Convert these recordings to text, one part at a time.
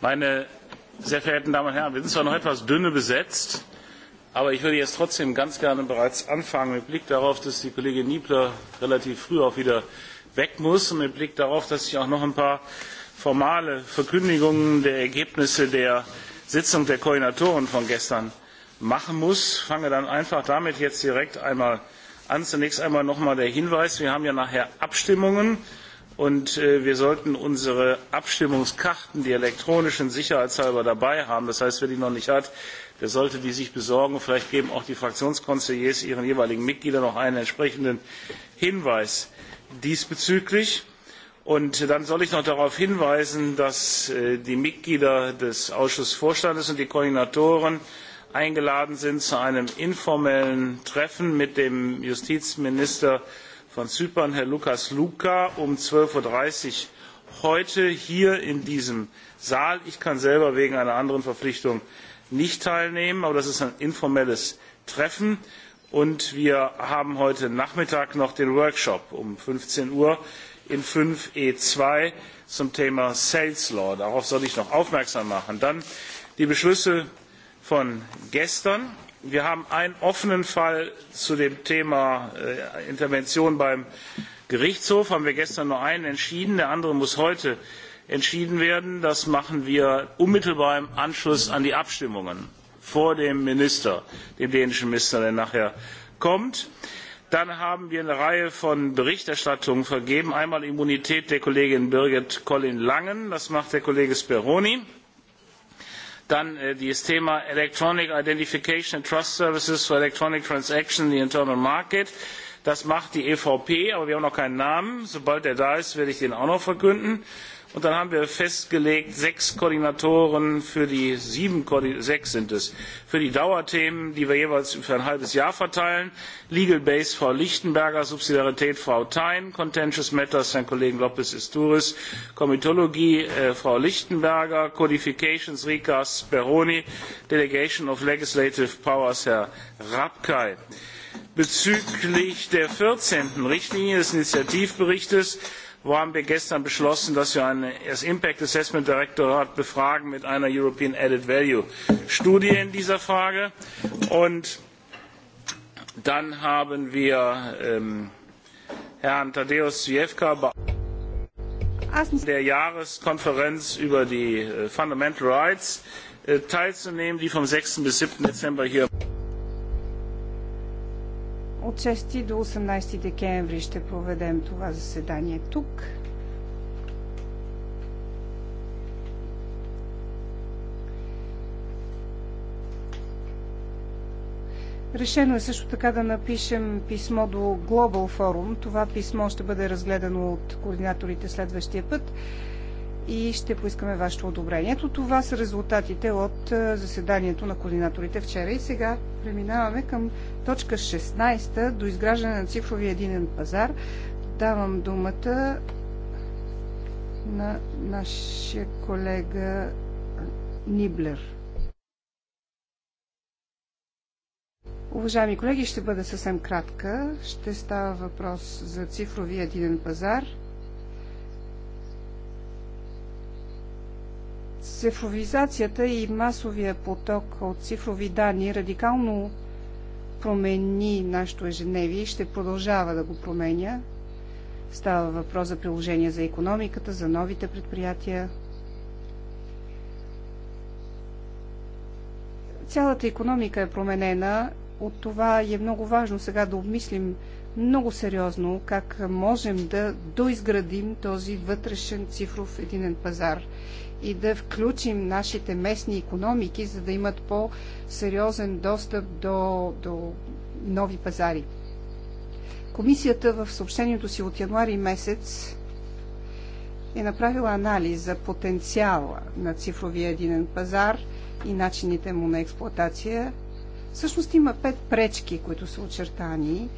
meine sehr verehrten Damen und Herren, wir sind zwar noch etwas dünne besetzt, aber ich würde jetzt trotzdem ganz gerne bereits anfangen, mit Blick darauf, dass die Kollegin Niebler relativ früh auch wieder weg muss und mit Blick darauf, dass ich auch noch ein paar formale Verkündigungen der Ergebnisse der Sitzung der Koordinatoren von gestern machen muss. Ich fange dann einfach damit jetzt direkt einmal an. Zunächst einmal noch einmal der Hinweis, wir haben ja nachher Abstimmungen Und wir sollten unsere Abstimmungskarten, die elektronischen, sicherheitshalber dabei haben. Das heißt, wer die noch nicht hat, der sollte die sich besorgen. Vielleicht geben auch die Fraktionskonseillers ihren jeweiligen Mitgliedern noch einen entsprechenden Hinweis diesbezüglich. Und dann soll ich noch darauf hinweisen, dass die Mitglieder des Ausschussvorstandes und die Koordinatoren eingeladen sind zu einem informellen Treffen mit dem Justizminister von Zypern, Herr Lukas Luca um 12.30 Uhr heute hier in diesem Saal. Ich kann selber wegen einer anderen Verpflichtung nicht teilnehmen, aber das ist ein informelles Treffen. Und wir haben heute Nachmittag noch den Workshop um 15 Uhr in 5E2 zum Thema Sales Law. Darauf soll ich noch aufmerksam machen. Dann die Beschlüsse von gestern wir haben einen offenen fall zu dem thema intervention beim gerichtshof haben wir gestern nur einen entschieden der andere muss heute entschieden werden. das machen wir unmittelbar im anschluss an die abstimmungen vor dem minister dem dänischen minister der nachher kommt. dann haben wir eine reihe von berichterstattungen vergeben einmal immunität der kollegin birgit collin langen das macht der kollege speroni Dann das Thema Electronic Identification and Trust Services for Electronic Transactions in the Internal Market. Das macht die EVP, aber wir haben noch keinen Namen. Sobald er da ist, werde ich den auch noch verkünden. Und dann haben wir festgelegt, sechs Koordinatoren für die sieben, sechs sind es, für die Dauerthemen, die wir jeweils für ein halbes Jahr verteilen. Legal Base Frau Lichtenberger, Subsidiarität Frau Thein, Contentious Matters Herrn Kollegen López istúriz Komitologie Frau Lichtenberger, Codifications Rika Speroni, Delegation of Legislative Powers Herr Rapkay bezüglich der vierzehnten richtlinie des initiativberichts wo haben wir gestern beschlossen dass wir das impact assessment directorate befragen mit einer european added value studie in dieser frage und dann haben wir herrn tadeusz zwiefka der jahreskonferenz über die fundamental rights teilzunehmen die vom. sechs bis. sieben dezember hier от 6 до 18 декември ще проведем това заседание тук. Решено е също така да напишем писмо до Global Forum. Това писмо ще бъде разгледано от координаторите следващия път и ще поискаме вашето одобрение. Ето това са резултатите от заседанието на координаторите вчера. И сега преминаваме към точка 16 до изграждане на цифрови единен пазар. Давам думата на нашия колега Ниблер. Уважаеми колеги, ще бъда съвсем кратка. Ще става въпрос за цифровия единен пазар – Цифровизацията и масовия поток от цифрови данни радикално промени нашето ежедневие и ще продължава да го променя. Става въпрос за приложения за економиката, за новите предприятия. Цялата економика е променена. От това е много важно сега да обмислим много сериозно как можем да доизградим този вътрешен цифров единен пазар и да включим нашите местни економики, за да имат по-сериозен достъп до, до нови пазари. Комисията в съобщението си от януари месец е направила анализ за потенциала на цифровия единен пазар и начините му на експлоатация. Всъщност има пет пречки, които са очертани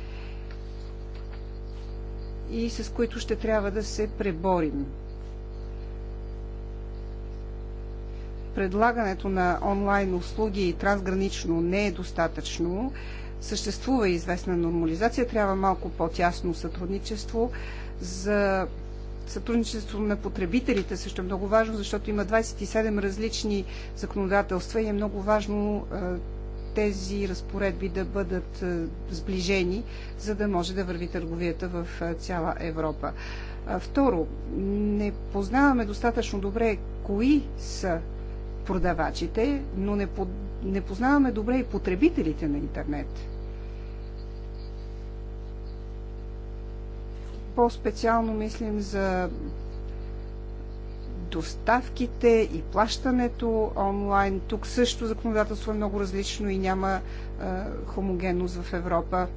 и с които ще трябва да се преборим предлагането на онлайн услуги трансгранично не е достатъчно. Съществува известна нормализация, трябва малко по-тясно сътрудничество за сътрудничество на потребителите също е много важно, защото има 27 различни законодателства и е много важно е, тези разпоредби да бъдат е, сближени, за да може да върви търговията в е, цяла Европа. Второ, не познаваме достатъчно добре кои са продавачите, но не, по, не познаваме добре и потребителите на интернет. По-специално мислим за доставките и плащането онлайн. Тук също законодателство е много различно и няма е, хомогенност в Европа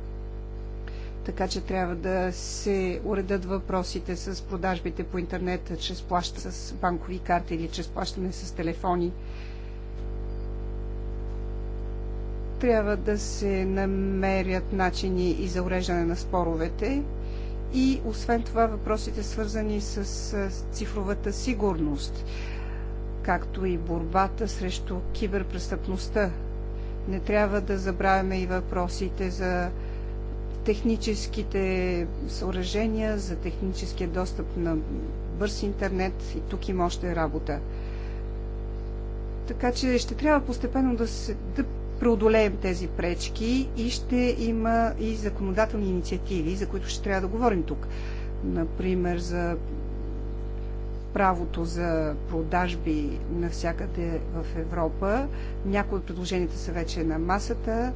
така че трябва да се уредят въпросите с продажбите по интернет, чрез плаща с банкови карти или чрез плащане с телефони. Трябва да се намерят начини и за уреждане на споровете и освен това въпросите свързани с цифровата сигурност, както и борбата срещу киберпрестъпността. Не трябва да забравяме и въпросите за техническите съоръжения, за техническия достъп на бърз интернет и тук има още работа. Така че ще трябва постепенно да, се, да преодолеем тези пречки и ще има и законодателни инициативи, за които ще трябва да говорим тук. Например, за правото за продажби навсякъде в Европа. Някои от предложенията са вече на масата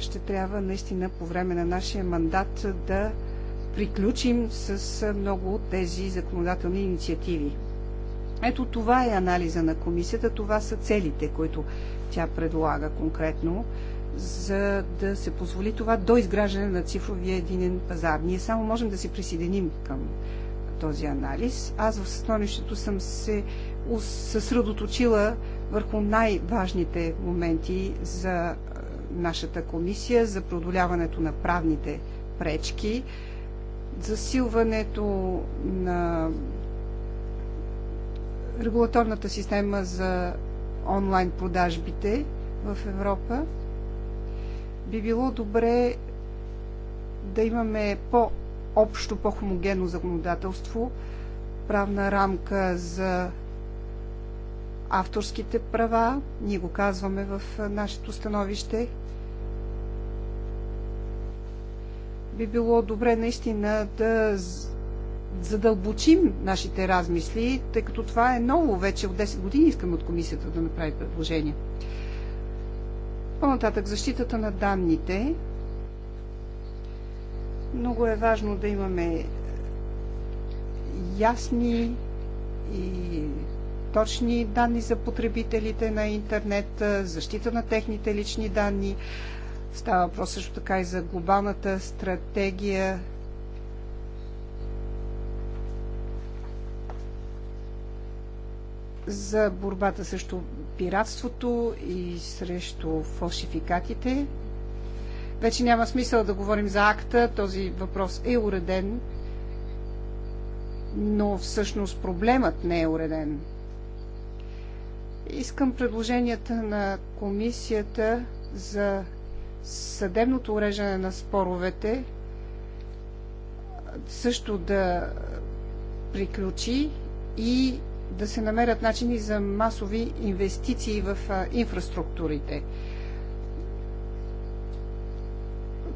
ще трябва наистина по време на нашия мандат да приключим с много от тези законодателни инициативи. Ето това е анализа на комисията, това са целите, които тя предлага конкретно, за да се позволи това до изграждане на цифровия единен пазар. Ние само можем да се присъединим към този анализ. Аз в състоянието съм се съсредоточила върху най-важните моменти за нашата комисия за преодоляването на правните пречки, засилването на регулаторната система за онлайн продажбите в Европа. Би било добре да имаме по-общо, по-хомогенно законодателство, правна рамка за авторските права. Ние го казваме в нашето становище. Би било добре наистина да задълбочим нашите размисли, тъй като това е ново вече от 10 години искаме от комисията да направи предложение. По-нататък защитата на данните. Много е важно да имаме ясни и точни данни за потребителите на интернет, защита на техните лични данни. Става въпрос също така и за глобалната стратегия за борбата срещу пиратството и срещу фалшификатите. Вече няма смисъл да говорим за акта, този въпрос е уреден, но всъщност проблемът не е уреден. Искам предложенията на комисията за съдебното уреждане на споровете също да приключи и да се намерят начини за масови инвестиции в инфраструктурите.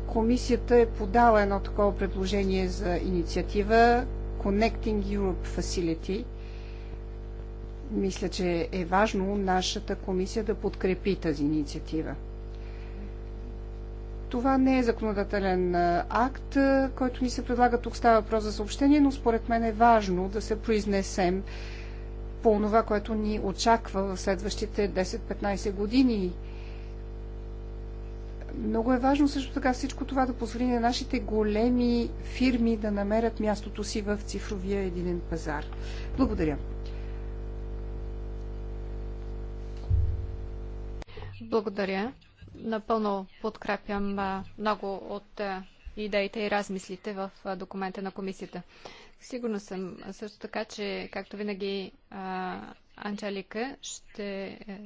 Комисията е подала едно такова предложение за инициатива Connecting Europe Facility – мисля, че е важно нашата комисия да подкрепи тази инициатива. Това не е законодателен акт, който ни се предлага. Тук става въпрос за съобщение, но според мен е важно да се произнесем по това, което ни очаква в следващите 10-15 години. Много е важно също така всичко това да позволи на нашите големи фирми да намерят мястото си в цифровия единен пазар. Благодаря. Благодаря. Напълно подкрепям много от идеите и размислите в документа на комисията. Сигурна съм също така, че както винаги Анжелика ще е,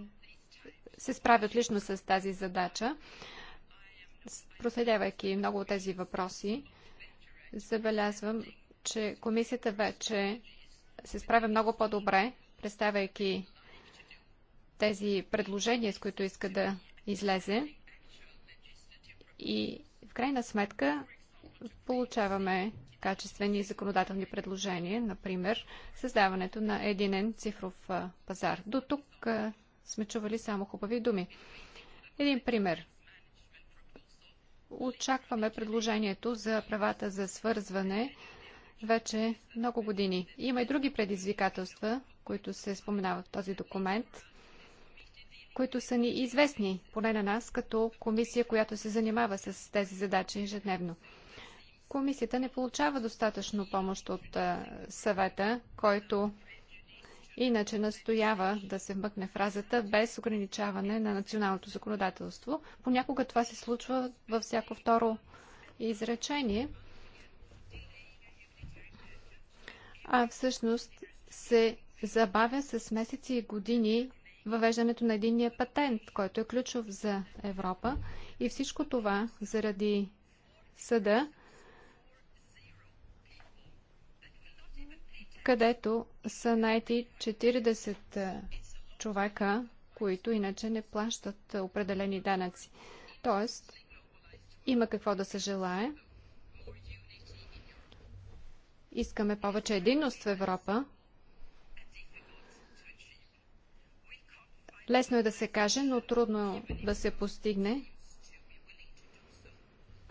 се справи отлично с тази задача. Проследявайки много от тези въпроси, забелязвам, че комисията вече се справя много по-добре, представяйки тези предложения, с които иска да излезе. И в крайна сметка получаваме качествени законодателни предложения, например създаването на единен цифров пазар. До тук сме чували само хубави думи. Един пример. Очакваме предложението за правата за свързване вече много години. Има и други предизвикателства, които се споменават в този документ които са ни известни, поне на нас, като комисия, която се занимава с тези задачи ежедневно. Комисията не получава достатъчно помощ от съвета, който иначе настоява да се вмъкне фразата без ограничаване на националното законодателство. Понякога това се случва във всяко второ изречение. А всъщност се забавя с месеци и години въвеждането на единния патент, който е ключов за Европа. И всичко това заради съда, където са найти 40 човека, които иначе не плащат определени данъци. Тоест, има какво да се желае. Искаме повече единност в Европа Лесно е да се каже, но трудно да се постигне.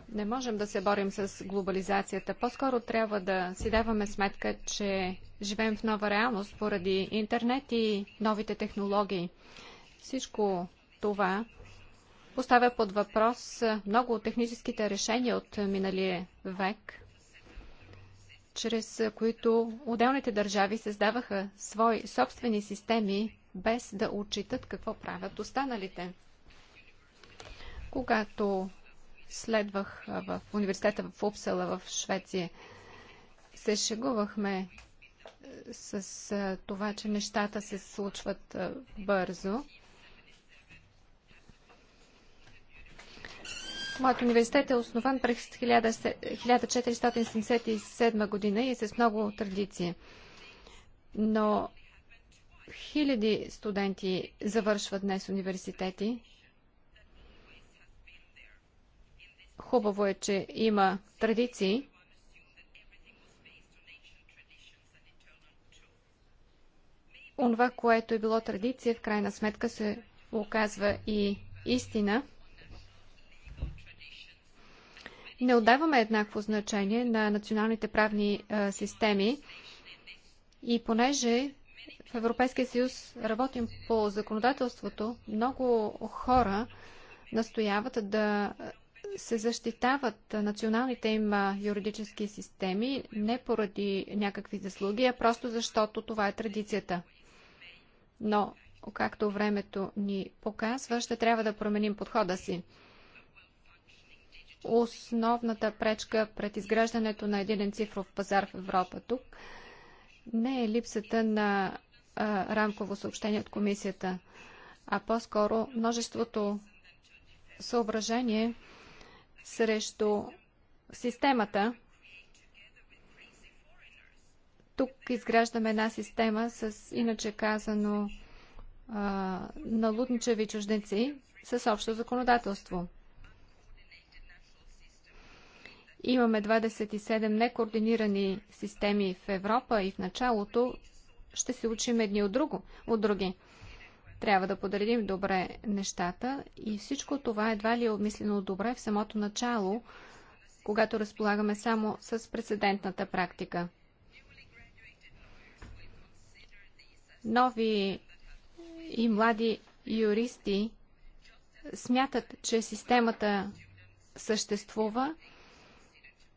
Не можем да се борим с глобализацията. По-скоро трябва да си даваме сметка, че живеем в нова реалност поради интернет и новите технологии. Всичко това поставя под въпрос много от техническите решения от миналия век, чрез които отделните държави създаваха свои собствени системи без да отчитат какво правят останалите. Когато следвах в университета в Упсала в Швеция, се шегувахме с това, че нещата се случват бързо. Моят университет е основан през 1477 година и е с много традиции. Но Хиляди студенти завършват днес университети. Хубаво е, че има традиции. Онова, което е било традиция, в крайна сметка се оказва и истина. Не отдаваме еднакво значение на националните правни а, системи и понеже в Европейския съюз работим по законодателството, много хора настояват да се защитават националните им юридически системи не поради някакви заслуги, а просто защото това е традицията. Но, както времето ни показва, ще трябва да променим подхода си. Основната пречка пред изграждането на един цифров пазар в Европа тук не е липсата на рамково съобщение от комисията, а по-скоро множеството съображение срещу системата. Тук изграждаме една система с, иначе казано, а, налудничеви чужденци с общо законодателство. Имаме 27 некоординирани системи в Европа и в началото ще се учим едни от, друго, от други. Трябва да подредим добре нещата и всичко това едва ли е обмислено добре в самото начало, когато разполагаме само с прецедентната практика. Нови и млади юристи смятат, че системата съществува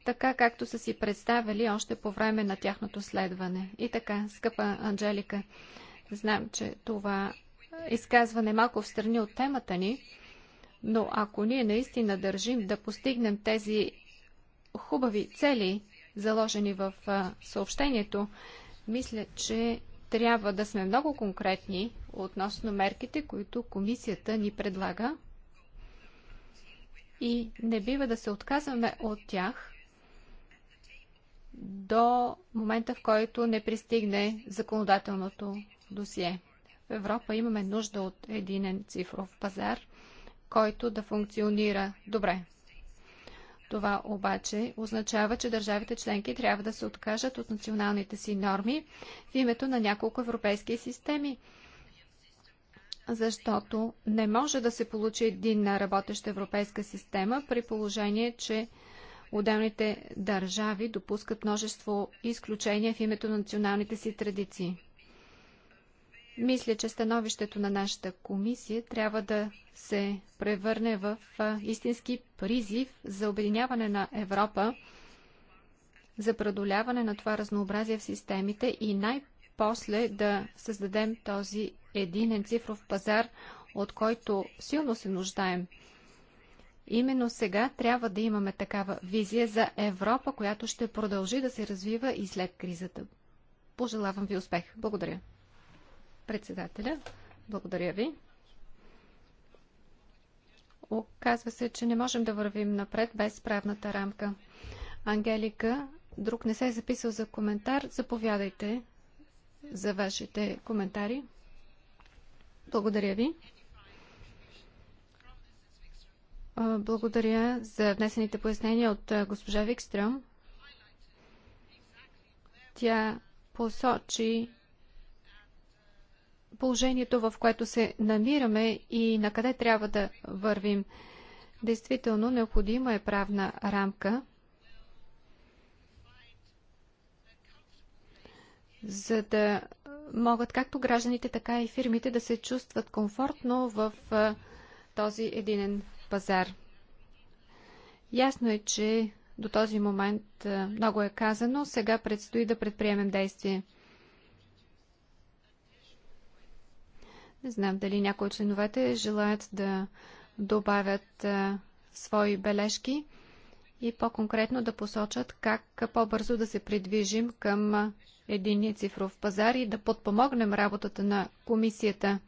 така както са си представили още по време на тяхното следване. И така, скъпа Анджелика, знам, че това изказване е малко в страни от темата ни, но ако ние наистина държим да постигнем тези хубави цели, заложени в съобщението, мисля, че трябва да сме много конкретни относно мерките, които комисията ни предлага и не бива да се отказваме от тях, до момента, в който не пристигне законодателното досие. В Европа имаме нужда от единен цифров пазар, който да функционира добре. Това обаче означава, че държавите членки трябва да се откажат от националните си норми в името на няколко европейски системи, защото не може да се получи единна работеща европейска система при положение, че Отделните държави допускат множество изключения в името на националните си традиции. Мисля, че становището на нашата комисия трябва да се превърне в истински призив за обединяване на Европа, за преодоляване на това разнообразие в системите и най-после да създадем този единен цифров пазар, от който силно се нуждаем – Именно сега трябва да имаме такава визия за Европа, която ще продължи да се развива и след кризата. Пожелавам ви успех. Благодаря. Председателя, благодаря ви. Оказва се, че не можем да вървим напред без правната рамка. Ангелика, друг не се е записал за коментар. Заповядайте за вашите коментари. Благодаря ви. Благодаря за внесените пояснения от госпожа Викстрем. Тя посочи положението, в което се намираме и на къде трябва да вървим. Действително, необходима е правна рамка, за да могат както гражданите, така и фирмите да се чувстват комфортно в този единен пазар. Ясно е, че до този момент много е казано, сега предстои да предприемем действие. Не знам дали някои от членовете желаят да добавят а, свои бележки и по-конкретно да посочат как по-бързо да се придвижим към единния цифров пазар и да подпомогнем работата на комисията –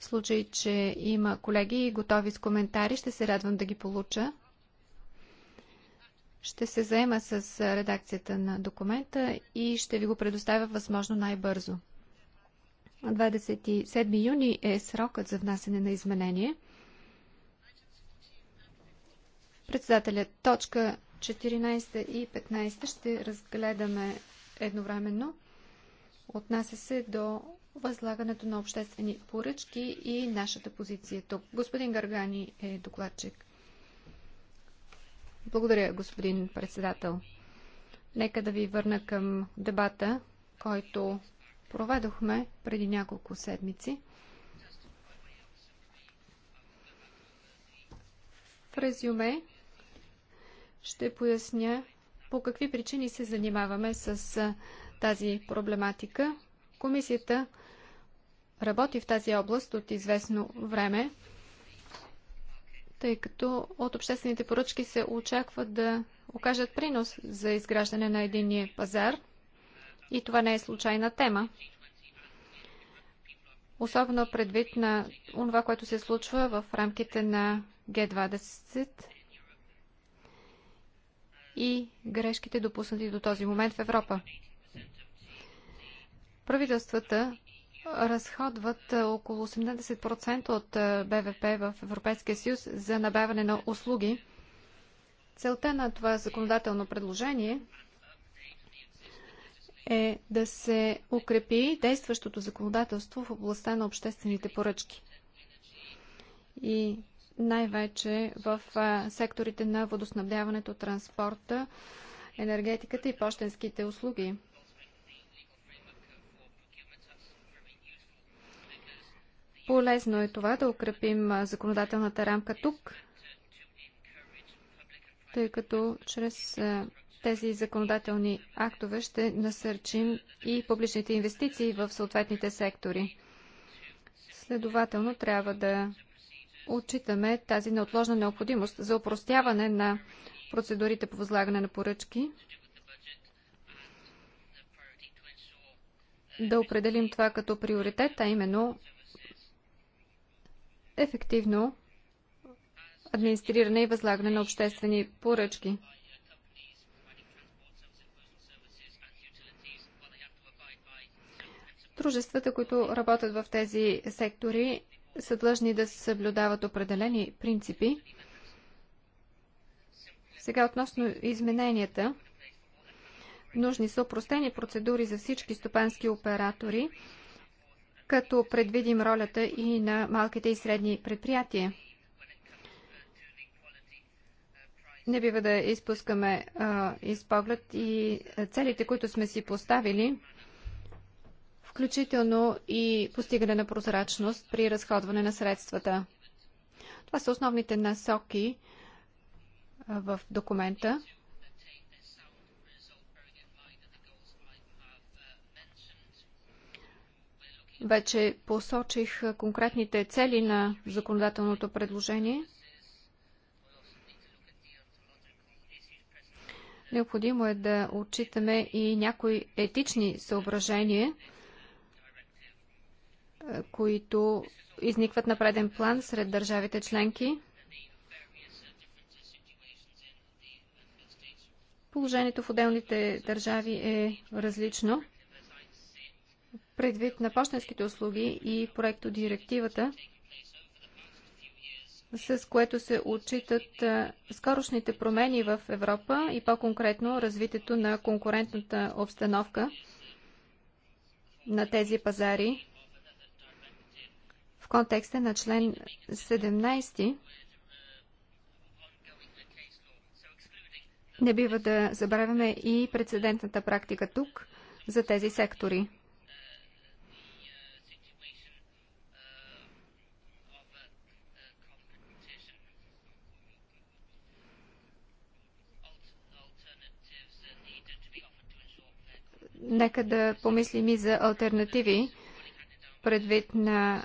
в случай, че има колеги готови с коментари, ще се радвам да ги получа. Ще се заема с редакцията на документа и ще ви го предоставя възможно най-бързо. 27 юни е срокът за внасене на изменение. Председателят точка 14 и 15 ще разгледаме едновременно. Отнася се до възлагането на обществени поръчки и нашата позиция тук. Господин Гаргани е докладчик. Благодаря, господин председател. Нека да ви върна към дебата, който проведохме преди няколко седмици. В резюме ще поясня по какви причини се занимаваме с тази проблематика. Комисията работи в тази област от известно време, тъй като от обществените поръчки се очаква да окажат принос за изграждане на единния пазар и това не е случайна тема. Особено предвид на това, което се случва в рамките на Г-20 и грешките допуснати до този момент в Европа. Правителствата разходват е, около 80% от е, БВП в Европейския съюз за набаване на услуги. Целта на това законодателно предложение е да се укрепи действащото законодателство в областта на обществените поръчки. И най-вече в е, секторите на водоснабдяването, транспорта, енергетиката и почтенските услуги. Полезно е това да укрепим законодателната рамка тук, тъй като чрез тези законодателни актове ще насърчим и публичните инвестиции в съответните сектори. Следователно трябва да отчитаме тази неотложна необходимост за упростяване на процедурите по възлагане на поръчки, да определим това като приоритет, а именно ефективно администриране и възлагане на обществени поръчки. Дружествата, които работят в тези сектори, са длъжни да съблюдават определени принципи. Сега относно измененията. Нужни са опростени процедури за всички стопански оператори като предвидим ролята и на малките и средни предприятия. Не бива да изпускаме а, изпоглед и целите, които сме си поставили, включително и постигане на прозрачност при разходване на средствата. Това са основните насоки а, в документа. Вече посочих конкретните цели на законодателното предложение. Необходимо е да отчитаме и някои етични съображения, които изникват на преден план сред държавите членки. Положението в отделните държави е различно предвид на почтенските услуги и проекто директивата, с което се отчитат скорошните промени в Европа и по-конкретно развитието на конкурентната обстановка на тези пазари в контекста на член 17 Не бива да забравяме и прецедентната практика тук за тези сектори. нека да помислим и за альтернативи предвид на,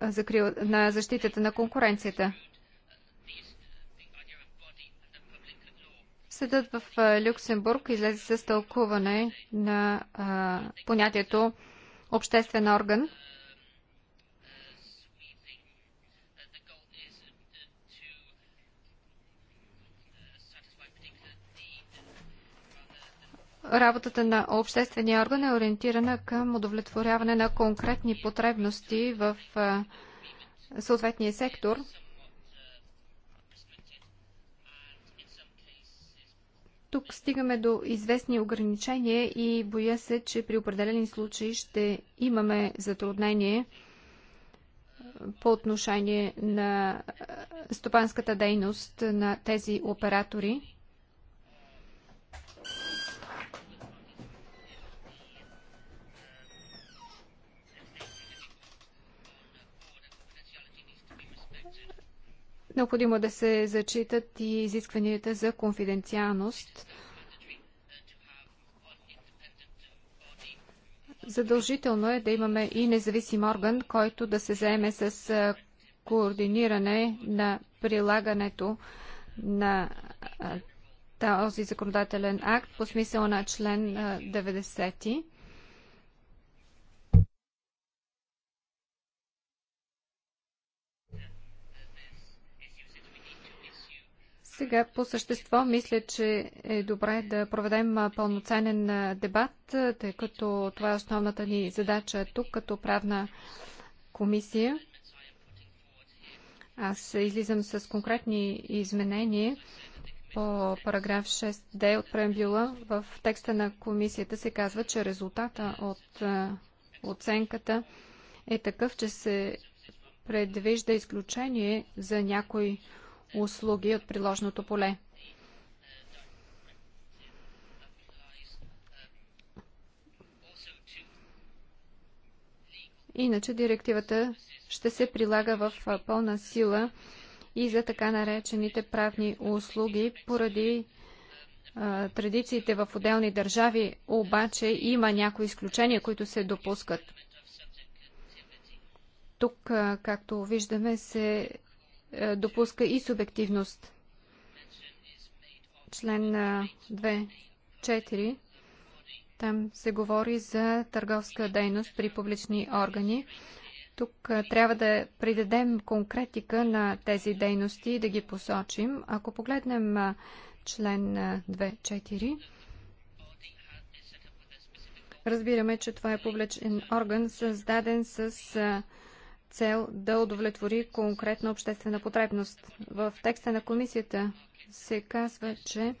закрил, на защитата на конкуренцията. Съдът в Люксембург излезе с тълкуване на а, понятието обществен орган – Работата на обществения орган е ориентирана към удовлетворяване на конкретни потребности в съответния сектор. Тук стигаме до известни ограничения и боя се, че при определени случаи ще имаме затруднение по отношение на стопанската дейност на тези оператори. Необходимо е да се зачитат и изискванията за конфиденциалност. Задължително е да имаме и независим орган, който да се заеме с координиране на прилагането на този законодателен акт по смисъла на член 90. Сега по същество мисля, че е добре да проведем пълноценен дебат, тъй като това е основната ни задача тук като правна комисия. Аз излизам с конкретни изменения по параграф 6d от преамбюла. В текста на комисията се казва, че резултата от оценката е такъв, че се предвижда изключение за някои услуги от приложното поле. Иначе директивата ще се прилага в пълна сила и за така наречените правни услуги поради а, традициите в отделни държави, обаче има някои изключения, които се допускат. Тук, както виждаме, се е, допуска и субективност. Член 2.4. Там се говори за търговска дейност при публични органи. Тук трябва да придадем конкретика на тези дейности и да ги посочим. Ако погледнем член 2.4, разбираме, че това е публичен орган, създаден с цел да удовлетвори конкретна обществена потребност. В текста на комисията се казва, че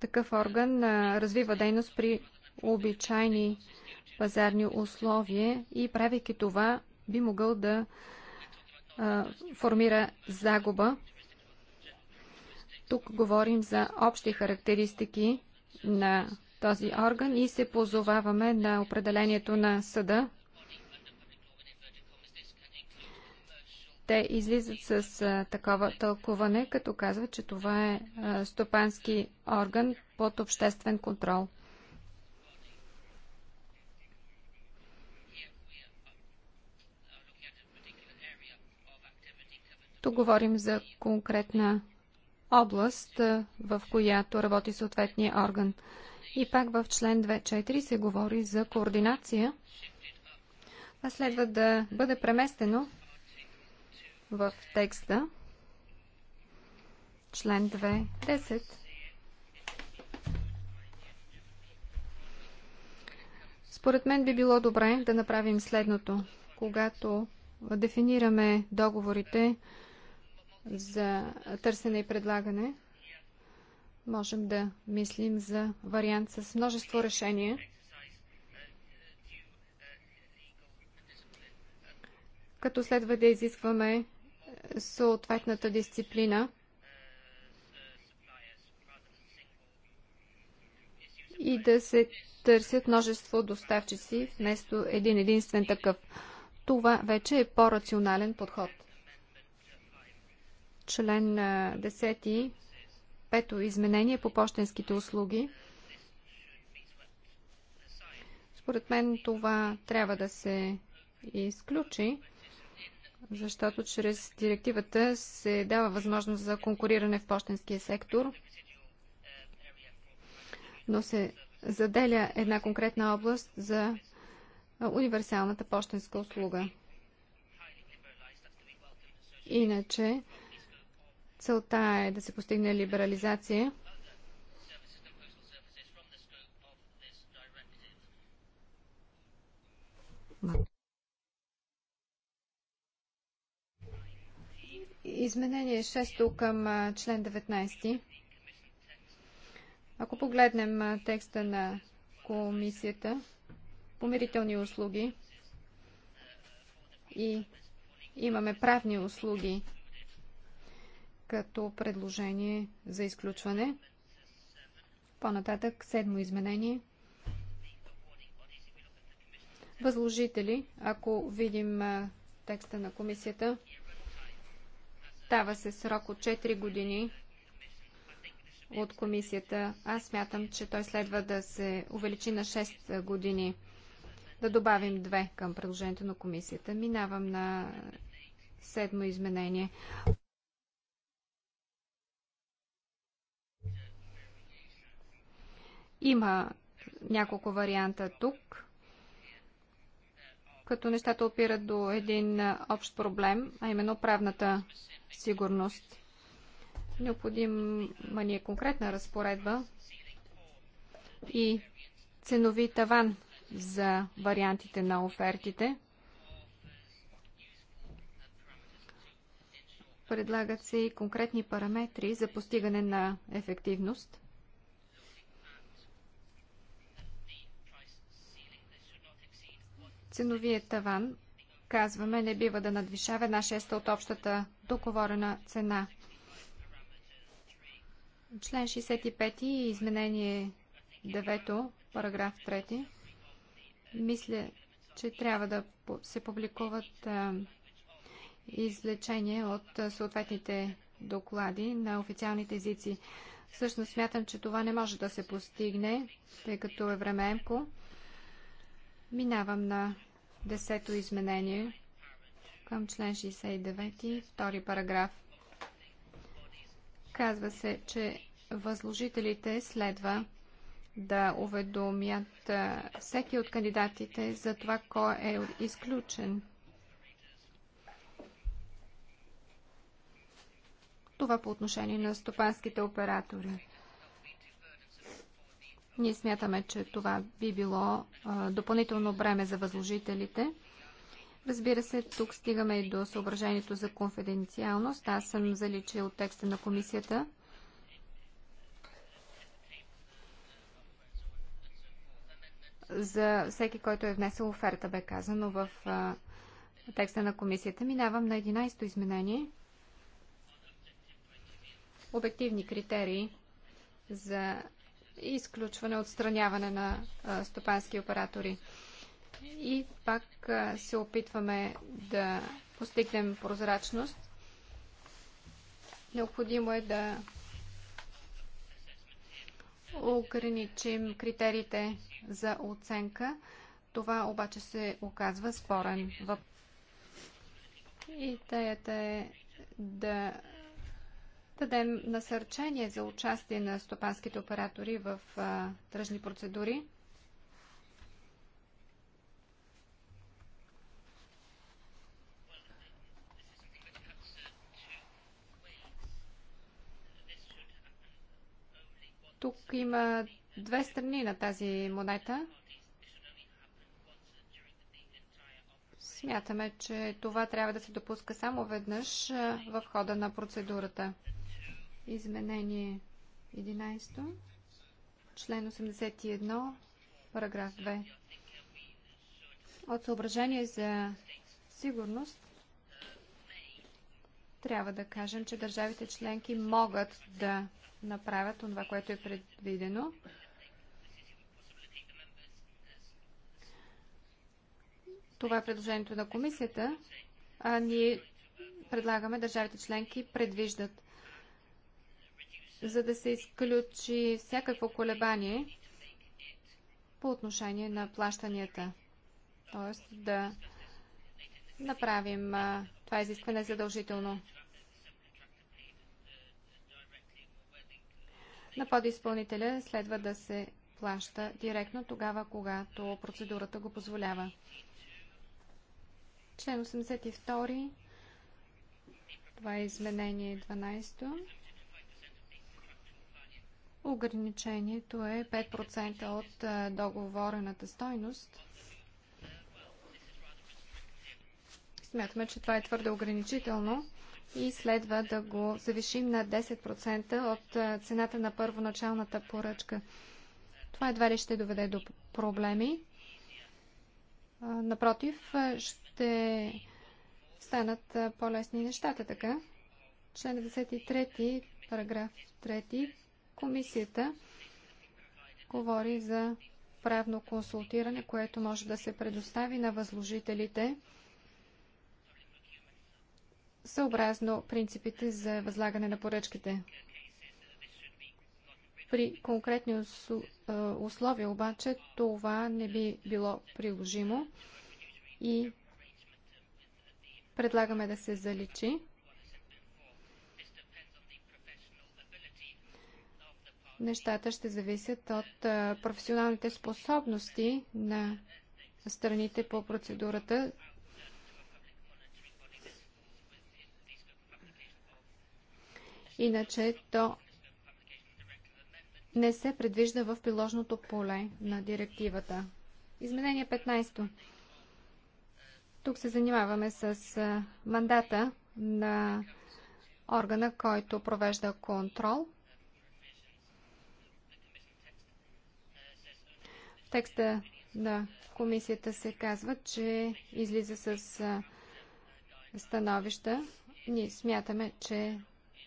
такъв орган развива дейност при обичайни пазарни условия и правейки това би могъл да а, формира загуба. Тук говорим за общи характеристики на този орган и се позоваваме на определението на съда те излизат с а, такова тълкуване, като казват, че това е а, стопански орган под обществен контрол. Тук говорим за конкретна област, а, в която работи съответния орган. И пак в член 2.4 се говори за координация. А следва да бъде преместено в текста. Член 2.10. Според мен би било добре да направим следното. Когато дефинираме договорите за търсене и предлагане, можем да мислим за вариант с множество решения. Като следва да изискваме съответната дисциплина. И да се търсят множество доставчици вместо един единствен такъв. Това вече е по-рационален подход. Член 10. Пето изменение по почтенските услуги. Според мен това трябва да се изключи защото чрез директивата се дава възможност за конкуриране в почтенския сектор, но се заделя една конкретна област за универсалната почтенска услуга. Иначе целта е да се постигне либерализация. Thank Изменение 6 към член 19. Ако погледнем текста на комисията, помирителни услуги и имаме правни услуги като предложение за изключване. По-нататък, седмо изменение. Възложители, ако видим текста на комисията, Дава се срок от 4 години от комисията. Аз смятам, че той следва да се увеличи на 6 години. Да добавим 2 към предложението на комисията. Минавам на седмо изменение. Има няколко варианта тук като нещата опират до един общ проблем, а именно правната сигурност. Необходима ни е конкретна разпоредба и ценови таван за вариантите на офертите. Предлагат се и конкретни параметри за постигане на ефективност. ценовия таван казваме не бива да надвишава една шеста от общата договорена цена. Член 65 и изменение 9, параграф 3. Мисля, че трябва да се публикуват излечения от съответните доклади на официалните езици. Всъщност смятам, че това не може да се постигне, тъй като е времеемко. Минавам на Десето изменение към член 69, втори параграф. Казва се, че възложителите следва да уведомят всеки от кандидатите за това, кой е изключен. Това по отношение на стопанските оператори. Ние смятаме, че това би било допълнително бреме за възложителите. Разбира се, тук стигаме и до съображението за конфиденциалност. Аз съм заличил текста на комисията. За всеки, който е внесъл оферта, бе казано в текста на комисията. Минавам на 11-то изменение. Обективни критерии за и изключване, отстраняване на стопански оператори. И пак се опитваме да постигнем прозрачност. Необходимо е да ограничим критериите за оценка. Това обаче се оказва спорен въпрос. Идеята е да дадем насърчение за участие на стопанските оператори в тръжни процедури. Тук има две страни на тази монета. Смятаме, че това трябва да се допуска само веднъж в хода на процедурата. Изменение 11. Член 81. Параграф 2. От съображение за сигурност трябва да кажем, че държавите членки могат да направят това, което е предвидено. Това е предложението на комисията, а ние предлагаме държавите членки предвиждат за да се изключи всякакво колебание по отношение на плащанията. Тоест да направим това изискване задължително. На подизпълнителя следва да се плаща директно тогава, когато процедурата го позволява. Член 82. Това е изменение 12. Ограничението е 5% от е, договорената стойност. Смятаме, че това е твърде ограничително и следва да го завишим на 10% от е, цената на първоначалната поръчка. Това едва ли ще доведе до проблеми. Е, напротив, ще станат по-лесни нещата така. Член 93, параграф 3 Комисията говори за правно консултиране, което може да се предостави на възложителите съобразно принципите за възлагане на поръчките. При конкретни условия обаче това не би било приложимо и предлагаме да се заличи. нещата ще зависят от професионалните способности на страните по процедурата. Иначе то не се предвижда в приложното поле на директивата. Изменение 15. Тук се занимаваме с мандата на органа, който провежда контрол – текста на комисията се казва, че излиза с становища. Ние смятаме, че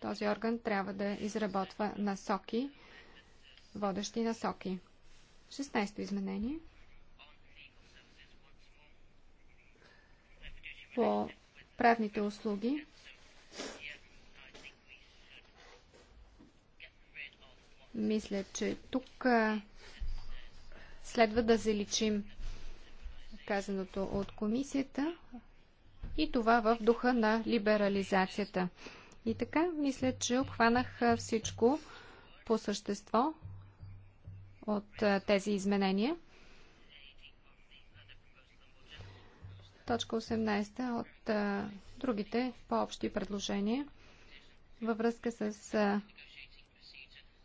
този орган трябва да изработва насоки, водещи насоки. 16-то изменение. По правните услуги мисля, че тук Следва да заличим казаното от комисията и това в духа на либерализацията. И така, мисля, че обхванах всичко по същество от тези изменения. Точка 18 от другите по-общи предложения във връзка с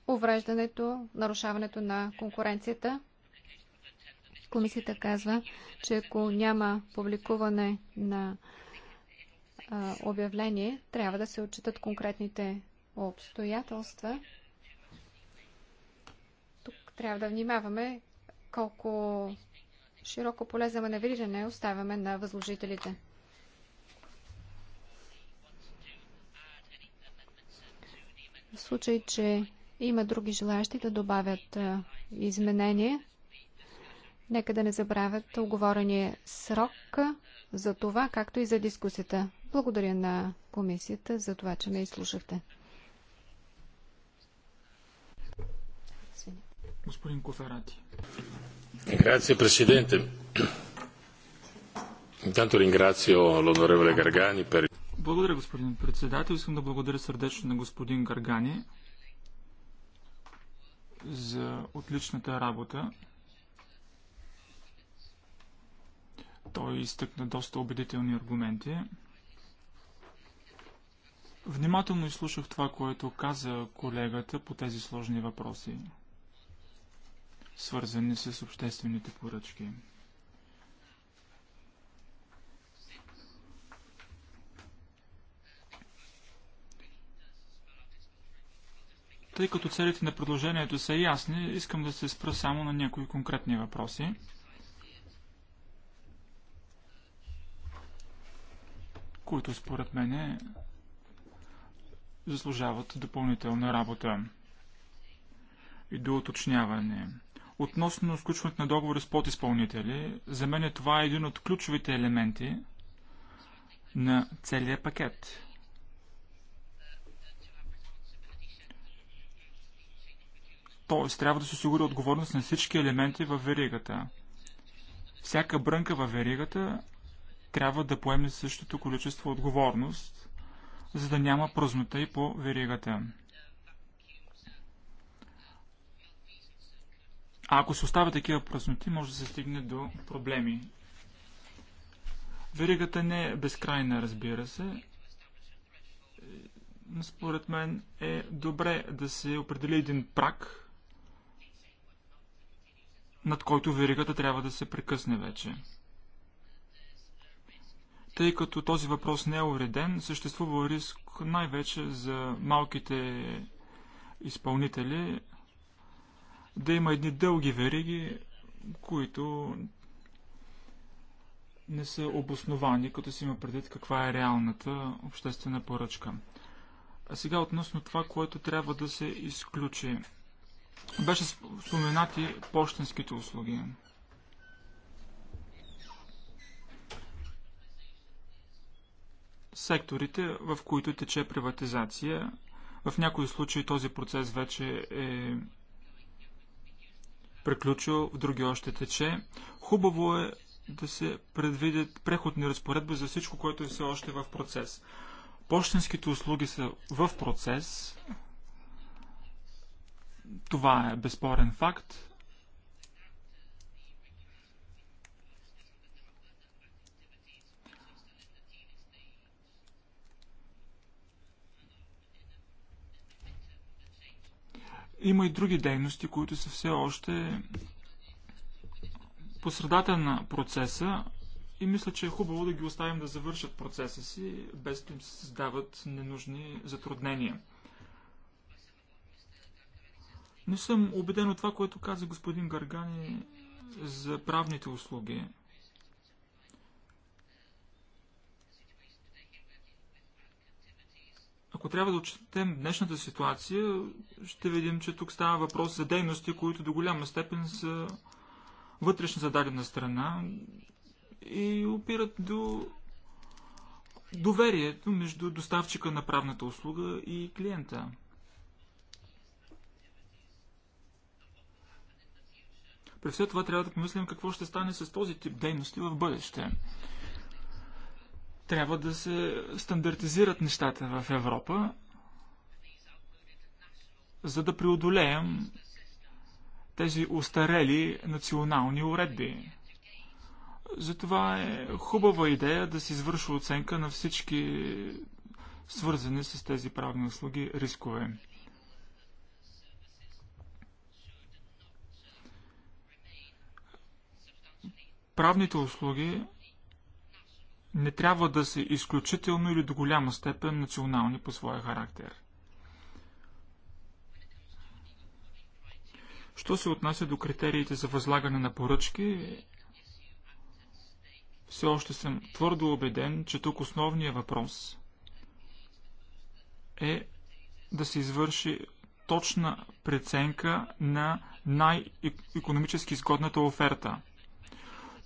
увреждането, нарушаването на конкуренцията комисията казва, че ако няма публикуване на а, обявление, трябва да се отчитат конкретните обстоятелства. Тук трябва да внимаваме колко широко поле за маневриране оставяме на възложителите. В случай, че има други желаящи да добавят изменения, Нека да не забравят оговорения срок за това, както и за дискусията. Благодаря на комисията за това, че ме изслушахте. Господин Коферати. Грация, президенте. Intanto ringrazio l'onorevole Gargani per... Благодаря, господин председател. Искам да благодаря сърдечно на господин Гаргани за отличната работа, Той изтъкна доста убедителни аргументи. Внимателно изслушах това, което каза колегата по тези сложни въпроси, свързани с обществените поръчки. Тъй като целите на предложението са ясни, искам да се спра само на някои конкретни въпроси. които според мен заслужават допълнителна работа и до уточняване. Относно сключването на договори с подизпълнители, за мен това е един от ключовите елементи на целия пакет. Тоест, трябва да се осигури отговорност на всички елементи във веригата. Всяка брънка във веригата трябва да поеме същото количество отговорност, за да няма празнота и по веригата. А ако се оставя такива празноти, може да се стигне до проблеми. Веригата не е безкрайна, разбира се. Но според мен е добре да се определи един прак, над който веригата трябва да се прекъсне вече. Тъй като този въпрос не е уреден, съществува риск най-вече за малките изпълнители да има едни дълги вериги, които не са обосновани, като си има предвид каква е реалната обществена поръчка. А сега относно това, което трябва да се изключи. Беше споменати почтенските услуги. секторите, в които тече приватизация. В някои случаи този процес вече е приключил, в други още тече. Хубаво е да се предвидят преходни разпоредби за всичко, което е все още в процес. Почтенските услуги са в процес. Това е безспорен факт. Има и други дейности, които са все още по средата на процеса и мисля, че е хубаво да ги оставим да завършат процеса си, без да им се създават ненужни затруднения. Не съм убеден от това, което каза господин Гаргани за правните услуги. Ако трябва да отчетем днешната ситуация, ще видим, че тук става въпрос за дейности, които до голяма степен са вътрешно зададена страна и опират до доверието между доставчика на правната услуга и клиента. При все това трябва да помислим какво ще стане с този тип дейности в бъдеще. Трябва да се стандартизират нещата в Европа, за да преодолеем тези устарели национални уредби. Затова е хубава идея да се извършва оценка на всички свързани с тези правни услуги рискове. Правните услуги не трябва да са изключително или до голяма степен национални по своя характер. Що се отнася до критериите за възлагане на поръчки, все още съм твърдо убеден, че тук основният въпрос е да се извърши точна преценка на най-економически изгодната оферта –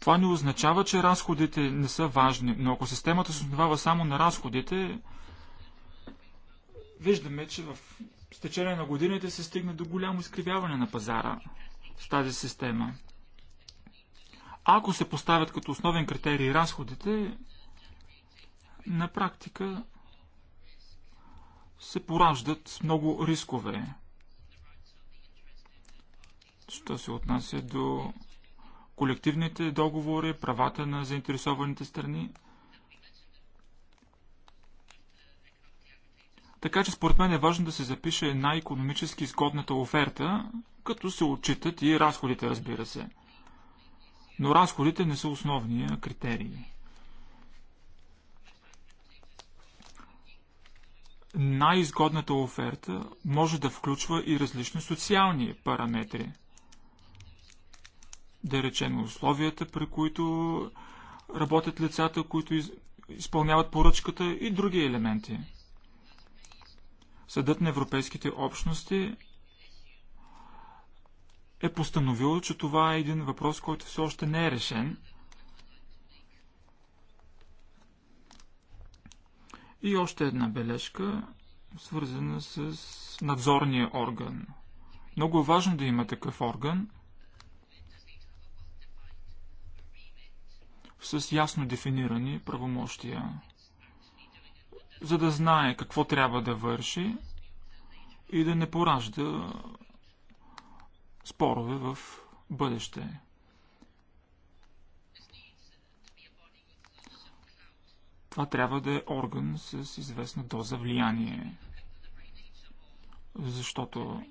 това не означава, че разходите не са важни, но ако системата се основава само на разходите, виждаме, че в течение на годините се стигне до голямо изкривяване на пазара с тази система. Ако се поставят като основен критерий разходите, на практика се пораждат много рискове. Що се отнася до колективните договори, правата на заинтересованите страни. Така че според мен е важно да се запише най-економически изгодната оферта, като се отчитат и разходите, разбира се. Но разходите не са основния критерий. Най-изгодната оферта може да включва и различни социални параметри – да речем условията, при които работят лицата, които из... изпълняват поръчката и други елементи. Съдът на европейските общности е постановил, че това е един въпрос, който все още не е решен. И още една бележка, свързана с надзорния орган. Много е важно да има такъв орган – с ясно дефинирани правомощия, за да знае какво трябва да върши и да не поражда спорове в бъдеще. Това трябва да е орган с известна доза влияние. Защото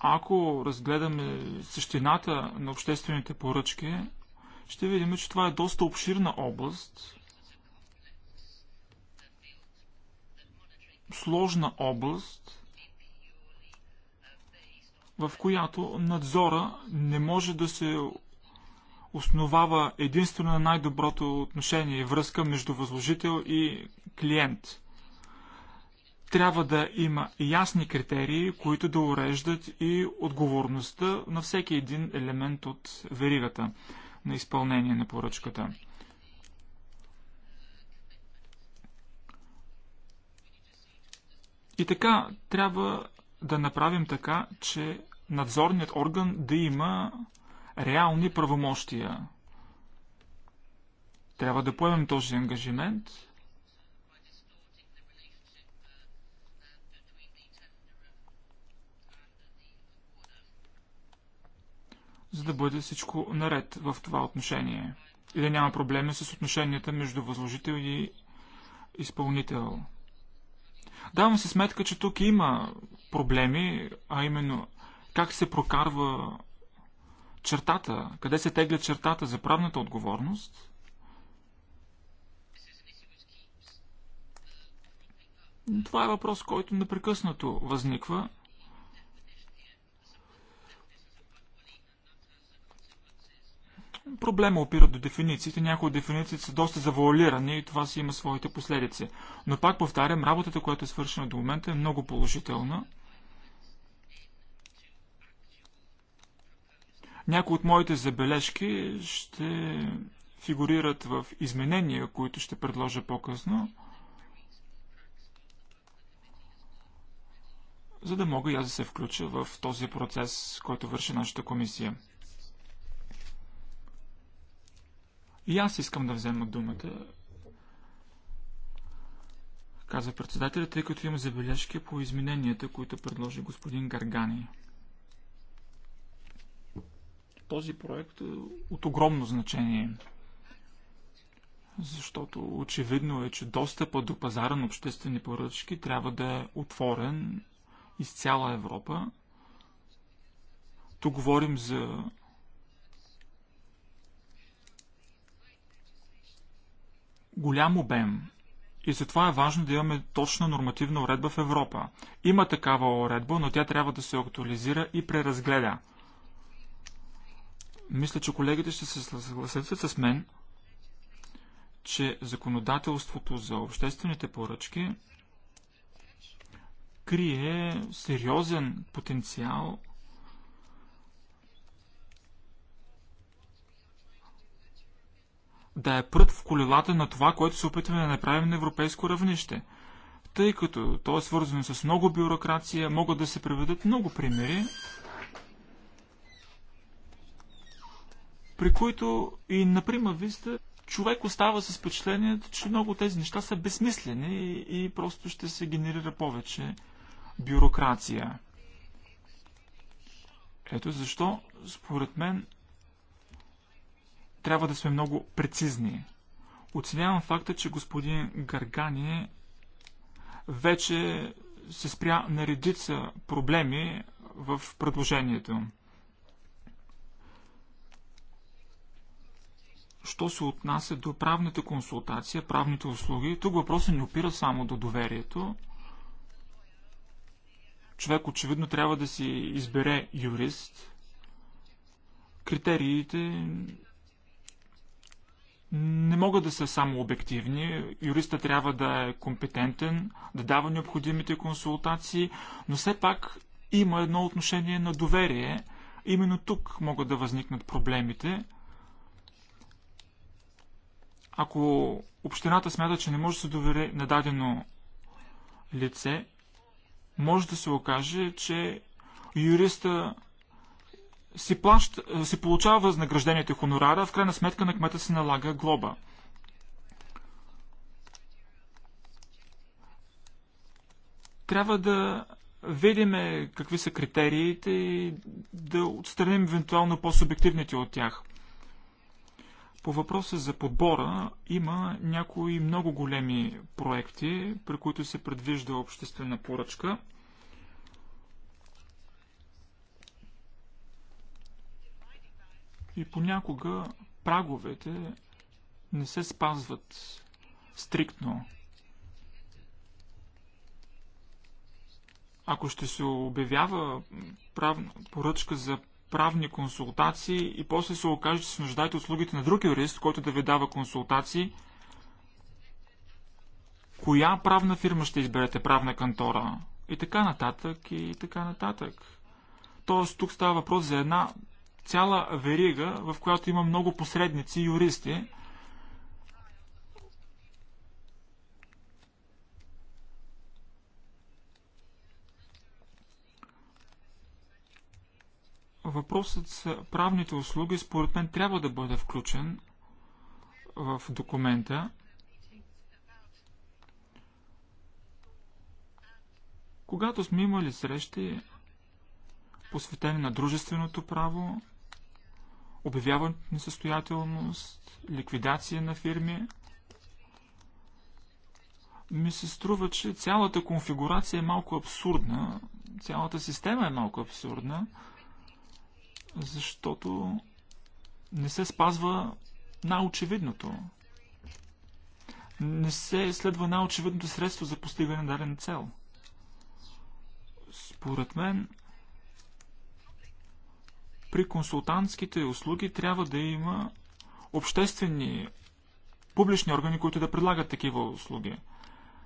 ако разгледаме същината на обществените поръчки, ще видим, че това е доста обширна област, сложна област, в която надзора не може да се основава единствено на най-доброто отношение и връзка между възложител и клиент. Трябва да има ясни критерии, които да уреждат и отговорността на всеки един елемент от веригата на изпълнение на поръчката. И така, трябва да направим така, че надзорният орган да има реални правомощия. Трябва да поемем този ангажимент – за да бъде всичко наред в това отношение и да няма проблеми с отношенията между възложител и изпълнител. Давам се сметка, че тук има проблеми, а именно как се прокарва чертата, къде се тегля чертата за правната отговорност. Това е въпрос, който непрекъснато възниква. Проблема опира до дефинициите. Някои дефиниции са доста завуалирани и това си има своите последици. Но пак повтарям, работата, която е свършена до момента е много положителна. Някои от моите забележки ще фигурират в изменения, които ще предложа по-късно, за да мога и аз да се включа в този процес, който върши нашата комисия. И аз искам да взема думата, каза председателят, тъй като има забележки по измененията, които предложи господин Гаргани. Този проект е от огромно значение, защото очевидно е, че достъпа до пазара на обществени поръчки трябва да е отворен из цяла Европа. Тук говорим за голям обем и затова е важно да имаме точна нормативна уредба в Европа. Има такава уредба, но тя трябва да се актуализира и преразгледа. Мисля, че колегите ще се съгласят с мен, че законодателството за обществените поръчки крие сериозен потенциал – да е прът в колелата на това, което се опитваме да направим на европейско равнище. Тъй като то е свързано с много бюрокрация, могат да се приведат много примери, при които и на прима виста човек остава с впечатлението, че много от тези неща са безсмислени и, и просто ще се генерира повече бюрокрация. Ето защо, според мен, трябва да сме много прецизни. Оценявам факта, че господин Гаргани вече се спря на редица проблеми в предложението. Що се отнася до правната консултация, правните услуги, тук въпросът не опира само до доверието. Човек очевидно трябва да си избере юрист. Критериите не могат да са само обективни. Юриста трябва да е компетентен, да дава необходимите консултации, но все пак има едно отношение на доверие. Именно тук могат да възникнат проблемите. Ако общината смята, че не може да се довери на дадено лице, може да се окаже, че юриста си, плащ, е, си получава възнаграждението и хонорара, в крайна сметка на кмета се налага глоба. Трябва да видим какви са критериите и да отстраним евентуално по-субективните от тях. По въпроса за подбора има някои много големи проекти, при които се предвижда обществена поръчка – и понякога праговете не се спазват стриктно. Ако ще се обявява прав... поръчка за правни консултации и после се окаже, че се нуждаете услугите на друг юрист, който да ви дава консултации, коя правна фирма ще изберете, правна кантора и така нататък и така нататък. Тоест тук става въпрос за една цяла верига, в която има много посредници и юристи. Въпросът с правните услуги според мен трябва да бъде включен в документа. Когато сме имали срещи, посветени на дружественото право, обявяването несъстоятелност, ликвидация на фирми. Ми се струва, че цялата конфигурация е малко абсурдна, цялата система е малко абсурдна, защото не се спазва най-очевидното. Не се следва най-очевидното средство за постигане на даден цел. Според мен, при консултантските услуги трябва да има обществени, публични органи, които да предлагат такива услуги.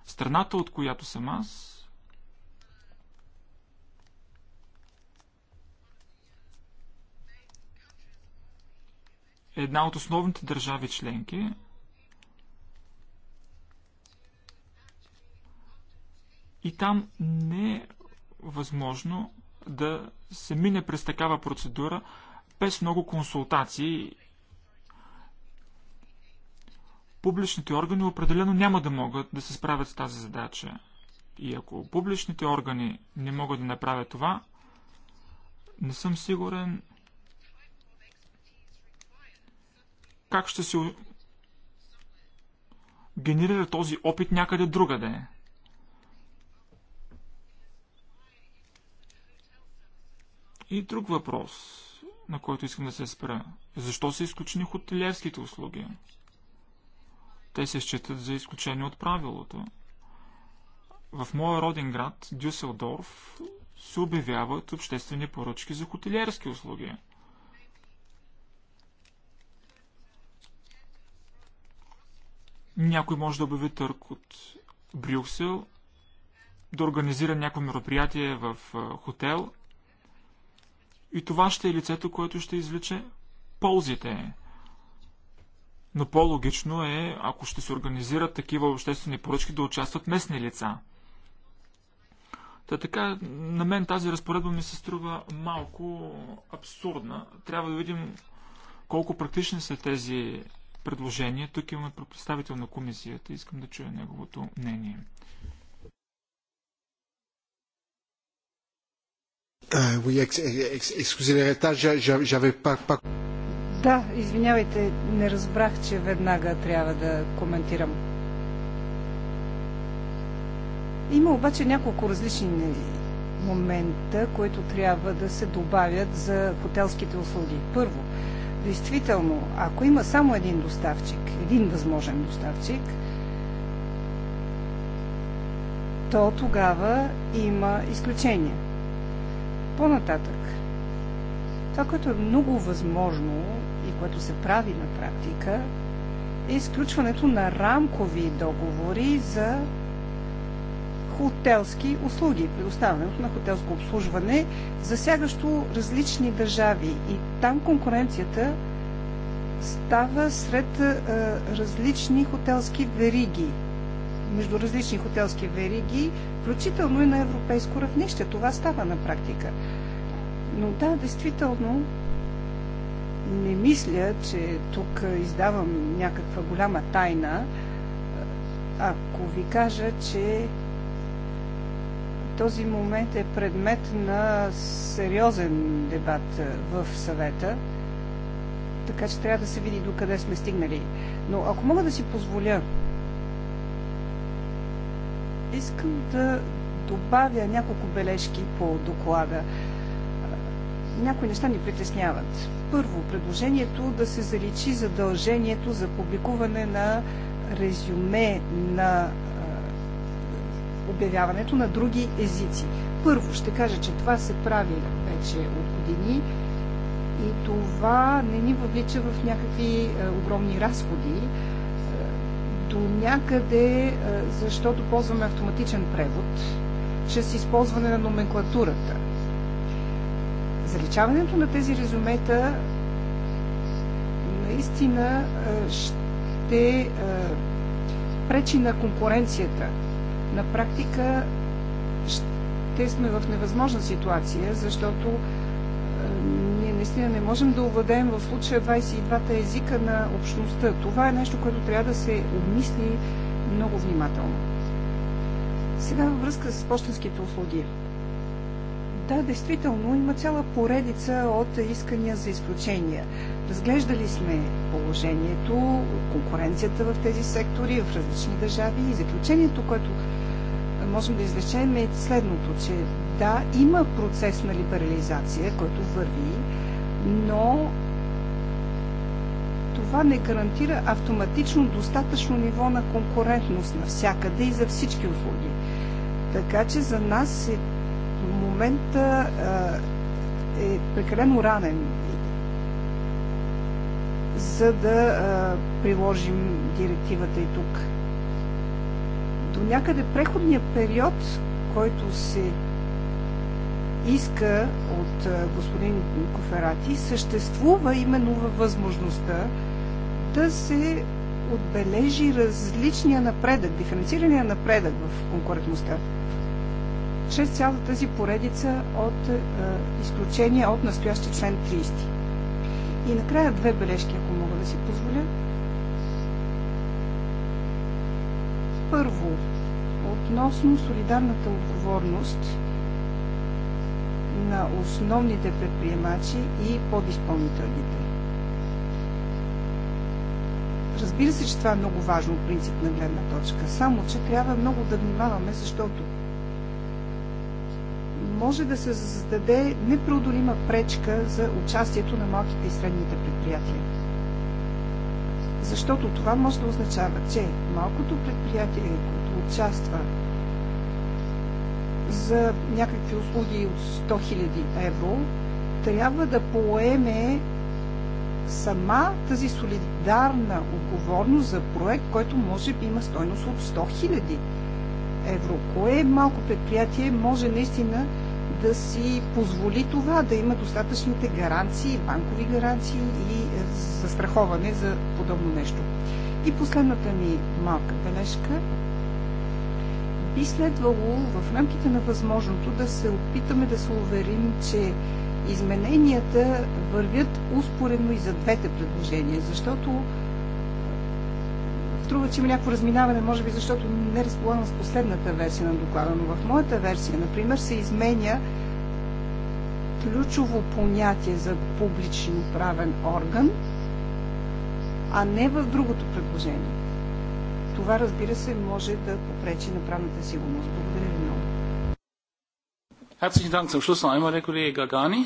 Страната, от която съм аз, е една от основните държави членки, и там не е възможно да се мине през такава процедура без много консултации. Публичните органи определено няма да могат да се справят с тази задача. И ако публичните органи не могат да направят това, не съм сигурен как ще се генерира този опит някъде другаде. И друг въпрос, на който искам да се спра. Защо са изключени хотелиерските услуги? Те се считат за изключение от правилото. В моя роден град, Дюселдорф, се обявяват обществени поръчки за хотелиерски услуги. Някой може да обяви търк от Брюксел, да организира някакво мероприятие в хотел – и това ще е лицето, което ще извлече ползите. Но по-логично е, ако ще се организират такива обществени поръчки, да участват местни лица. Та така, на мен тази разпоредба ми се струва малко абсурдна. Трябва да видим колко практични са тези предложения. Тук имаме представител на комисията. Искам да чуя неговото мнение. Ah, oui, excusez j'avais pas... Да, извинявайте, не разбрах, че веднага трябва да коментирам. Има обаче няколко различни момента, които трябва да се добавят за хотелските услуги. Първо, действително, ако има само един доставчик, един възможен доставчик, то тогава има изключения. По-нататък, това, което е много възможно и което се прави на практика, е изключването на рамкови договори за хотелски услуги, предоставянето на хотелско обслужване, засягащо различни държави. И там конкуренцията става сред а, различни хотелски вериги между различни хотелски вериги, включително и на европейско равнище. Това става на практика. Но да, действително, не мисля, че тук издавам някаква голяма тайна, ако ви кажа, че този момент е предмет на сериозен дебат в съвета, така че трябва да се види докъде сме стигнали. Но ако мога да си позволя Искам да добавя няколко бележки по доклада. Някои неща ни притесняват. Първо, предложението да се заличи задължението за публикуване на резюме на обявяването на други езици. Първо ще кажа, че това се прави вече от години и това не ни въвлича в някакви огромни разходи до някъде, защото ползваме автоматичен превод, чрез използване на номенклатурата. Заличаването на тези резюмета наистина ще пречи на конкуренцията. На практика ще сме в невъзможна ситуация, защото ние наистина не можем да овладеем в случая 22-та езика на общността. Това е нещо, което трябва да се обмисли много внимателно. Сега във връзка с почтенските услуги. Да, действително има цяла поредица от искания за изключения. Разглеждали сме положението, конкуренцията в тези сектори, в различни държави и заключението, което можем да извлечем е следното, че да, има процес на либерализация, който върви, но това не гарантира автоматично достатъчно ниво на конкурентност навсякъде и за всички услуги. Така че за нас е, момента е прекалено ранен, за да приложим директивата и тук. До някъде преходният период, който се иска от господин Коферати съществува именно във възможността да се отбележи различния напредък, диференцирания напредък в конкурентността чрез цялата тази поредица от е, изключения от настоящия член 30. И накрая две бележки, ако мога да си позволя. Първо, относно солидарната отговорност – на основните предприемачи и подизпълнителите. Разбира се, че това е много важно от принципна гледна точка, само че трябва много да внимаваме, защото може да се създаде непреодолима пречка за участието на малките и средните предприятия. Защото това може да означава, че малкото предприятие, което участва за някакви услуги от 100 000 евро, трябва да поеме сама тази солидарна отговорност за проект, който може би има стойност от 100 000 евро. Кое малко предприятие може наистина да си позволи това, да има достатъчните гаранции, банкови гаранции и застраховане за подобно нещо. И последната ми малка бележка би следвало в рамките на възможното да се опитаме да се уверим, че измененията вървят успоредно и за двете предложения, защото струва, че има някакво разминаване, може би защото не разполагам с последната версия на доклада, но в моята версия, например, се изменя ключово понятие за публично правен орган, а не в другото предложение това, разбира се, може да попречи на правната сигурност. Благодаря ви много. Herzlichen Dank. Zum Schluss noch einmal der Kollege Gargani.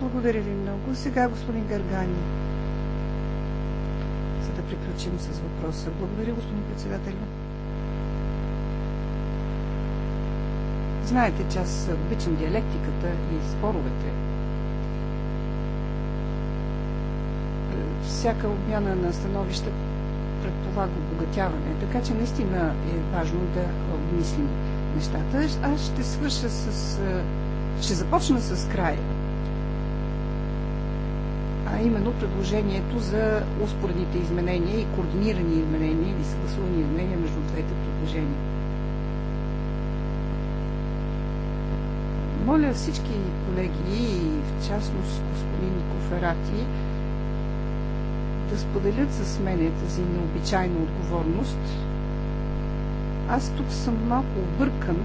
Благодаря ви много. Сега господин Гаргани, за да приключим с въпроса. Благодаря, господин председател. Знаете, че аз обичам диалектиката и споровете. Всяка обмяна на становища това обогатяване. Така че наистина е важно да обмислим нещата. Аз ще свърша с... ще започна с края. А именно предложението за успоредните изменения и координирани изменения или съгласувани изменения между двете предложения. Моля всички колеги и в частност господин Коферати да споделят с мене тази необичайна отговорност. Аз тук съм малко объркан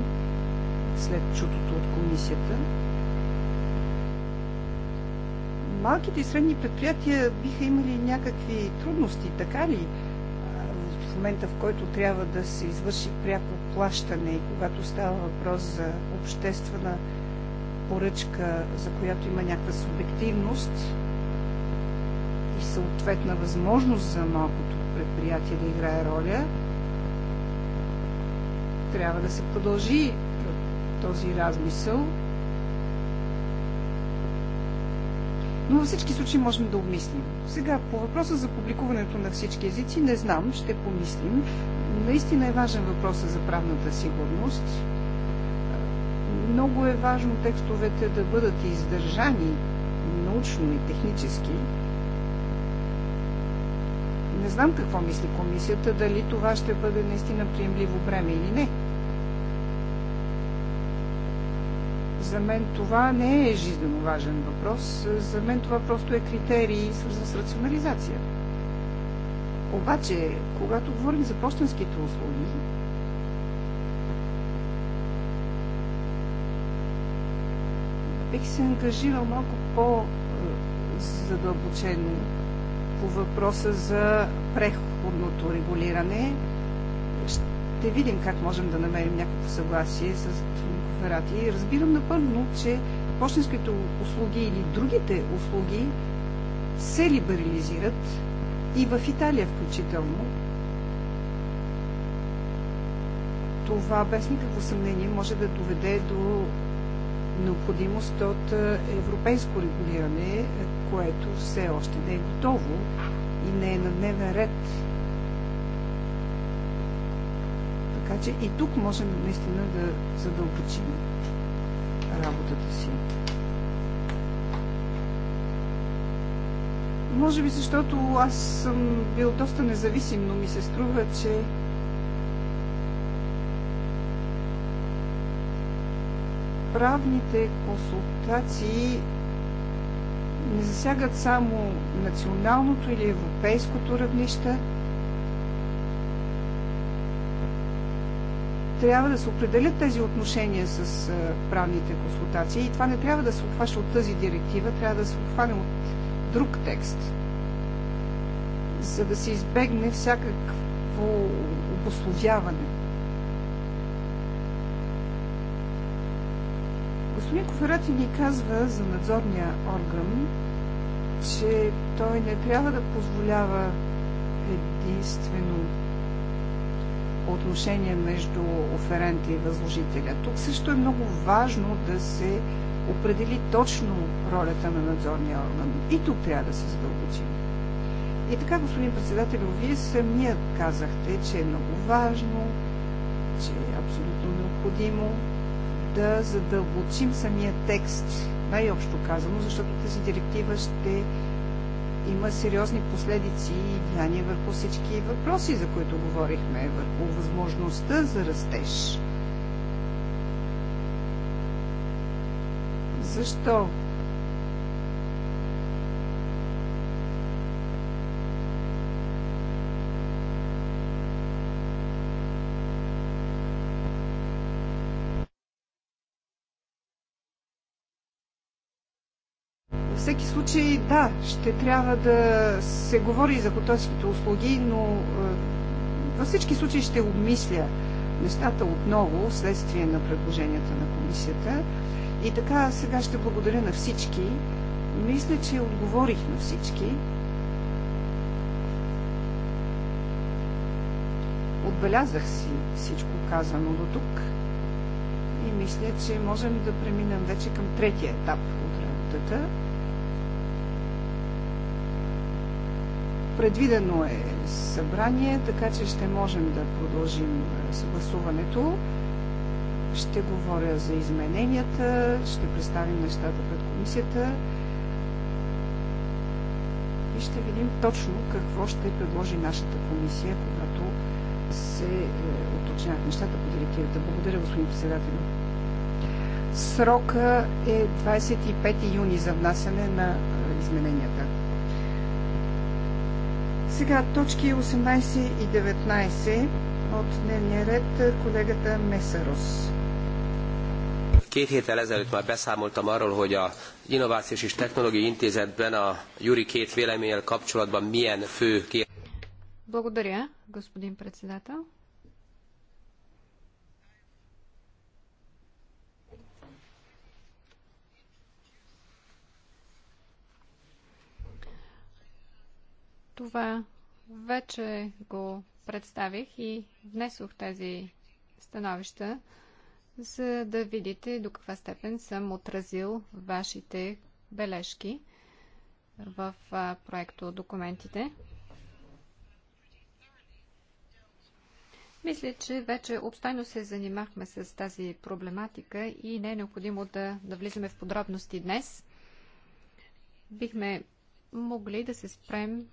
след чутото от комисията. Малките и средни предприятия биха имали някакви трудности, така ли? В момента, в който трябва да се извърши пряко плащане и когато става въпрос за обществена поръчка, за която има някаква субективност, и съответна възможност за малкото предприятие да играе роля, трябва да се продължи този размисъл. Но във всички случаи можем да обмислим. Сега, по въпроса за публикуването на всички езици, не знам, ще помислим. Наистина е важен въпрос за правната сигурност. Много е важно текстовете да бъдат издържани научно и технически, не знам какво мисли комисията, дали това ще бъде наистина приемливо бреме или не. За мен това не е жизненно важен въпрос. За мен това просто е критерий, свързан с рационализация. Обаче, когато говорим за почтенските услуги, бих се ангажирал малко по-задълбочено е, по въпроса за преходното регулиране. Ще видим как можем да намерим някакво съгласие с Коферати. Разбирам напълно, че почтенските услуги или другите услуги се либерализират и в Италия включително. Това без никакво съмнение може да доведе до необходимост от е, европейско регулиране, е, което все още не е готово и не е на дневен ред. Така че и тук можем наистина да задълбочим работата си. Може би защото аз съм бил доста независим, но ми се струва, че правните консултации не засягат само националното или европейското равнище. Трябва да се определят тези отношения с правните консултации и това не трябва да се обхваща от тази директива, трябва да се обхване от друг текст, за да се избегне всякакво обословяване. Господин Коферати ни казва за надзорния орган, че той не трябва да позволява единствено отношение между оферента и възложителя. Тук също е много важно да се определи точно ролята на надзорния орган. И тук трябва да се задълбочим. И така, господин председател, вие самият казахте, че е много важно, че е абсолютно необходимо да задълбочим самия текст, най-общо казано, защото тази директива ще има сериозни последици и влияние върху всички въпроси, за които говорихме, върху възможността за растеж. Защо всеки случай, да, ще трябва да се говори и за готовските услуги, но е, във всички случаи ще обмисля нещата отново, следствие на предложенията на комисията. И така, сега ще благодаря на всички. Мисля, че отговорих на всички. Отбелязах си всичко казано до тук и мисля, че можем да преминем вече към третия етап от работата. Предвидено е събрание, така че ще можем да продължим е, съгласуването. Ще говоря за измененията, ще представим нещата пред комисията и ще видим точно какво ще предложи нашата комисия, когато се е, уточняват нещата по директивата. Благодаря, господин председател. Срока е 25 юни за внасяне на е, измененията. Сега точки 18 и 19 от дневния ред колегата Месарос. Két héttel ezelőtt már beszámoltam arról, hogy a Innovációs és Technológiai Intézetben a Juri két véleményel kapcsolatban milyen fő Благодаря, господин председател. Това вече го представих и внесох тези становища, за да видите до каква степен съм отразил вашите бележки в проекто документите. Мисля, че вече обстойно се занимахме с тази проблематика и не е необходимо да, да влизаме в подробности днес. Бихме могли да се спрем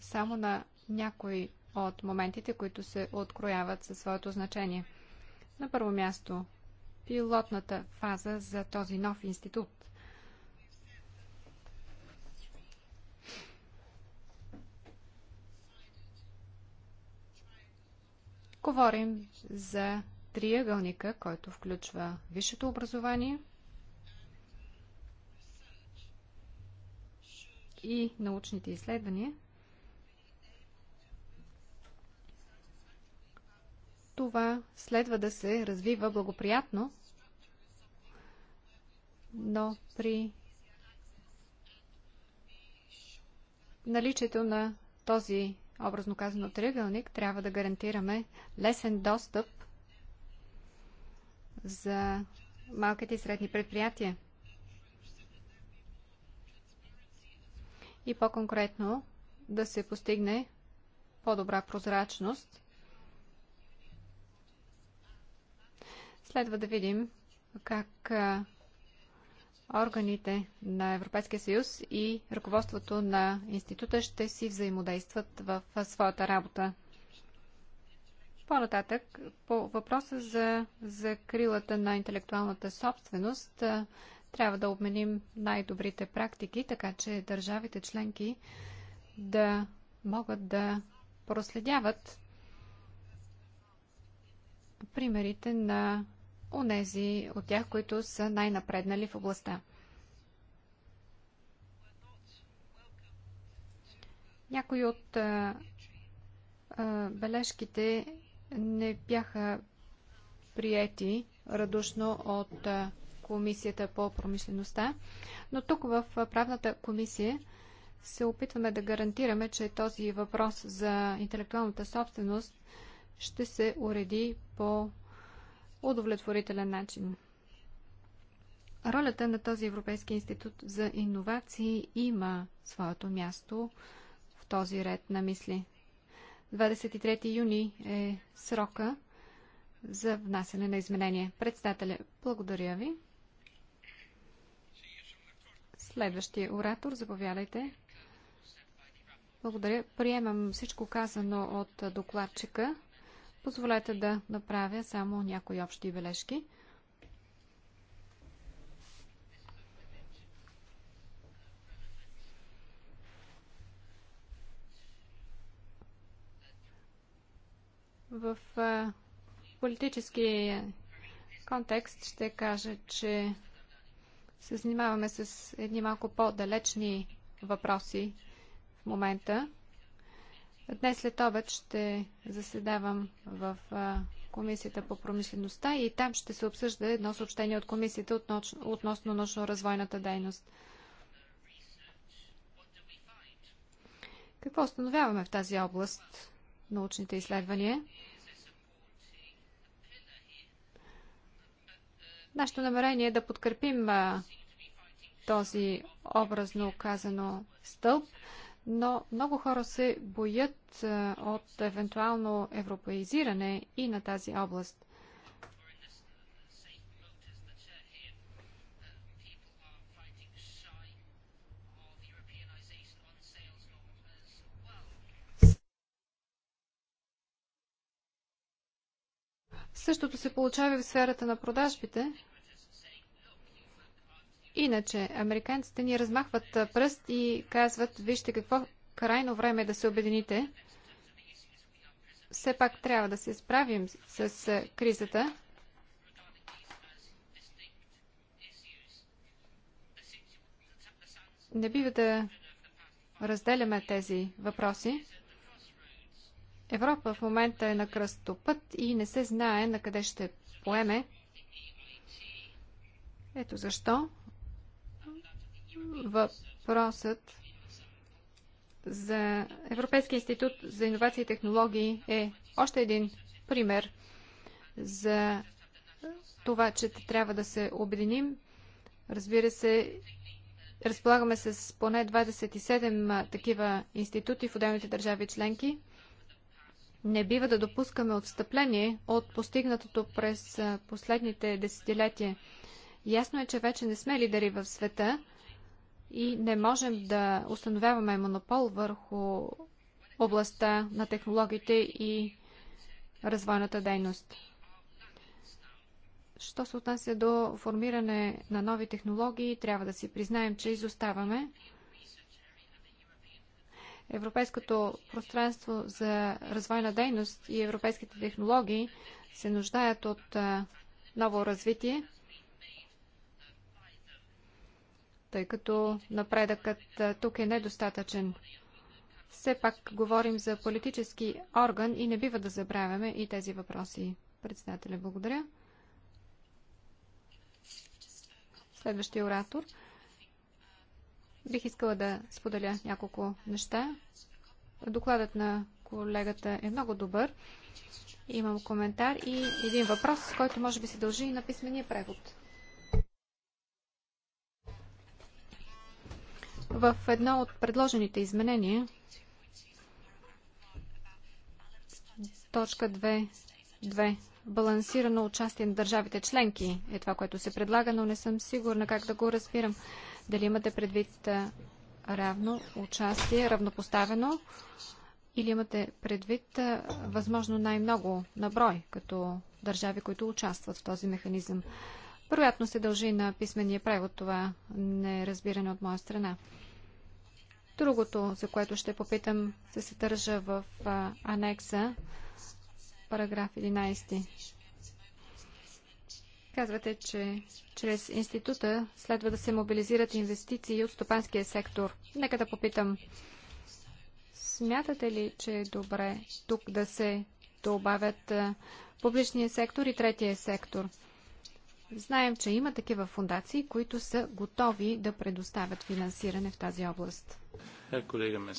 само на някои от моментите, които се открояват със своето значение. На първо място, пилотната фаза за този нов институт. Говорим за триъгълника, който включва висшето образование и научните изследвания – Това следва да се развива благоприятно, но при наличието на този, образно казано, триъгълник, трябва да гарантираме лесен достъп за малките и средни предприятия. И по-конкретно да се постигне по-добра прозрачност Следва да видим как органите на Европейския съюз и ръководството на института ще си взаимодействат в своята работа. По-нататък, по въпроса за закрилата на интелектуалната собственост, трябва да обменим най-добрите практики, така че държавите членки да могат да проследяват примерите на онези от тях, които са най-напреднали в областта. Някои от а, а, бележките не бяха приети радушно от а, Комисията по промишлеността, но тук в правната комисия се опитваме да гарантираме, че този въпрос за интелектуалната собственост ще се уреди по удовлетворителен начин. Ролята на този Европейски институт за иновации има своето място в този ред на мисли. 23 юни е срока за внасяне на изменения. Председателя, благодаря ви. Следващия оратор, заповядайте. Благодаря. Приемам всичко казано от докладчика. Позволете да направя само някои общи бележки. В политически контекст ще кажа, че се занимаваме с едни малко по-далечни въпроси в момента. Днес след обед ще заседавам в Комисията по промишлеността и там ще се обсъжда едно съобщение от Комисията относно научно-развойната дейност. Какво установяваме в тази област? Научните изследвания. Нашето намерение е да подкрепим този образно казано стълб но много хора се боят от евентуално европеизиране и на тази област. Същото се получава и в сферата на продажбите. Иначе, американците ни размахват пръст и казват, вижте какво крайно време е да се обедините. Все пак трябва да се справим с кризата. Не бива да разделяме тези въпроси. Европа в момента е на кръстопът и не се знае на къде ще поеме. Ето защо въпросът за Европейския институт за инновации и технологии е още един пример за това, че трябва да се обединим. Разбира се, разполагаме с поне 27 такива институти в отделните държави членки. Не бива да допускаме отстъпление от постигнатото през последните десетилетия. Ясно е, че вече не сме лидери в света, и не можем да установяваме монопол върху областта на технологиите и развойната дейност. Що се отнася до формиране на нови технологии, трябва да си признаем, че изоставаме. Европейското пространство за развойна дейност и европейските технологии се нуждаят от ново развитие. тъй като напредъкът тук е недостатъчен. Все пак говорим за политически орган и не бива да забравяме и тези въпроси. Председателя, благодаря. Следващия оратор. Бих искала да споделя няколко неща. Докладът на колегата е много добър. Имам коментар и един въпрос, който може би се дължи и на писмения превод. В едно от предложените изменения, точка 2, 2 балансирано участие на държавите членки е това, което се предлага, но не съм сигурна как да го разбирам. Дали имате предвид равно участие, равнопоставено, или имате предвид възможно най-много на брой, като държави, които участват в този механизъм. Вероятно се дължи на писмения превод това неразбиране от моя страна. Другото, за което ще попитам, се съдържа в анекса, параграф 11. Казвате, че чрез института следва да се мобилизират инвестиции от стопанския сектор. Нека да попитам, смятате ли, че е добре тук да се добавят публичния сектор и третия сектор? Знаем, че има такива фундации, които са готови да предоставят финансиране в тази област. Е, колега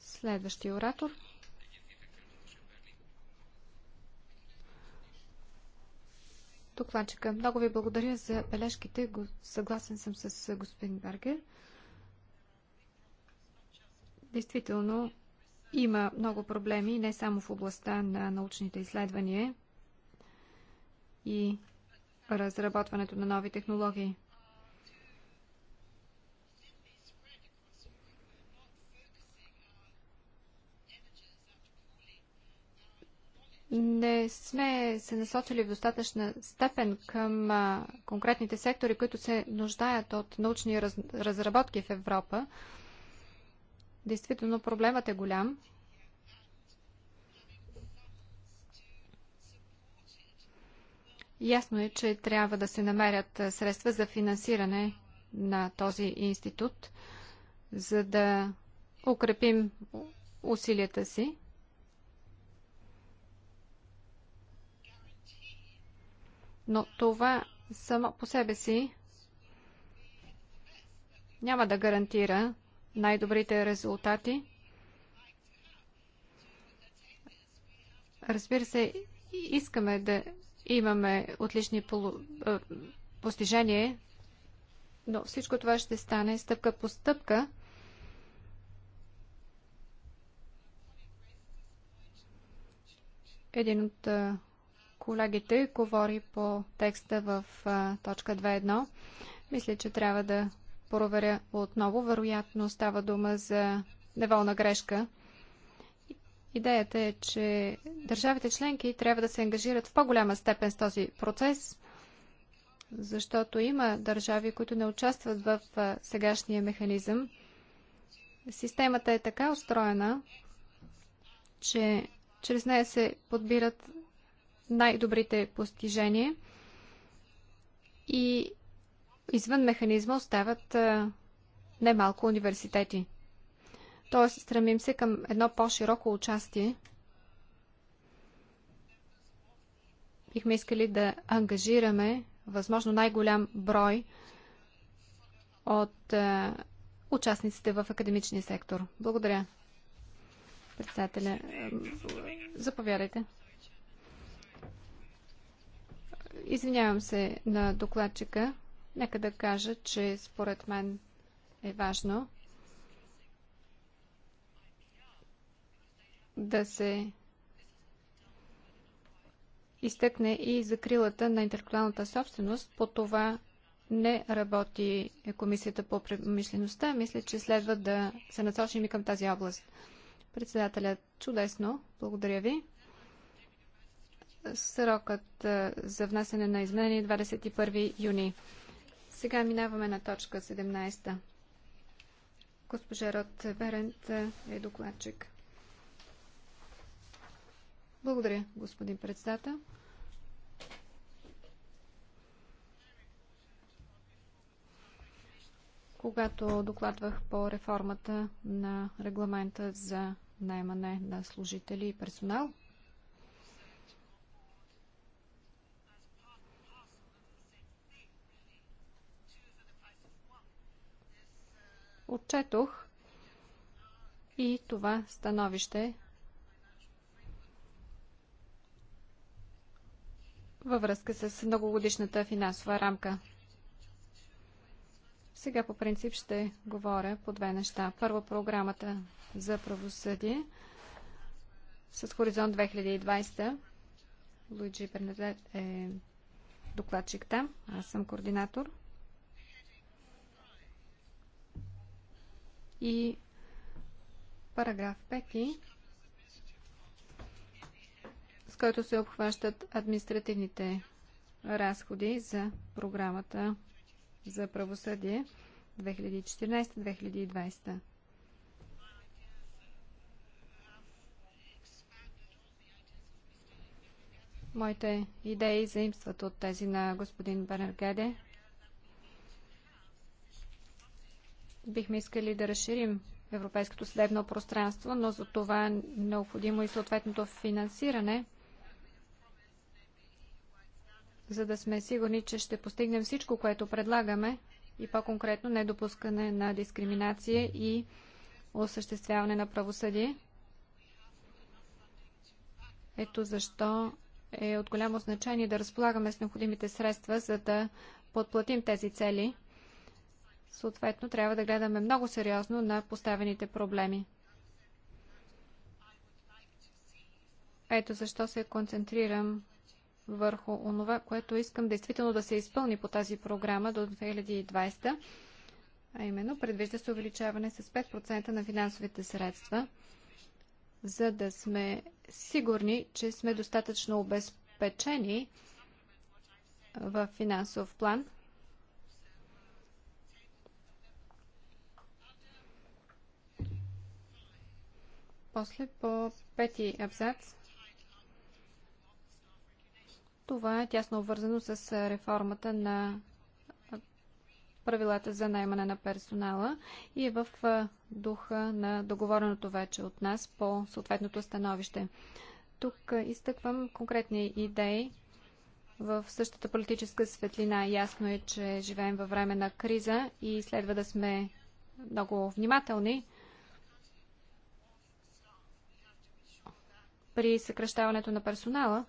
Следващия оратор. Докладчика, много ви благодаря за бележките. Съгласен съм с господин Бергер. Действително, има много проблеми, не само в областта на научните изследвания и разработването на нови технологии. не сме се насочили в достатъчна степен към конкретните сектори, които се нуждаят от научни раз... разработки в Европа. Действително проблемът е голям. Ясно е, че трябва да се намерят средства за финансиране на този институт, за да укрепим усилията си. Но това само по себе си няма да гарантира най-добрите резултати. Разбира се, искаме да имаме отлични полу... постижения, но всичко това ще стане стъпка по стъпка. Един от колегите говори по текста в точка 2.1. Мисля, че трябва да проверя отново. Вероятно става дума за неволна грешка. Идеята е, че държавите членки трябва да се ангажират в по-голяма степен с този процес, защото има държави, които не участват в сегашния механизъм. Системата е така устроена, че чрез нея се подбират най-добрите постижения и извън механизма остават немалко университети. Тоест, стремим се към едно по-широко участие. Бихме искали да ангажираме възможно най-голям брой от е, участниците в академичния сектор. Благодаря. Председателя, заповядайте. Извинявам се на докладчика. Нека да кажа, че според мен е важно да се изтъкне и закрилата на интелектуалната собственост. По това не работи Комисията по промишлеността. Мисля, че следва да се насочим и към тази област. Председателя, чудесно, благодаря ви. Срокът за внасяне на изменение 21 юни. Сега минаваме на точка 17. Госпожа Рот Берент е докладчик. Благодаря, господин председател. Когато докладвах по реформата на регламента за наймане на служители и персонал, отчетох и това становище във връзка с многогодишната финансова рамка. Сега по принцип ще говоря по две неща. Първо програмата за правосъдие с Хоризонт 2020. Луиджи Бернадет е докладчик там. Аз съм координатор. И параграф 5, с който се обхващат административните разходи за програмата за правосъдие 2014-2020. Моите идеи заимстват от тези на господин Бернергеде. Бихме искали да разширим европейското следно пространство, но за това е необходимо и съответното финансиране, за да сме сигурни, че ще постигнем всичко, което предлагаме и по-конкретно недопускане на дискриминация и осъществяване на правосъдие. Ето защо е от голямо значение да разполагаме с необходимите средства, за да подплатим тези цели. Съответно, трябва да гледаме много сериозно на поставените проблеми. Ето защо се концентрирам върху онова, което искам действително да се изпълни по тази програма до 2020, а именно предвижда се увеличаване с 5% на финансовите средства, за да сме сигурни, че сме достатъчно обезпечени в финансов план – После по пети абзац. Това е тясно обвързано с реформата на правилата за наймане на персонала и е в духа на договореното вече от нас по съответното становище. Тук изтъквам конкретни идеи в същата политическа светлина. Ясно е, че живеем във време на криза и следва да сме много внимателни при съкръщаването на персонала.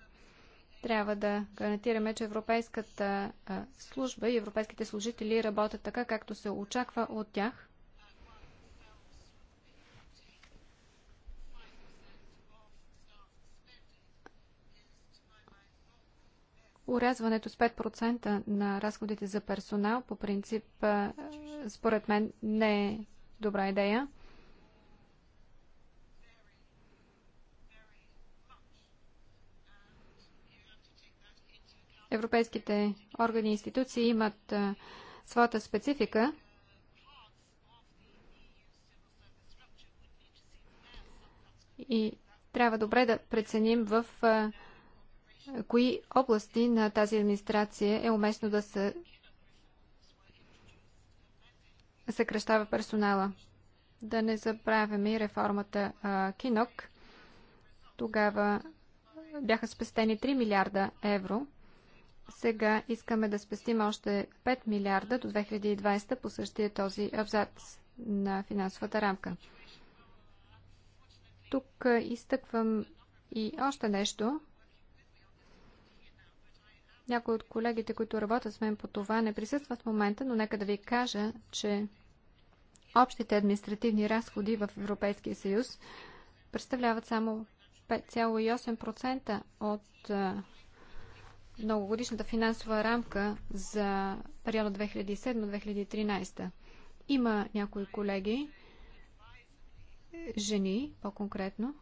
Трябва да гарантираме, че Европейската служба и европейските служители работят така, както се очаква от тях. Урязването с 5% на разходите за персонал по принцип, според мен, не е добра идея. Европейските органи и институции имат своята специфика. И трябва добре да преценим в кои области на тази администрация е уместно да се съкръщава персонала. Да не забравяме и реформата а, Кинок. Тогава бяха спестени 3 милиарда евро – сега искаме да спестим още 5 милиарда до 2020 по същия този абзац на финансовата рамка. Тук изтъквам и още нещо. Някои от колегите, които работят с мен по това, не присъстват в момента, но нека да ви кажа, че общите административни разходи в Европейския съюз представляват само 5,8% от многогодишната финансова рамка за периода 2007-2013. Има някои колеги, жени по-конкретно,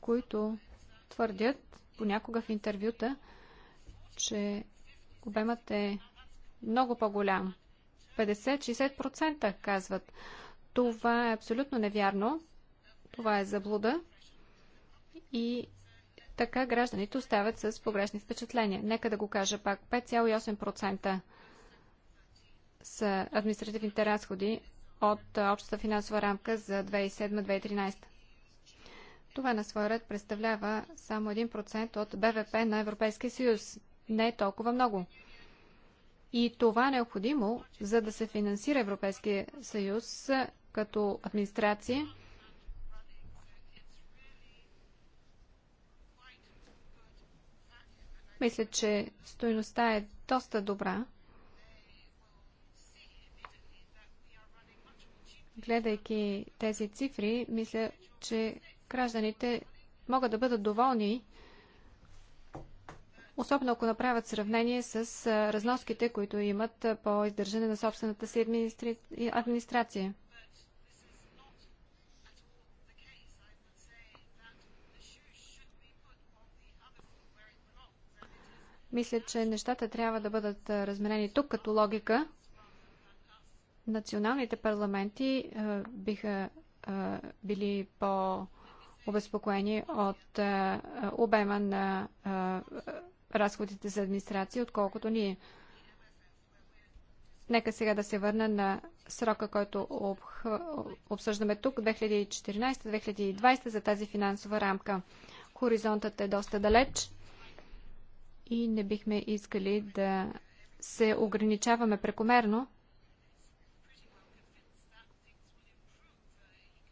които твърдят понякога в интервюта, че обемът е много по-голям. 50-60% казват. Това е абсолютно невярно. Това е заблуда. И така гражданите остават с погрешни впечатления. Нека да го кажа пак. 5,8% са административните разходи от общата финансова рамка за 2007-2013. Това на своя ред представлява само 1% от БВП на Европейския съюз. Не е толкова много. И това е необходимо, за да се финансира Европейския съюз като администрация – Мисля, че стоеността е доста добра. Гледайки тези цифри, мисля, че гражданите могат да бъдат доволни, особено ако направят сравнение с разноските, които имат по издържане на собствената си администрация. Мисля, че нещата трябва да бъдат разменени тук като логика. Националните парламенти а, биха а, били по- обезпокоени от а, обема на разходите за администрация, отколкото ние. Нека сега да се върна на срока, който обх... обсъждаме тук, 2014-2020 за тази финансова рамка. Хоризонтът е доста далеч и не бихме искали да се ограничаваме прекомерно.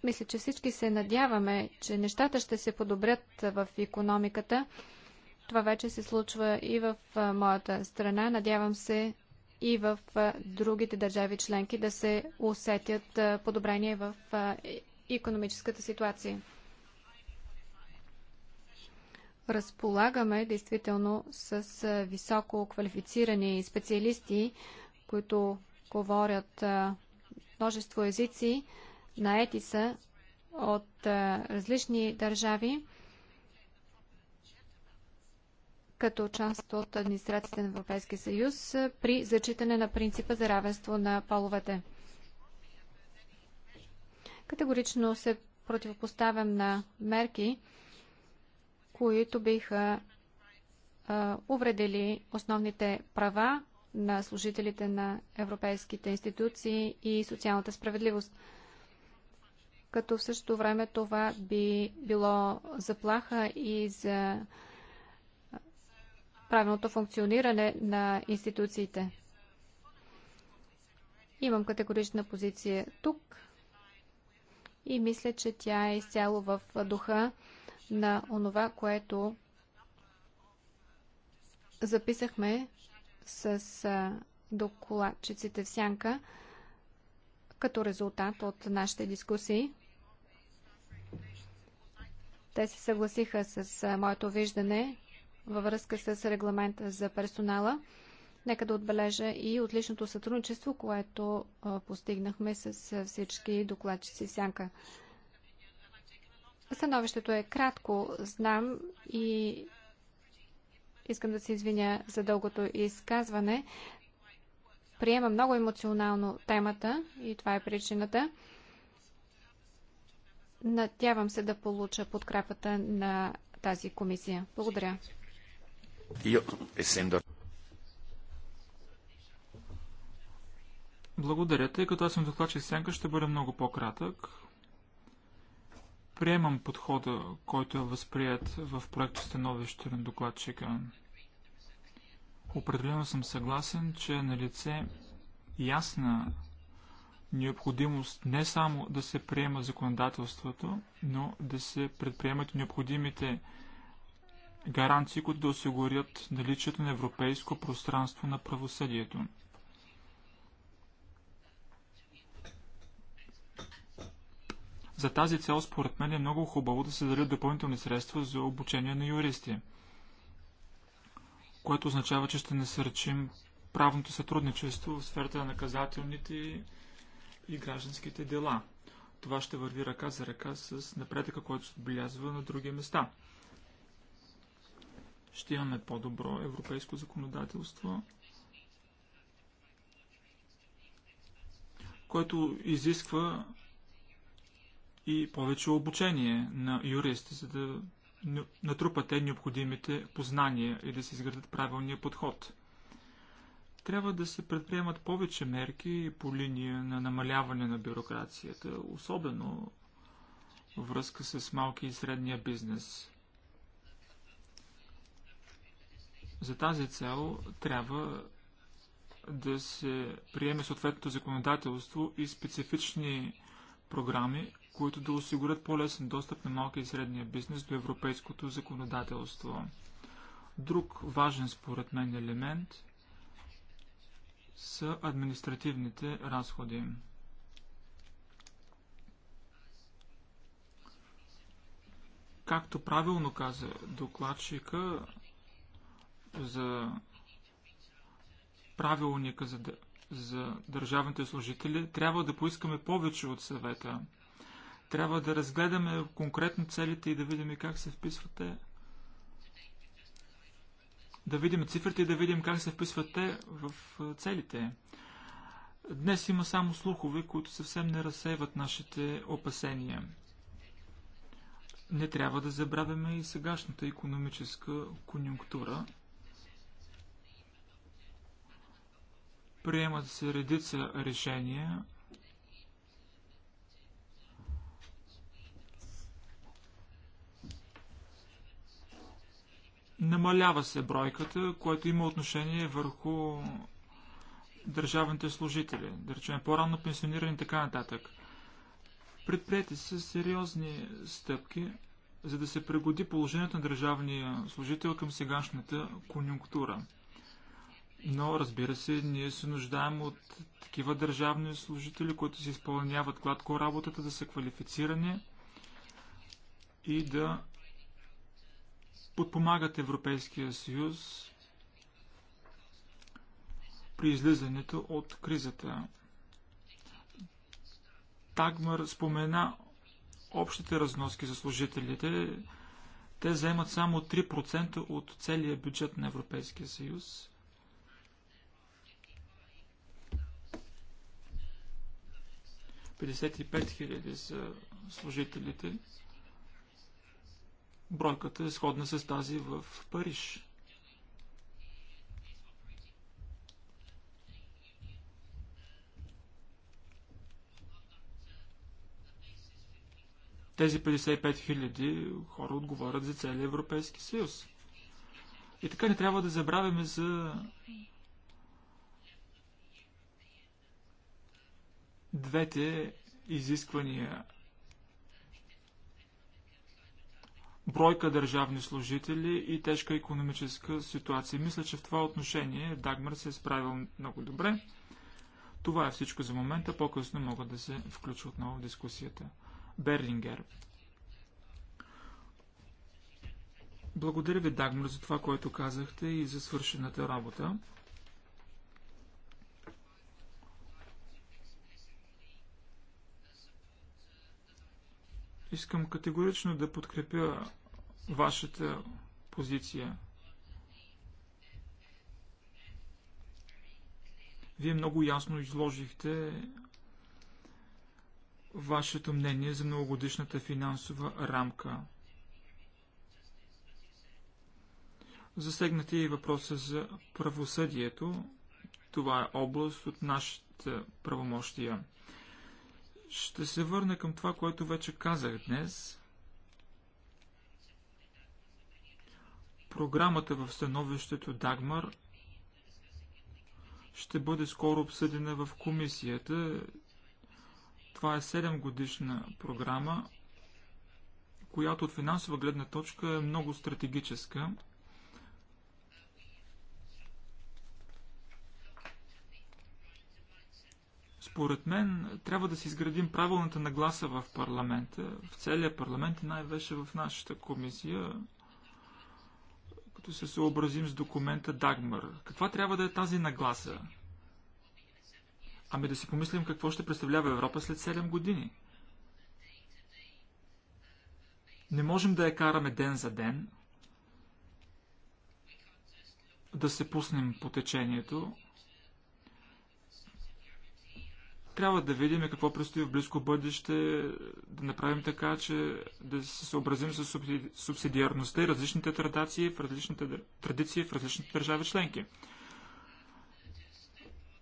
Мисля, че всички се надяваме, че нещата ще се подобрят в економиката. Това вече се случва и в моята страна. Надявам се и в другите държави членки да се усетят подобрения в економическата ситуация разполагаме действително с високо квалифицирани специалисти, които говорят множество езици, на етиса от различни държави, като част от администрацията на Европейския съюз при зачитане на принципа за равенство на половете. Категорично се противопоставям на мерки, които биха увредили основните права на служителите на европейските институции и социалната справедливост. Като в същото време това би било заплаха и за правилното функциониране на институциите. Имам категорична позиция тук и мисля, че тя е изцяло в духа на онова, което записахме с докладчиците в сянка като резултат от нашите дискусии. Те се съгласиха с моето виждане във връзка с регламента за персонала. Нека да отбележа и отличното сътрудничество, което постигнахме с всички докладчици в сянка. Становището е кратко, знам и искам да се извиня за дългото изказване. Приема много емоционално темата и това е причината. Надявам се да получа подкрепата на тази комисия. Благодаря. Благодаря, тъй като аз съм докладчик сянка, ще бъде много по-кратък. Приемам подхода, който е възприят в проекто становище на докладчика. Определено съм съгласен, че е на лице ясна необходимост не само да се приема законодателството, но да се предприемат необходимите гаранции, които да осигурят наличието на европейско пространство на правосъдието. За тази цел, според мен, е много хубаво да се дадат допълнителни средства за обучение на юристи, което означава, че ще насърчим правното сътрудничество в сферата на наказателните и гражданските дела. Това ще върви ръка за ръка с напредъка, който се отбелязва на други места. Ще имаме по-добро европейско законодателство, което изисква и повече обучение на юристи, за да натрупате необходимите познания и да се изградят правилния подход. Трябва да се предприемат повече мерки по линия на намаляване на бюрокрацията, особено връзка с малки и средния бизнес. За тази цел трябва да се приеме съответното законодателство и специфични програми, които да осигурят по-лесен достъп на малки и средния бизнес до европейското законодателство. Друг важен според мен елемент са административните разходи. Както правилно каза докладчика за правилника за, за държавните служители, трябва да поискаме повече от съвета – трябва да разгледаме конкретно целите и да видим как се вписват те. Да видим цифрите и да видим как се вписват те в целите. Днес има само слухове, които съвсем не разсейват нашите опасения. Не трябва да забравяме и сегашната економическа конюнктура. Приемат се редица решения, Намалява се бройката, което има отношение върху държавните служители, да речем по-рано пенсионирани и така нататък. Предприяти са сериозни стъпки, за да се пригоди положението на държавния служител към сегашната конюнктура. Но, разбира се, ние се нуждаем от такива държавни служители, които се изпълняват гладко работата, да са квалифицирани и да подпомагат Европейския съюз при излизането от кризата. Тагмар спомена общите разноски за служителите. Те заемат само 3% от целия бюджет на Европейския съюз. хиляди са служителите бройката е сходна с тази в Париж. Тези 55 000 хора отговарят за целия Европейски съюз. И така не трябва да забравяме за двете изисквания бройка държавни служители и тежка економическа ситуация. Мисля, че в това отношение Дагмар се е справил много добре. Това е всичко за момента. По-късно мога да се включа отново в дискусията. Берлингер. Благодаря ви, Дагмар, за това, което казахте и за свършената работа. Искам категорично да подкрепя вашата позиция. Вие много ясно изложихте вашето мнение за многогодишната финансова рамка. Засегнате и въпроса за правосъдието. Това е област от нашите правомощия. Ще се върна към това, което вече казах днес. Програмата в становището Дагмар ще бъде скоро обсъдена в комисията. Това е 7 годишна програма, която от финансова гледна точка е много стратегическа. Според мен трябва да си изградим правилната нагласа в парламента, в целия парламент и най-вече в нашата комисия, като се съобразим с документа Дагмар. Каква трябва да е тази нагласа? Ами да си помислим какво ще представлява Европа след 7 години. Не можем да я караме ден за ден, да се пуснем по течението, Трябва да видим какво предстои в близко бъдеще, да направим така, че да се съобразим с субсидиарността и различните традиции в различните, традиции в различните държави членки.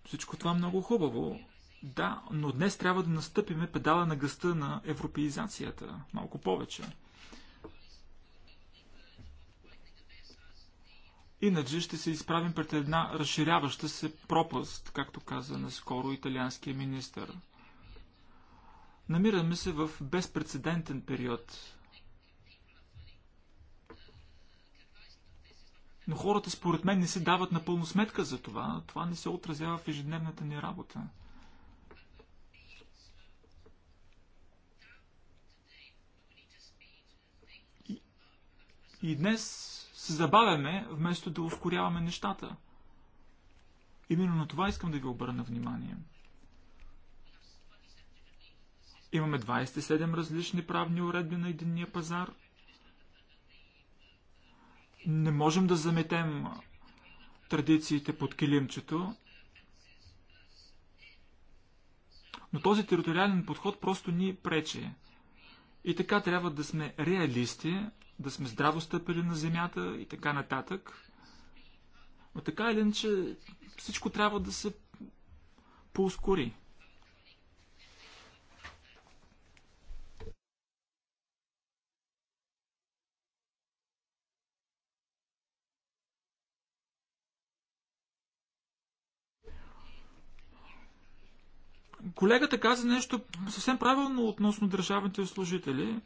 Всичко това е много хубаво. Да, но днес трябва да настъпиме педала на гъста на европеизацията. Малко повече. Иначе ще се изправим пред една разширяваща се пропаст, както каза наскоро италианския министр. Намираме се в безпредседентен период. Но хората според мен не се дават напълно сметка за това. Това не се отразява в ежедневната ни работа. И, и днес се забавяме, вместо да ускоряваме нещата. Именно на това искам да ви обърна внимание. Имаме 27 различни правни уредби на единния пазар. Не можем да заметем традициите под килимчето, но този териториален подход просто ни пречи. И така трябва да сме реалисти, да сме здраво стъпили на земята и така нататък. Но така или иначе всичко трябва да се поускори. Колегата каза нещо съвсем правилно относно държавните служители.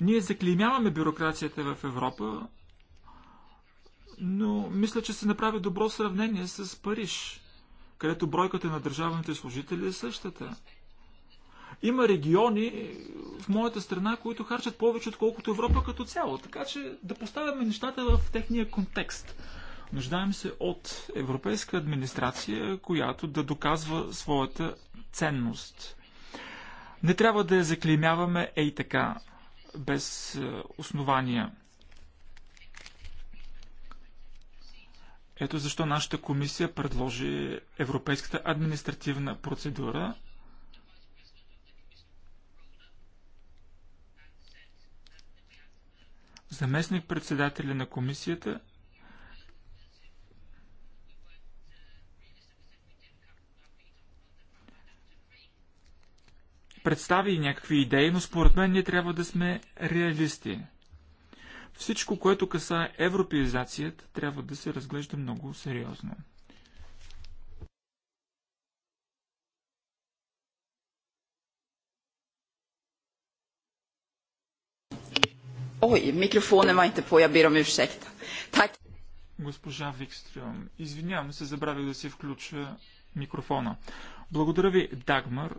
Ние заклеймяваме бюрокрацията в Европа, но мисля, че се направи добро сравнение с Париж, където бройката на държавните служители е същата. Има региони в моята страна, които харчат повече, отколкото Европа като цяло. Така че да поставяме нещата в техния контекст. Нуждаем се от европейска администрация, която да доказва своята ценност. Не трябва да я заклеймяваме ей така без е, основания. Ето защо нашата комисия предложи Европейската административна процедура заместник председателя на комисията представи някакви идеи, но според мен ние трябва да сме реалисти. Всичко, което касае европеизацията, трябва да се разглежда много сериозно. Ой, микрофонът ма inte я бирам ursäkt. Так. Госпожа Викстрюм, извинявам се, забравих да си включа микрофона. Благодаря ви, Дагмар,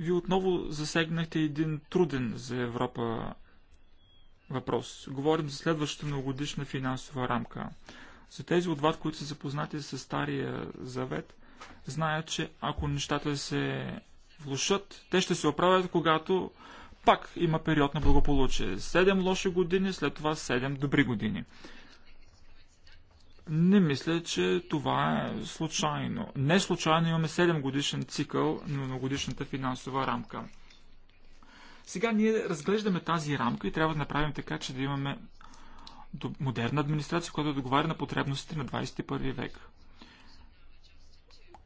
вие отново засегнахте един труден за Европа въпрос. Говорим за следващата многогодишна финансова рамка. За тези от вас, които са запознати с Стария Завет, знаят, че ако нещата се влушат, те ще се оправят, когато пак има период на благополучие. Седем лоши години, след това седем добри години. Не мисля, че това е случайно. Не случайно имаме 7 годишен цикъл на многодишната финансова рамка. Сега ние разглеждаме тази рамка и трябва да направим така, че да имаме модерна администрация, която да отговаря на потребностите на 21 век.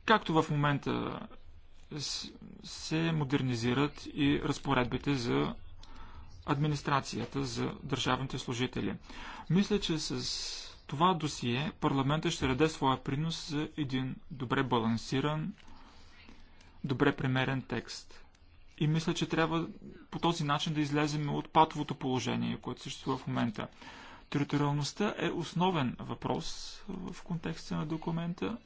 Както в момента се модернизират и разпоредбите за администрацията, за държавните служители. Мисля, че с това досие парламента ще даде своя принос за един добре балансиран, добре премерен текст. И мисля, че трябва по този начин да излезем от патовото положение, което съществува в момента. Териториалността е основен въпрос в контекста на документа.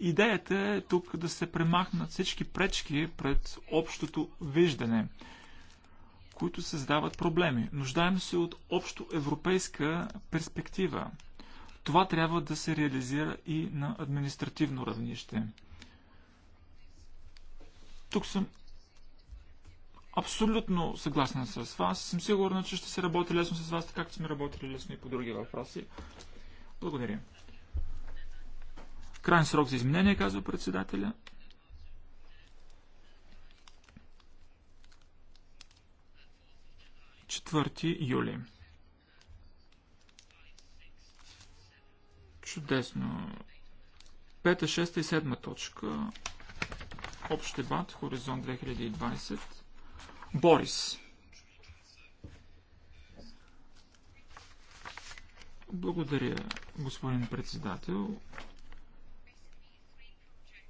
Идеята е тук да се премахнат всички пречки пред общото виждане, които създават проблеми. Нуждаем се от общо европейска перспектива това трябва да се реализира и на административно равнище. Тук съм абсолютно съгласен с вас. Съм сигурна, че ще се работи лесно с вас, така както сме работили лесно и по други въпроси. Благодаря. Крайен срок за изменение, казва председателя. Четвърти юли. Чудесно. Пета, шеста и седма точка. Общ дебат, Хоризонт 2020. Борис. Благодаря, господин председател.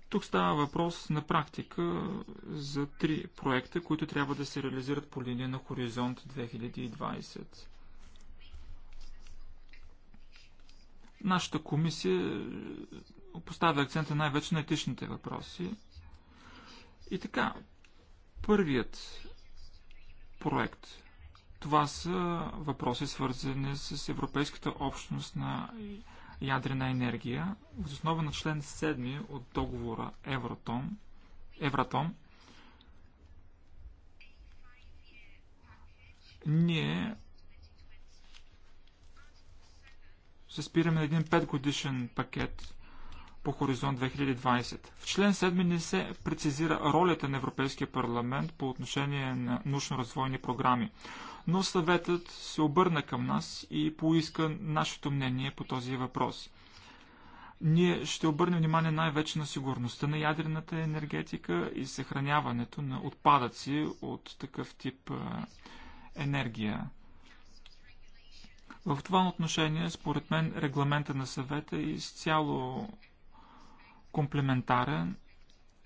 Тук става въпрос на практика за три проекта, които трябва да се реализират по линия на Хоризонт 2020. Нашата комисия е, поставя акцента най-вече на етичните въпроси. И така, първият проект. Това са въпроси свързани с Европейската общност на ядрена енергия. В основа на член 7 от договора Евротон. Евротон, ние се спираме на един 5 годишен пакет по Хоризонт 2020. В член 7 не се прецизира ролята на Европейския парламент по отношение на научно-развойни програми, но съветът се обърна към нас и поиска нашето мнение по този въпрос. Ние ще обърнем внимание най-вече на сигурността на ядрената енергетика и съхраняването на отпадъци от такъв тип енергия. В това отношение, според мен, регламента на съвета е изцяло комплементарен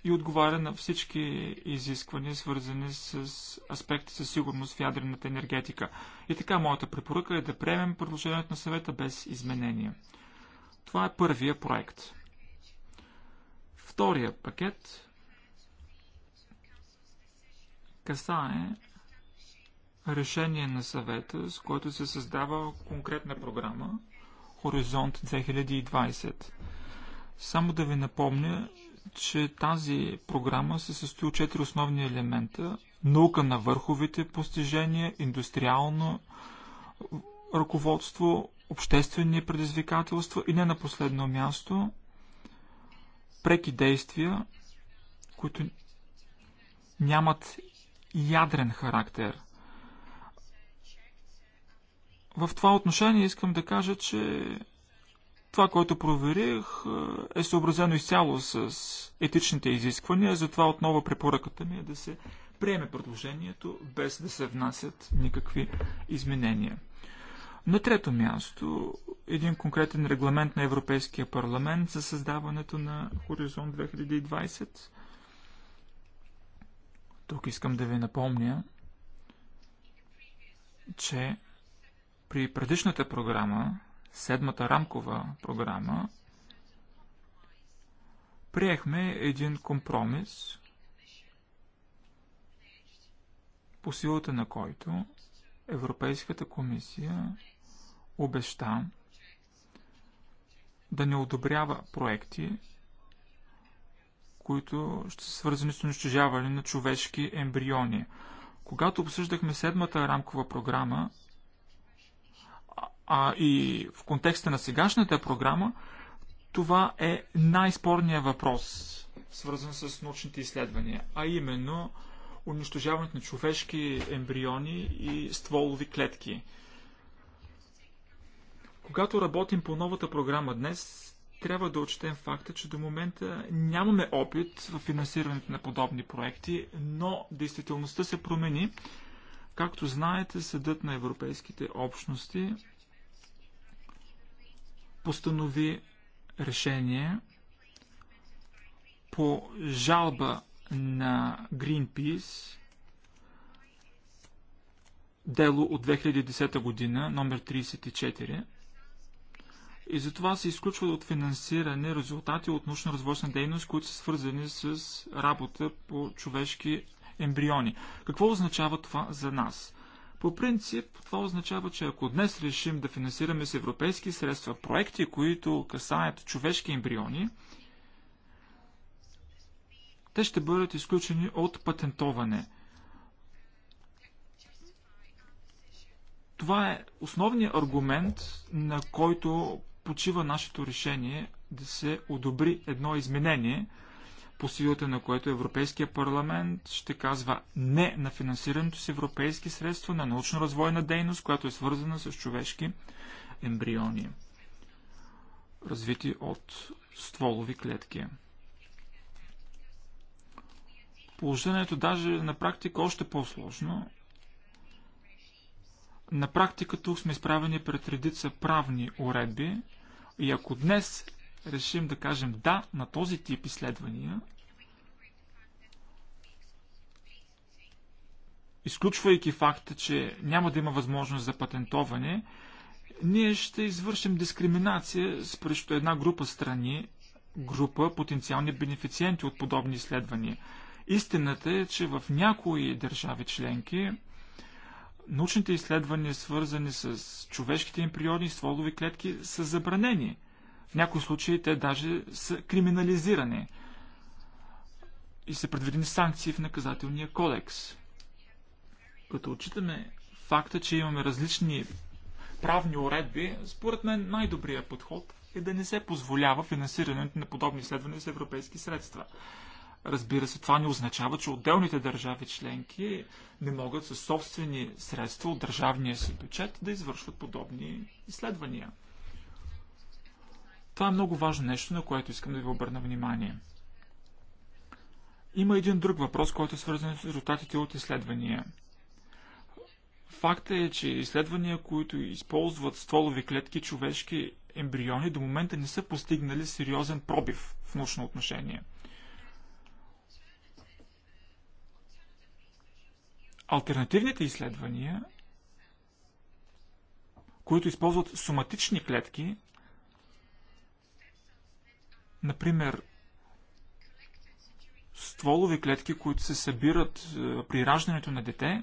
и отговаря на всички изисквания, свързани с аспекти със сигурност в ядрената енергетика. И така, моята препоръка е да приемем предложението на съвета без изменения. Това е първия проект. Втория пакет касае решение на съвета, с което се създава конкретна програма Хоризонт 2020. Само да ви напомня, че тази програма се състои от четири основни елемента. Наука на върховите постижения, индустриално ръководство, обществени предизвикателства и не на последно място преки действия, които нямат ядрен характер – в това отношение искам да кажа, че това, което проверих, е съобразено изцяло с етичните изисквания, затова отново препоръката ми е да се приеме предложението, без да се внасят никакви изменения. На трето място, един конкретен регламент на Европейския парламент за създаването на Хоризонт 2020. Тук искам да ви напомня, че при предишната програма, седмата рамкова програма, приехме един компромис, по силата на който Европейската комисия обеща да не одобрява проекти, които ще са свързани с унищожаване на човешки ембриони. Когато обсъждахме седмата рамкова програма, а и в контекста на сегашната програма, това е най-спорният въпрос, свързан с научните изследвания, а именно унищожаването на човешки ембриони и стволови клетки. Когато работим по новата програма днес, трябва да отчетем факта, че до момента нямаме опит в финансирането на подобни проекти, но действителността се промени. Както знаете, Съдът на европейските общности постанови решение по жалба на Greenpeace, дело от 2010 година, номер 34, и затова се изключва от финансиране резултати от научно-развойна дейност, които са свързани с работа по човешки ембриони. Какво означава това за нас? По принцип, това означава, че ако днес решим да финансираме с европейски средства проекти, които касаят човешки ембриони, те ще бъдат изключени от патентоване. Това е основният аргумент, на който почива нашето решение да се одобри едно изменение – по силата на което Европейския парламент ще казва не на финансирането с европейски средства на научно-развойна дейност, която е свързана с човешки ембриони, развити от стволови клетки. Положението даже на практика е още по-сложно. На практика тук сме изправени пред редица правни уредби и ако днес решим да кажем да на този тип изследвания, изключвайки факта, че няма да има възможност за патентоване, ние ще извършим дискриминация срещу една група страни, група потенциални бенефициенти от подобни изследвания. Истината е, че в някои държави членки научните изследвания, свързани с човешките им природни стволови клетки, са забранени – в някои случаи те даже са криминализирани и са предвидени санкции в наказателния кодекс. Като отчитаме факта, че имаме различни правни уредби, според мен най-добрият подход е да не се позволява финансирането на подобни изследвания с европейски средства. Разбира се, това не означава, че отделните държави членки не могат със собствени средства от държавния си бюджет да извършват подобни изследвания. Това е много важно нещо, на което искам да ви обърна внимание. Има един друг въпрос, който е свързан с резултатите от изследвания. Факта е, че изследвания, които използват стволови клетки човешки ембриони, до момента не са постигнали сериозен пробив в научно отношение. Алтернативните изследвания, които използват соматични клетки, Например, стволови клетки, които се събират е, при раждането на дете,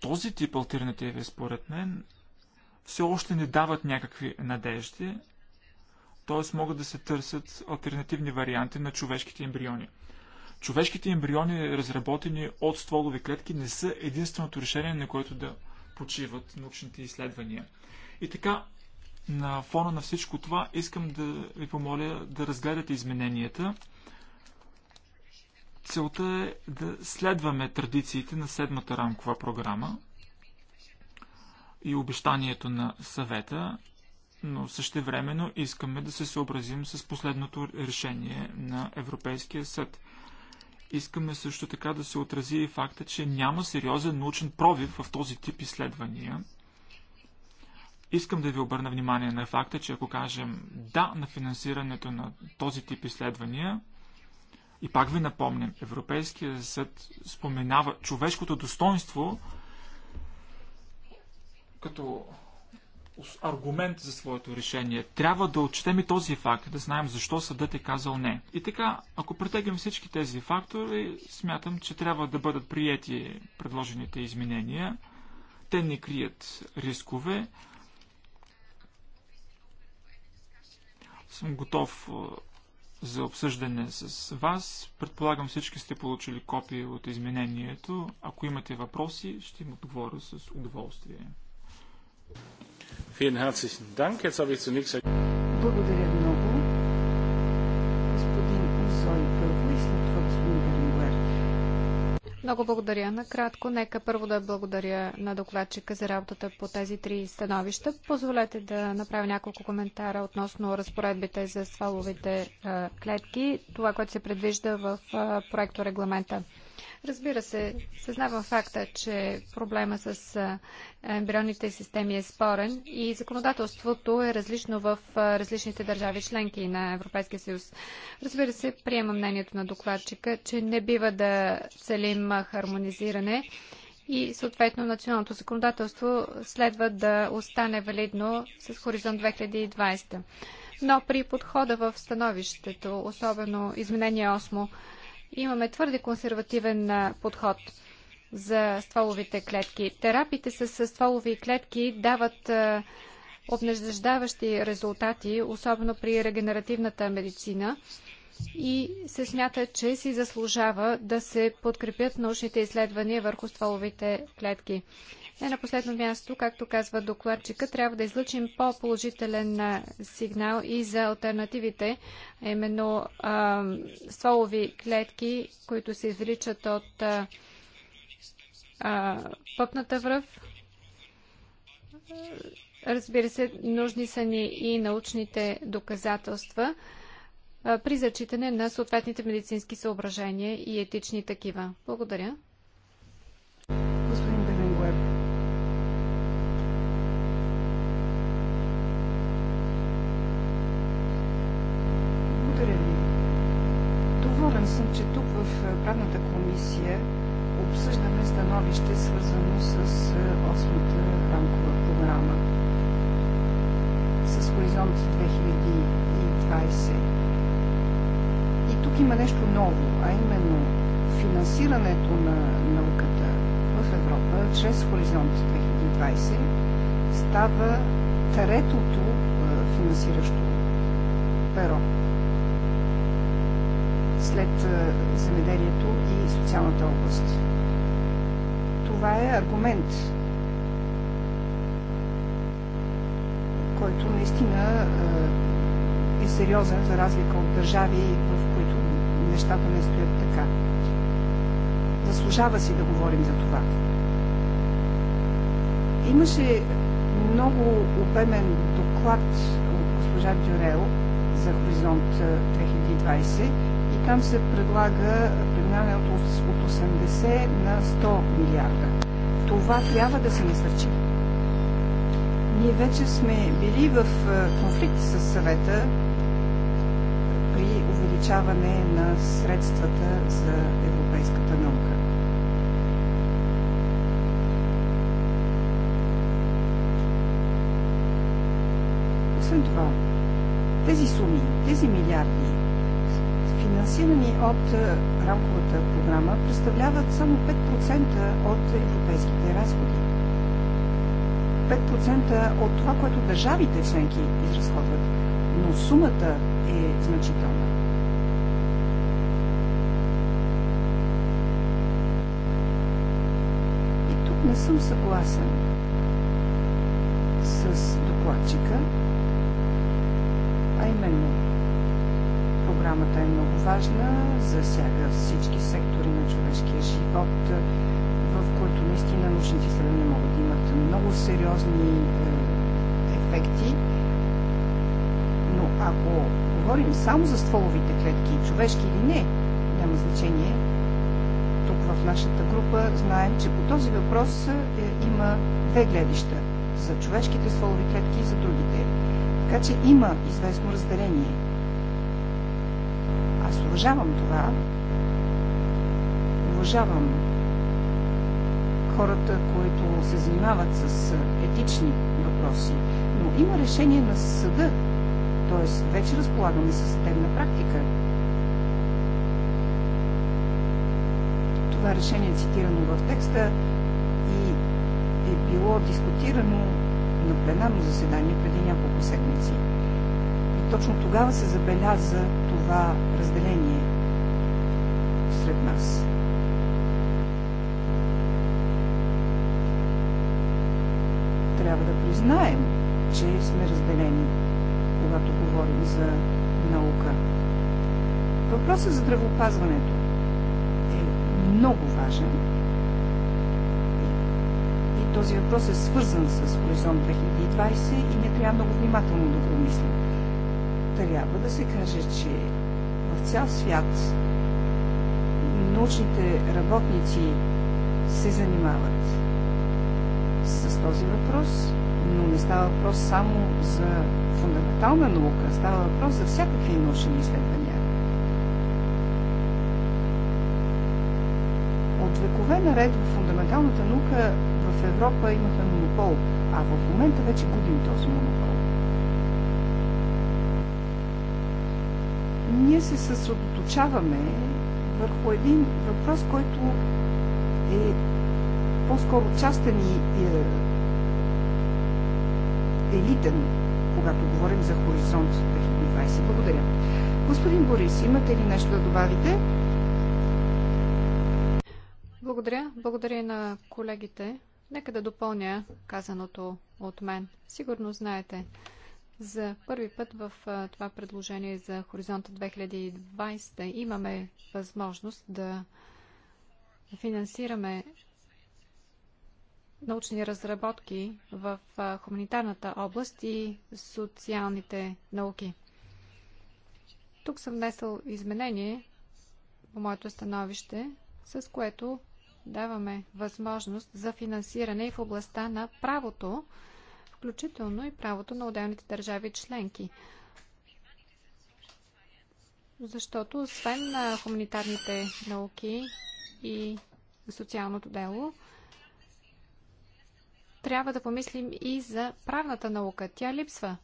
този тип альтернативи, според мен, все още не дават някакви надежди, т.е. могат да се търсят альтернативни варианти на човешките ембриони. Човешките ембриони, разработени от стволови клетки, не са единственото решение, на което да почиват научните изследвания. И така, на фона на всичко това искам да ви помоля да разгледате измененията. Целта е да следваме традициите на седмата рамкова програма и обещанието на съвета, но същевременно искаме да се съобразим с последното решение на Европейския съд. Искаме също така да се отрази и факта, че няма сериозен научен пробив в този тип изследвания – Искам да ви обърна внимание на факта, че ако кажем да на финансирането на този тип изследвания, и пак ви напомням, Европейския съд споменава човешкото достоинство като аргумент за своето решение. Трябва да отчетем и този факт, да знаем защо съдът е казал не. И така, ако претегнем всички тези фактори, смятам, че трябва да бъдат приети предложените изменения. Те не крият рискове. съм готов за обсъждане с вас. Предполагам всички сте получили копии от изменението. Ако имате въпроси, ще им отговоря с удоволствие. Благодаря ви. Много благодаря. Накратко, нека първо да благодаря на докладчика за работата по тези три становища. Позволете да направя няколко коментара относно разпоредбите за стволовите клетки, това, което се предвижда в проекто регламента. Разбира се, съзнавам факта, че проблема с ембрионните системи е спорен и законодателството е различно в различните държави членки на Европейския съюз. Разбира се, приема мнението на докладчика, че не бива да целим хармонизиране и съответно националното законодателство следва да остане валидно с хоризонт 2020. Но при подхода в становището, особено изменение имаме твърде консервативен подход за стволовите клетки. Терапиите с стволови клетки дават обнеждаващи резултати, особено при регенеративната медицина и се смята, че си заслужава да се подкрепят научните изследвания върху стволовите клетки. Не на последно място, както казва докладчика, трябва да излъчим по-положителен сигнал и за альтернативите, именно а, стволови клетки, които се извличат от а, а, пъпната връв. Разбира се, нужни са ни и научните доказателства при зачитане на съответните медицински съображения и етични такива. Благодаря. правната комисия обсъждаме становище, свързано с е, осмата рамкова програма с хоризонт 2020. И тук има нещо ново, а именно финансирането на науката в Европа чрез хоризонт 2020 става третото е, финансиращо перо след земеделието и социалната област. Това е аргумент, който наистина е сериозен за разлика от държави, в които нещата не стоят така. Заслужава си да говорим за това. Имаше много обемен доклад от госпожа Дюрел за Хоризонт 2020 там се предлага преминаване от 80 на 100 милиарда. Това трябва да се насърчи. Ние вече сме били в е, конфликт с съвета при увеличаване на средствата за европейската наука. Освен това, тези суми, тези милиарди финансирани от е, рамковата програма, представляват само 5% от европейските разходи. 5% от това, което държавите членки изразходват, но сумата е значителна. И тук не съм съгласен с докладчика, а именно Програмата е много важна, засяга всички сектори на човешкия живот, в които наистина научните изследвания могат да имат много сериозни е, ефекти. Но ако говорим само за стволовите клетки, човешки или не, няма значение. Тук в нашата група знаем, че по този въпрос е, има две гледища. За човешките стволови клетки и за другите. Така че има известно разделение уважавам това. Уважавам хората, които се занимават с етични въпроси. Но има решение на съда, т.е. вече разполагаме с съдебна практика. Това решение е цитирано в текста и е било дискутирано на пленарно заседание преди няколко седмици. И точно тогава се забеляза това разделение сред нас. Трябва да признаем, че сме разделени, когато говорим за наука. Въпросът за здравеопазването е много важен. И този въпрос е свързан с Хоризонт 2020 и не трябва много внимателно да го мислим. Трябва да се каже, че в цял свят научните работници се занимават с този въпрос, но не става въпрос само за фундаментална наука, става въпрос за всякакви научни изследвания. От векове наред в фундаменталната наука в Европа имахме монопол, а в момента вече губим този монопол. ние се съсредоточаваме върху един въпрос, който е по-скоро частен и е елитен, когато говорим за Хоризонт 2020. Благодаря. Господин Борис, имате ли нещо да добавите? Благодаря. Благодаря и на колегите. Нека да допълня казаното от мен. Сигурно знаете, за първи път в това предложение за Хоризонта 2020 имаме възможност да финансираме научни разработки в хуманитарната област и социалните науки. Тук съм внесъл изменение по моето становище, с което даваме възможност за финансиране и в областта на правото, включително и правото на отделните държави членки. Защото освен на хуманитарните науки и социалното дело, трябва да помислим и за правната наука. Тя липсва.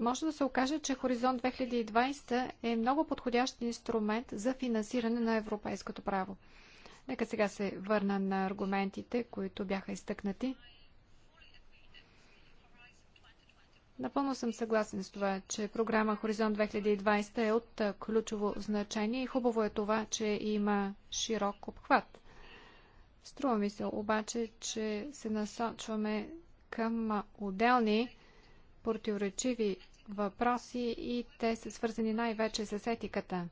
Може да се окаже, че Хоризонт 2020 е много подходящ инструмент за финансиране на европейското право. Нека сега се върна на аргументите, които бяха изтъкнати. Напълно съм съгласен с това, че програма Хоризонт 2020 е от ключово значение и хубаво е това, че има широк обхват. Струва ми се обаче, че се насочваме към отделни противоречиви въпроси и те са свързани най-вече с етиката.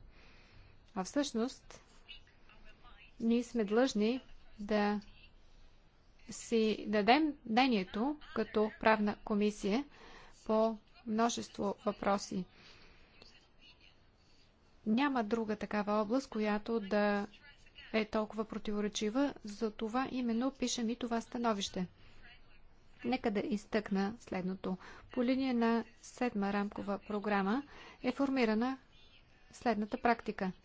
А всъщност, ние сме длъжни да си дадем мнението като правна комисия по множество въпроси. Няма друга такава област, която да е толкова противоречива, за това именно пишем и това становище. Нека да изтъкна следното. По линия на седма рамкова програма е формирана следната практика –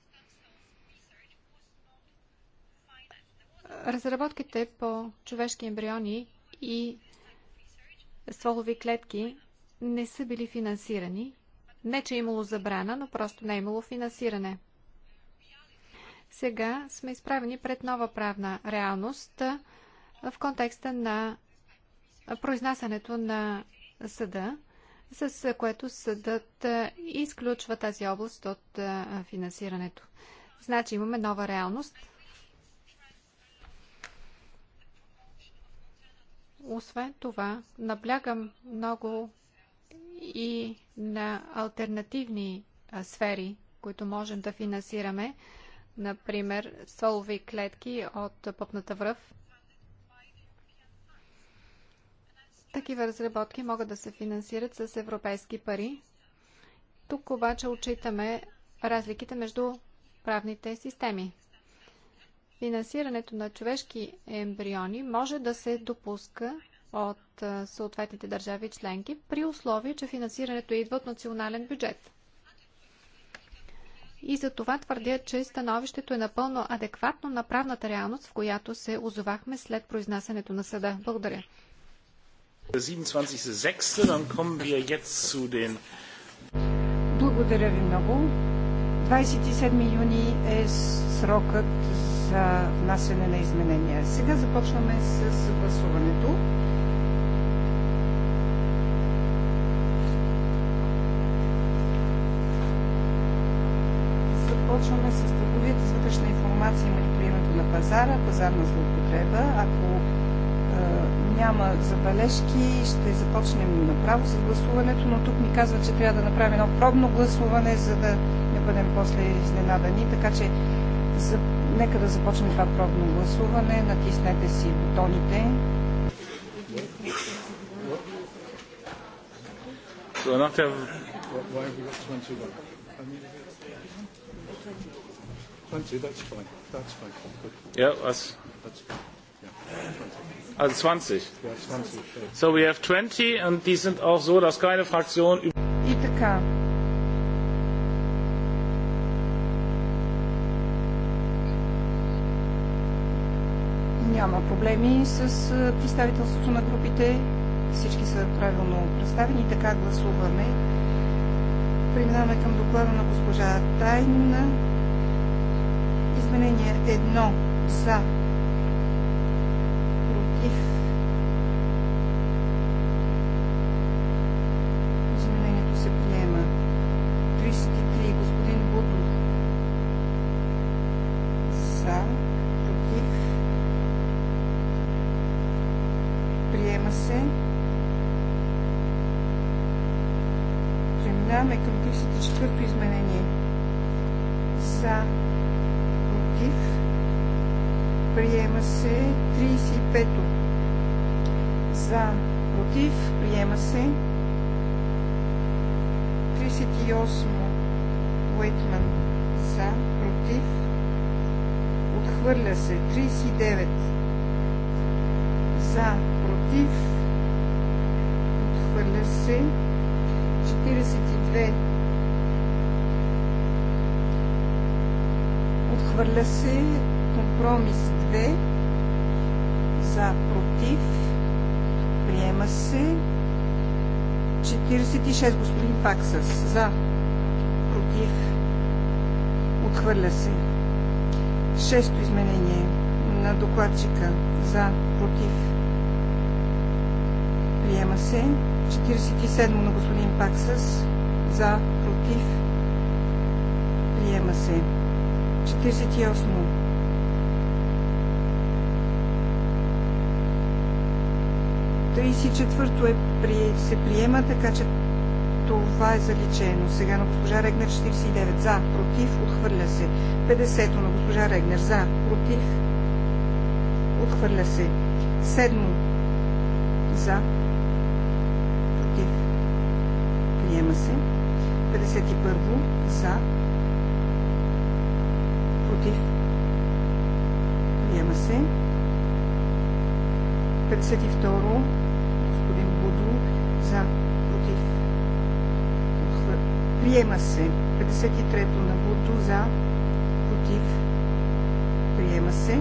Разработките по човешки ембриони и стволови клетки не са били финансирани. Не, че е имало забрана, но просто не е имало финансиране. Сега сме изправени пред нова правна реалност в контекста на произнасянето на съда, с което съдът изключва тази област от финансирането. Значи имаме нова реалност – Освен това, наблягам много и на альтернативни а, сфери, които можем да финансираме, например солови клетки от пъпната връв. Такива разработки могат да се финансират с европейски пари. Тук обаче отчитаме разликите между правните системи финансирането на човешки ембриони може да се допуска от съответните държави членки при условие, че финансирането идва от национален бюджет. И за това твърдя, че становището е напълно адекватно на правната реалност, в която се озовахме след произнасянето на съда. Благодаря. Благодаря ви много. 27 юни е срокът за внасяне на изменения. Сега започваме с гласуването. започваме с търговията с вътрешна информация и манипулирането на пазара, пазарна злоупотреба. Ако е, няма забележки, ще започнем направо с гласуването, но тук ми казва, че трябва да направим едно пробно гласуване, за да не бъдем после изненадани. Така че за Нека да започнем това пробно гласуване. Натиснете си бутоните. Yeah, was? Also 20. So we have 20 und die sind auch so, dass keine Fraktion. И така, Няма проблеми с представителството на групите. Всички са правилно представени. Така гласуваме. Преминаваме към доклада на госпожа Тайна. Изменение 1 за приема се 35-то. За, против, приема се 38 Уетман. за, против, отхвърля се 39 за, против, отхвърля се 42 отхвърля се Компромис 2 за против. Приема се. 46 господин Паксас за против. Отхвърля се. Шесто изменение на докладчика за против. Приема се. 47 на господин Паксас за против. Приема се. 48 34-то е при, се приема, така че това е заличено. Сега на госпожа Регнер 49 за, против, отхвърля се. 50-то на госпожа Регнер за, против, отхвърля се. 7 за, против, приема се. 51 за, против, приема се. 52 господин Буду за против. Приема се. 53-то на Буду за против. Приема се.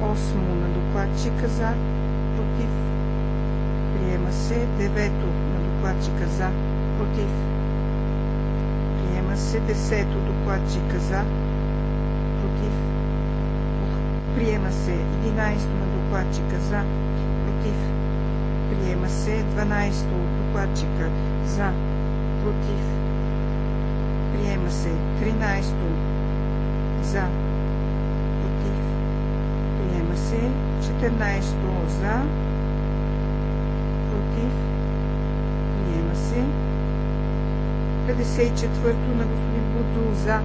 8 на докладчика за против. Приема се. 9-то на докладчика за против. Приема се. 10-то докладчика за против. Приема се. 11 на докладчика за против приема се. 12 от докладчика за, против, приема се. 13 за, против, приема се. 14 за, против, приема се. 54-то на господин Будо за.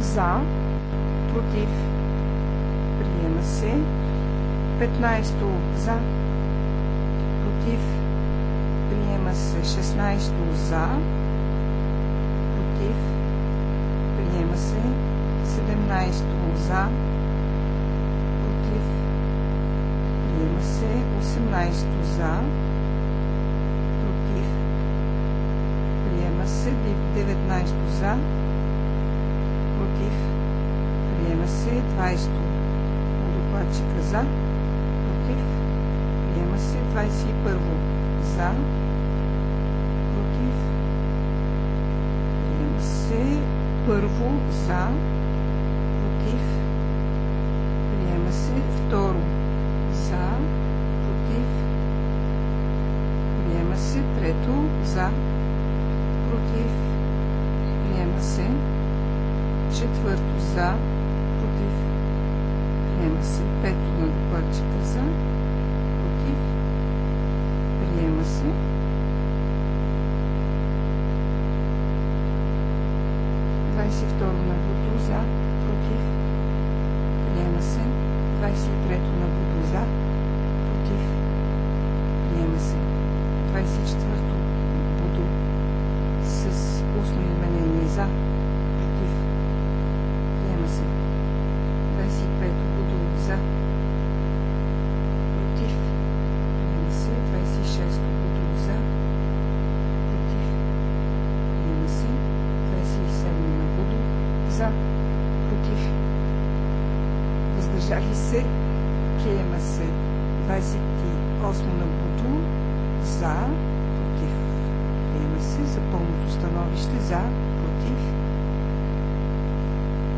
За, против, приема се. 15 за, против, приема се 16 за, против, приема се 17 за, против, приема се 18 за, против, приема се 19 за, против, приема се 20 от докладчика за, против, приема се 21 за, против, приема се първо за, против, приема се второ за, против, приема се трето за, против, приема се четвърто за, против, приема се пето на докладчика за, против, приема се. Двадесет второ на за, против, приема се. Двадесет трето на за, против, приема се. Двадесет четвърто за, против,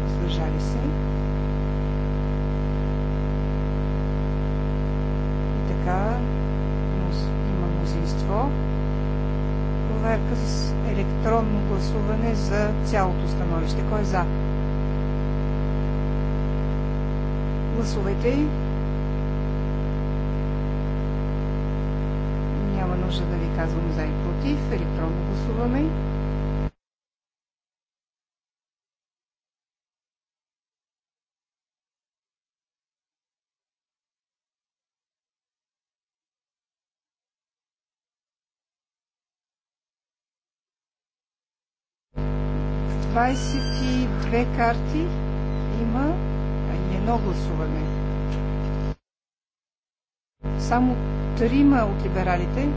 въздържали се. И така има мнозинство. Проверка с електронно гласуване за цялото становище. Кой е за? Гласувайте. Гласувайте. 22 карти има и едно гласуване. Само трима от либералите.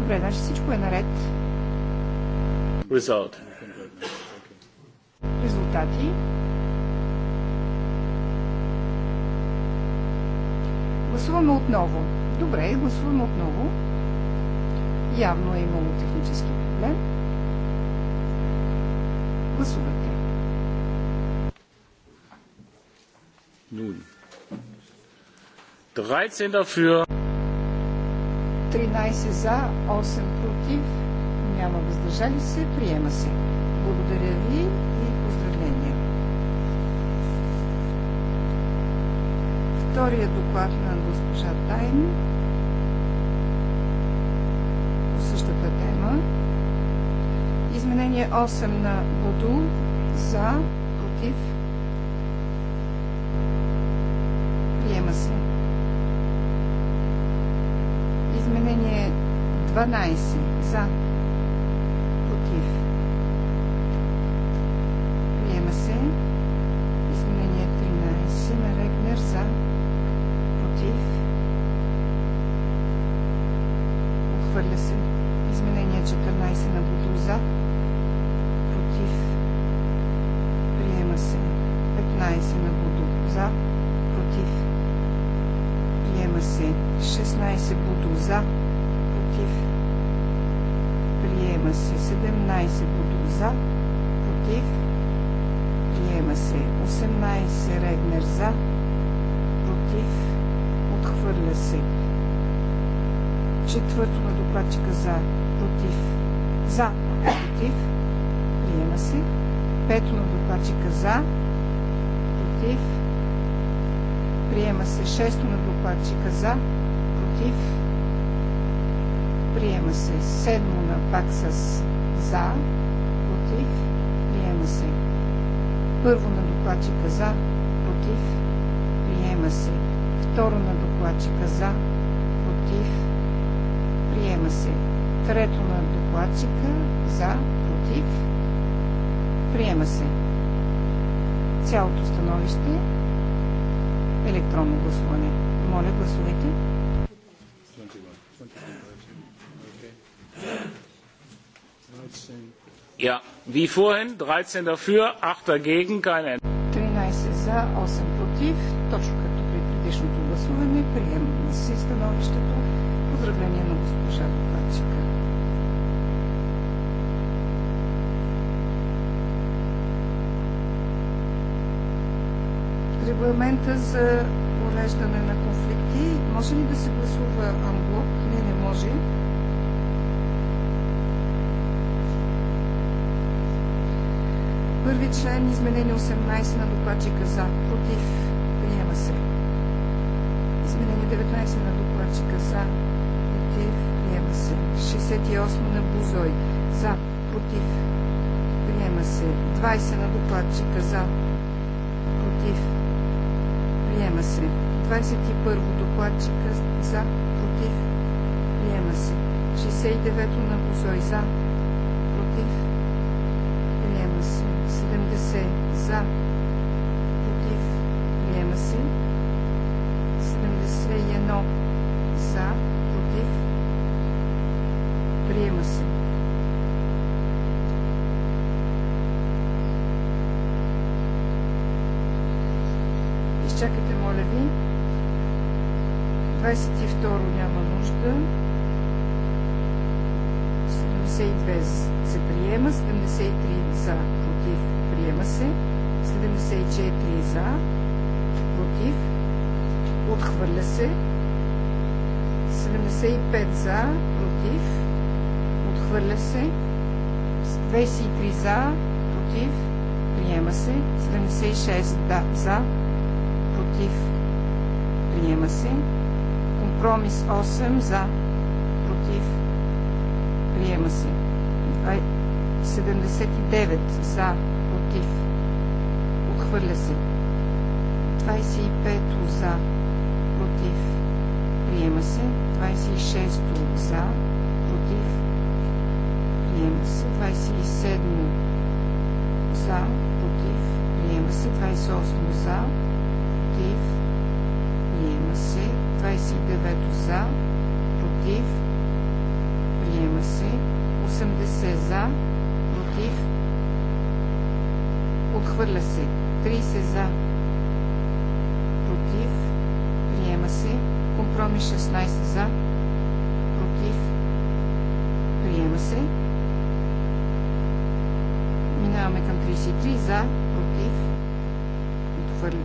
Добре, значи всичко е наред. Result. Резултати. Гласуваме отново. Добре, гласуваме отново. Явно е имало технически проблем. Гласувайте. Nun. 13 dafür. 13 за, 8 против, няма въздържали се, приема се. Благодаря ви и поздравления. Втория доклад на госпожа Тайн по същата тема Изменение 8 на Буду. За. Против. Приема се. Изменение 12. За. Против. Приема се. за, против, приема се 17 за, против, приема се 18 Регнер за, против, отхвърля се. Четвърто на докладчика за, против, за, против, приема се. Пето на докладчика за, против, приема се. Шесто на докладчика за, против, приема се. Седмо на пак с за, против, приема се. Първо на докладчика за, против, приема се. Второ на докладчика за, против, приема се. Трето на докладчика за, против, приема се. Цялото становище електронно гласуване. Моля, гласувайте. wie vorhin, 13 dafür, 8 dagegen, keine 13 за, 8 против, точно както при предишното гласуване, приема се становището. Поздравление на госпожа Регламента за уреждане на конфликти може ли да се гласува анблок? Не, не може. Първи член, изменение 18 на докладчика за. Против. Приема се. Изменение 19 на докладчика за. Против. Приема се. 68 на Бузой. За. Против. Приема се. 20 на докладчика за. Против. Приема се. 21 докладчика за. Против. Приема се. 69 на Бузой за. Против. Приема се. 180 за, против, приема се. 71 за, против, приема се. Изчакайте, моля ви. 22 няма нужда. 72 се приема, 73 за, против приема се. 74 за, против, отхвърля се. 75 за, против, отхвърля се. 23 за, против, приема се. 76 да, за, против, приема се. Компромис 8 за, против, приема се. 79 за, против, отхвърля се. 25 за, против, приема се. 26 за, против, приема се. 27 за, против, приема се. 28 за, против, приема се. 29 за, против, приема се. 80 за, против, Отхвърля се. 30 за. Против. Приема се. Компромис 16 за. Против. Приема се. Минаваме към 33 за. Против. Отхвърля,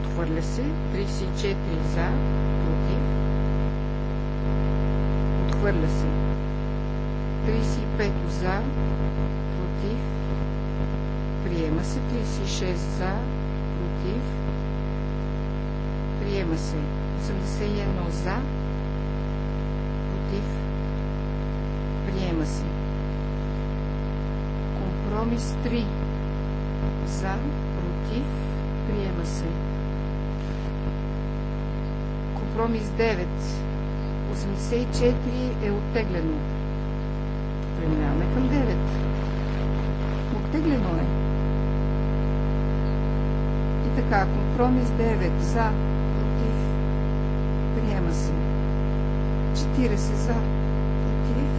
отхвърля се. 34 за. Против. Отхвърля се. 35 за. Против Приема се 36 за, против. Приема се 81 за, против. Приема се. Компромис 3 за, против. Приема се. Компромис 9. 84 е оттеглено. Преминаваме към 9. Оттеглено е така, компромис 9 за, против, приема се. 40 за, против,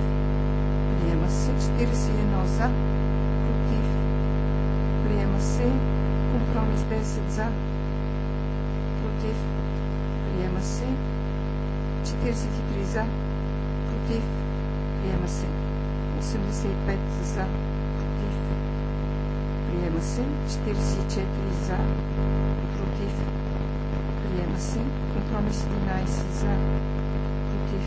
приема се. 41 за, против, приема се. Компромис 10 за, против, приема се. 43 за, против, приема се. 85 за, против, приема се. 44 за, против, приема се. Компромис 11 за, против,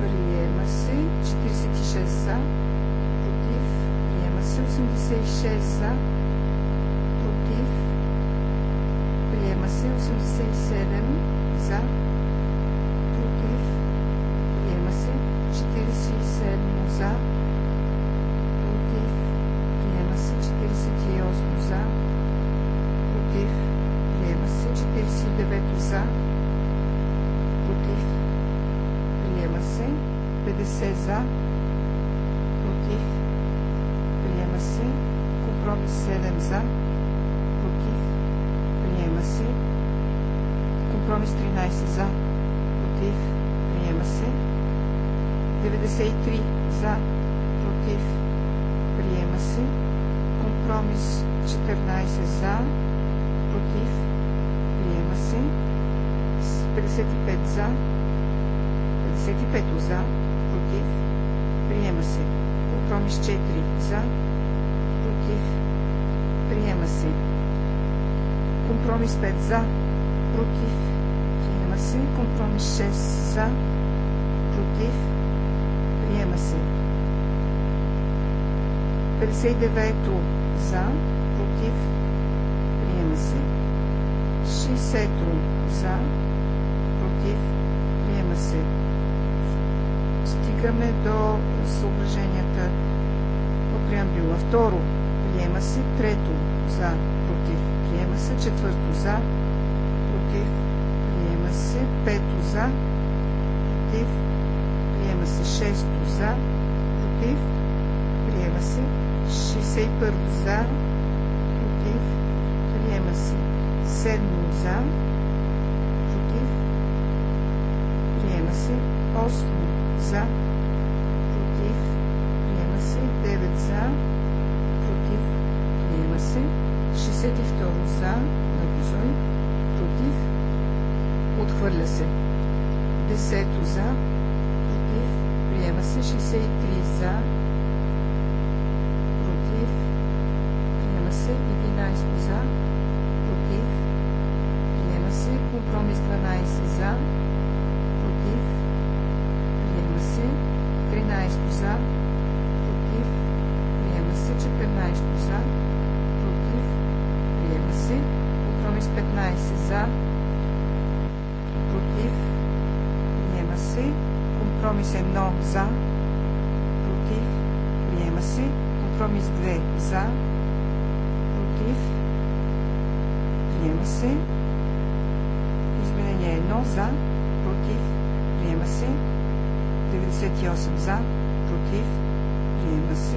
приема се. 46 за, против, приема се. 86 за, за, против, приема се. Компромис 7 за, против, приема се. Компромис 13 за, против, приема се. 93 за, против, приема се. Компромис 14 за, против, приема се. 55 за, 55 за, против, приема се. Компромис 4 за, против, приема се. Компромис 5 за, против, приема се. Компромис 6 за, против, приема се. 59-то за, против, приема се. 60-то за, против, приема се стигаме до съображенията по преамбюла. Второ, приема се. Трето, за, против, приема се. Четвърто, за, против, приема се. Пето, за, против, приема се. Шесто, за, против, приема се. 61 за, против, приема се. Седмо за, против, приема се. Осмо за, приема се, 9 за, против, приема се, 62 за, на против, отхвърля се, 10 за, против, приема се, 63 за, против, приема се, 11 за, против, приема се, компромис 12 за, против, приема се, 13 за, 14 за, против, приема се. Компромис 15 за, против, приема се. Компромис 1 за, против, приема се. Компромис 2 за, против, приема се. Изменение 1 за, против, приема се. 98 за, против, приема се.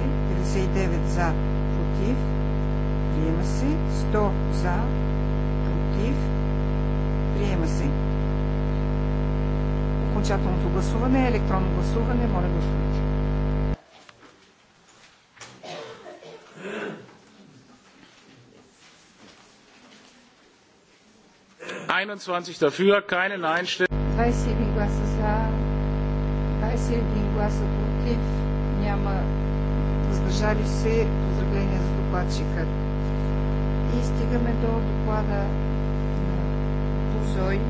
59 за, против, приема се. 100 за, против, приема се. Окончателното гласуване е електронно гласуване. Моля гласувайте. dafür, keine Nein-Stimmen. 21 гласа за, 21 гласа против, няма въздържали се предложение с докладчика. И стигаме до доклада на Бузой.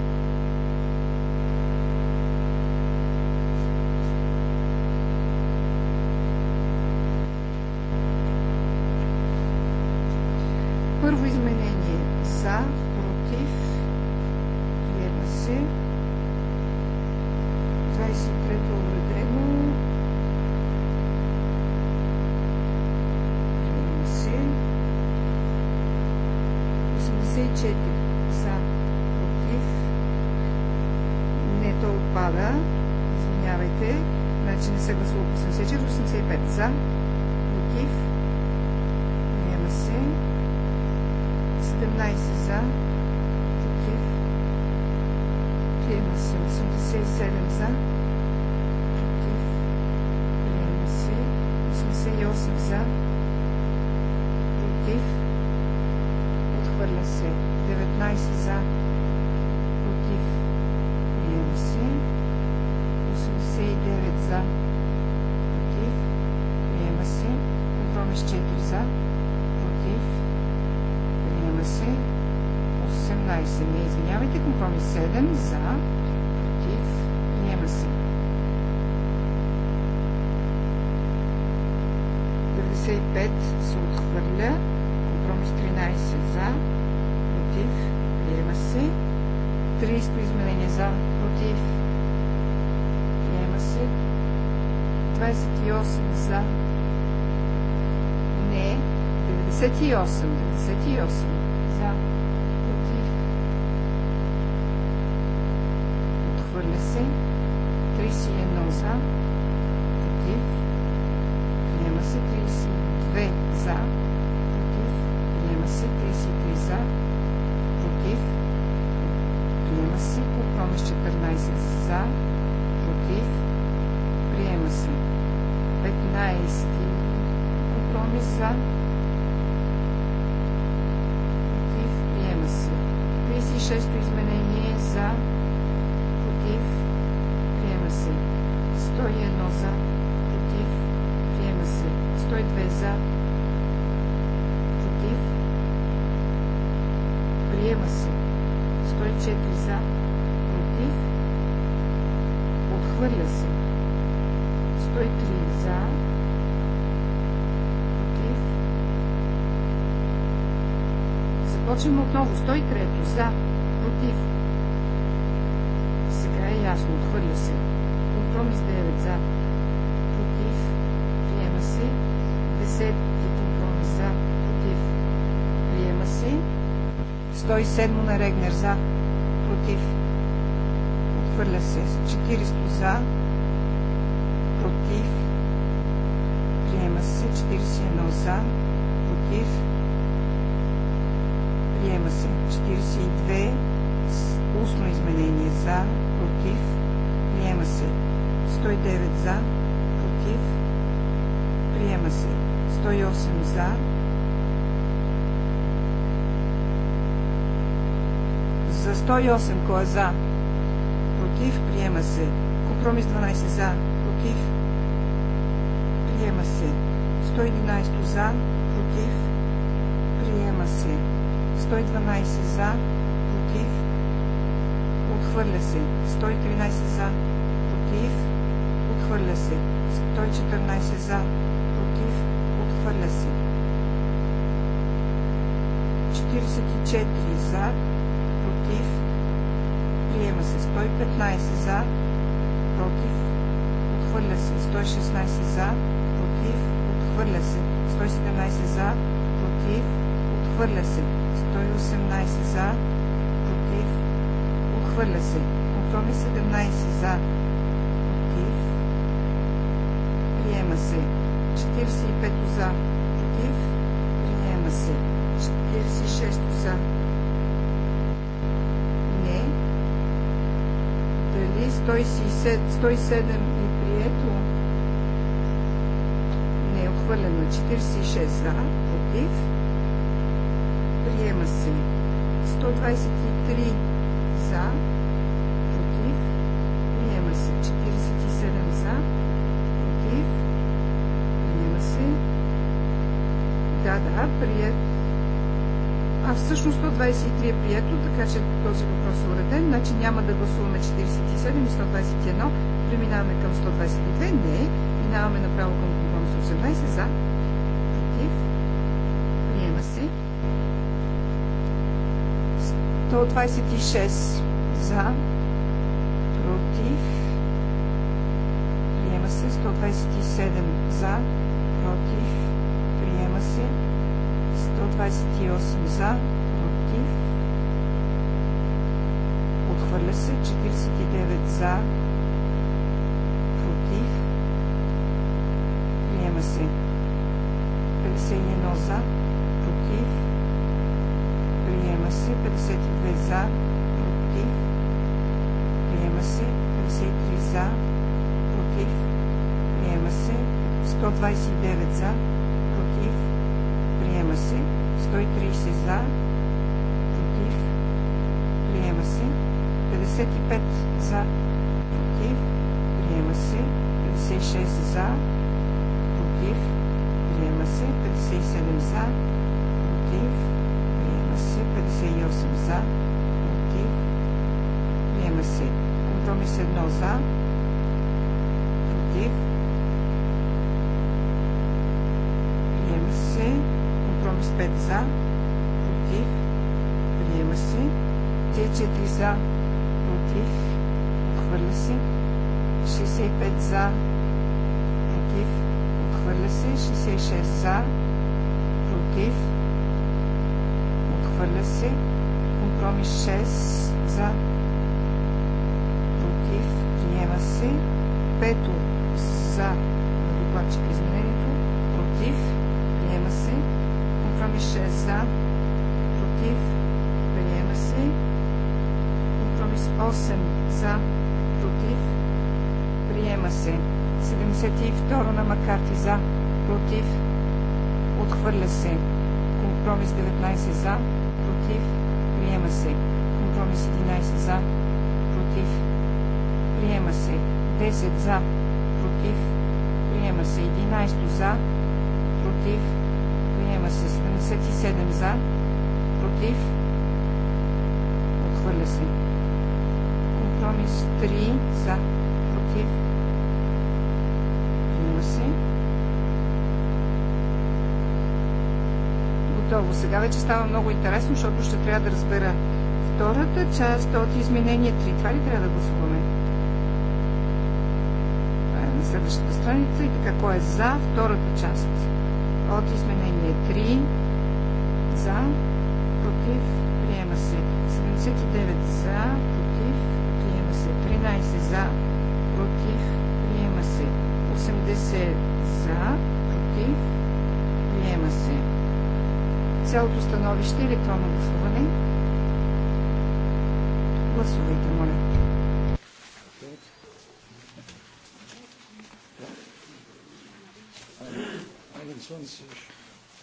Първо изменение за, против, 15 за, против, приема се 87 за, против, приема се 88 за, против, отхвърля се 19 за, против, приема се 89 за, не извинявайте, компромис 7 за, против, няма се. 95 се отхвърля, компромис 13 за, против, приема се. 30 изменение за, против, приема се. 28 за, не, 98, 98 за, 107 на Регнер за, против, отхвърля се. 40 за, против, приема се. 41 за, против, приема се. 42 устно изменение за, против, приема се. 109 за, против, приема се. 108 за, за 108 кой е за? Против. Приема се. Компромис 12 за. Против. Приема се. 111 за. Против. Приема се. 112 за. Против. Отхвърля се. 113 за. Против. Отхвърля се. 114 за. Против. Отхвърля се. 44 за против, приема се 115 за, против, отхвърля се 116 за, против, отхвърля се 117 за, против, отхвърля се 118 за, против, отхвърля се компромис 17 за, против, приема се 45 за, против, приема се 46 за, 107 е прието. Не е отхвърлено. 46 за, против. Приема се. 123 за, против. Приема се. 47 за, против. Приема се. Да, да, прието. А всъщност 123 е прието, така че този въпрос е уреден. Значи няма да гласуваме 47 и 121. Преминаваме към 122. Не. Минаваме направо към компромис 18. За. Против. Приема се. 126. За. Против. Приема се. 127. За. Против. Приема се. 128 за, против, отхвърля се, 49 за, против, приема се, 51 за, против, приема се, 52 за, против, приема се, 53 за, против, приема се, 129 за, против, приема се. 130 за, против, приема се. 55 за, против, приема се. 56 за, против, приема се. 57 за, против, приема се. 58 за, против, приема се. Компромис 1 за, против, 5 за, против, приема се. Т4 за, против, отхвърля се. 65 за, против, отхвърля се. 66 за, против, отхвърля се. Компромис 6 за, против, приема се. Пето за, докладчик изменя Компромис 6 за, против, приема се. Компромис 8 за, против, приема се. 72 на Макарти за, против, отхвърля се. Компромис 19 за, против, приема се. Компромис 11 за, против, приема се. 10 за, против, приема се. 11 за, против, приема се Приема се 77 за. Против. Отхвърля се. Компромис 3 за. Против. Приема се. Готово. Сега вече става много интересно, защото ще трябва да разбера втората част от изменение 3. Това ли трябва да гласуваме? Е, на следващата страница и така кой е за втората част от изменението. 3 за, против, приема се. 79 за, против, приема се. 13 за, против, приема се. 80 за, против, приема се. Цялото становище електронно гласуване. Гласувайте.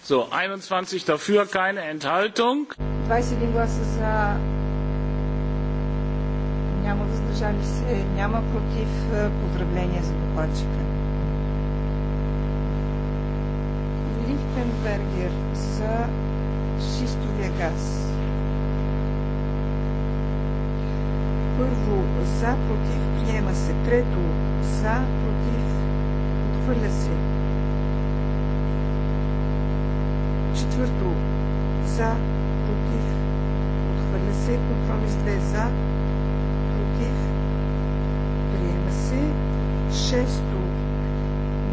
So, 21 dafür, keine Enthaltung. 21 гласа за, няма въздържали се, няма против. Е, поздравления за докладчика. Лихтенбергер за шистовия газ. Първо за, против, приема се. Трето за, против, отхвърля се. Четвърто за, против, отхвърля се. Компромис 2 за, против, приема се. Шесто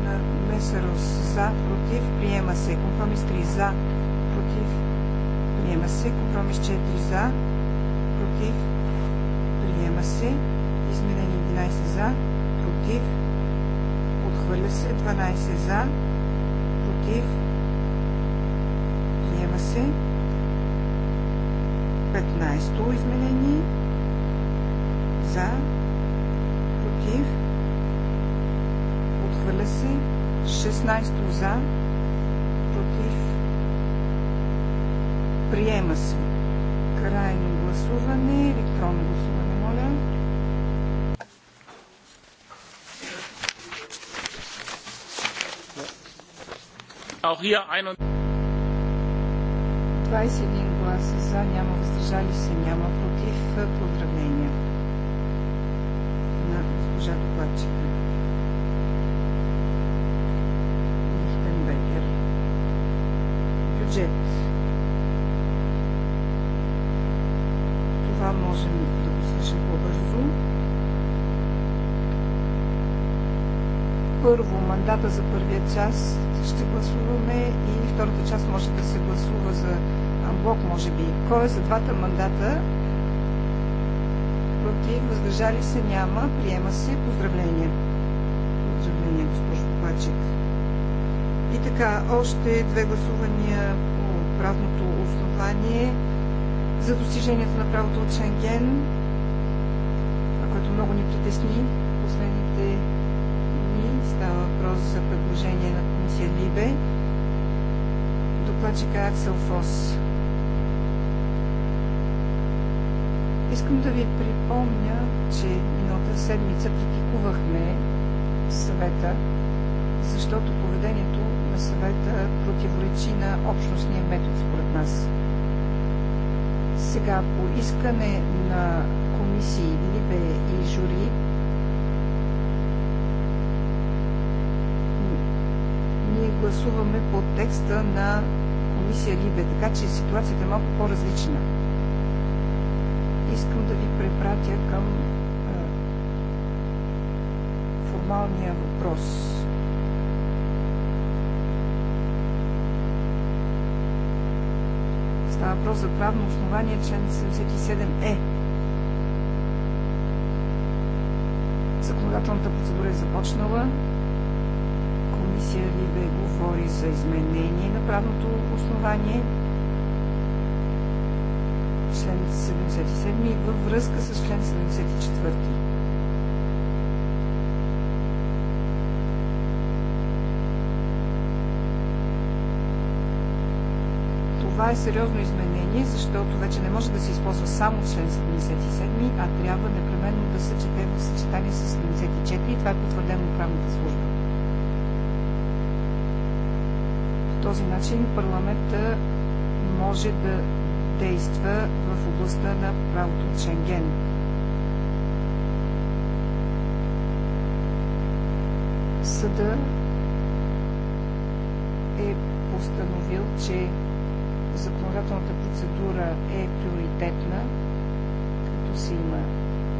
на Месарос за, против, приема се. Компромис 3 за, против, приема се. Компромис 4 за, против, приема се. Изменение 11 за, против, отхвърля се. 12 за, против, приема се. 15-то изменение за, против, отхвърля се. 16-то за, против, приема се. Крайно гласуване, електронно гласуване, моля. Auch hier 21 гласа за, няма въздържали се, няма против. Поздравления на госпожа докладчика. Лихтенбекер. Бюджет. Това можем да го свършим по-бързо. Първо, мандата за първия част ще гласуваме и втората част може да се гласува за блок, може би. Кой е за двата мандата? Против, въздържали се няма. Приема се. Поздравления. Поздравления, госпожо Попачек. И така, още две гласувания по правното основание за достижението на правото от Шенген, което много ни притесни последните дни, става въпрос за предложение на комисия Либе, докладчика Аксел Фос. Искам да ви припомня, че миналата седмица критикувахме съвета, защото поведението на съвета противоречи на общностния метод според нас. Сега по искане на комисии Либе и жури ние гласуваме по текста на комисия Либе, така че ситуацията е малко по-различна искам да ви препратя към а, формалния въпрос. Става въпрос за правно основание, член 77е. Законодателната процедура е започнала. Комисия бе говори за изменение на правното основание – член 77 и във връзка с член 74. това е сериозно изменение, защото вече не може да се използва само член 77, а трябва непременно да се чете в съчетание с 74 и това е потвърдено от правната служба. По този начин парламента може да действа в областта на правото от Шенген. Съда е постановил, че законодателната процедура е приоритетна, като се има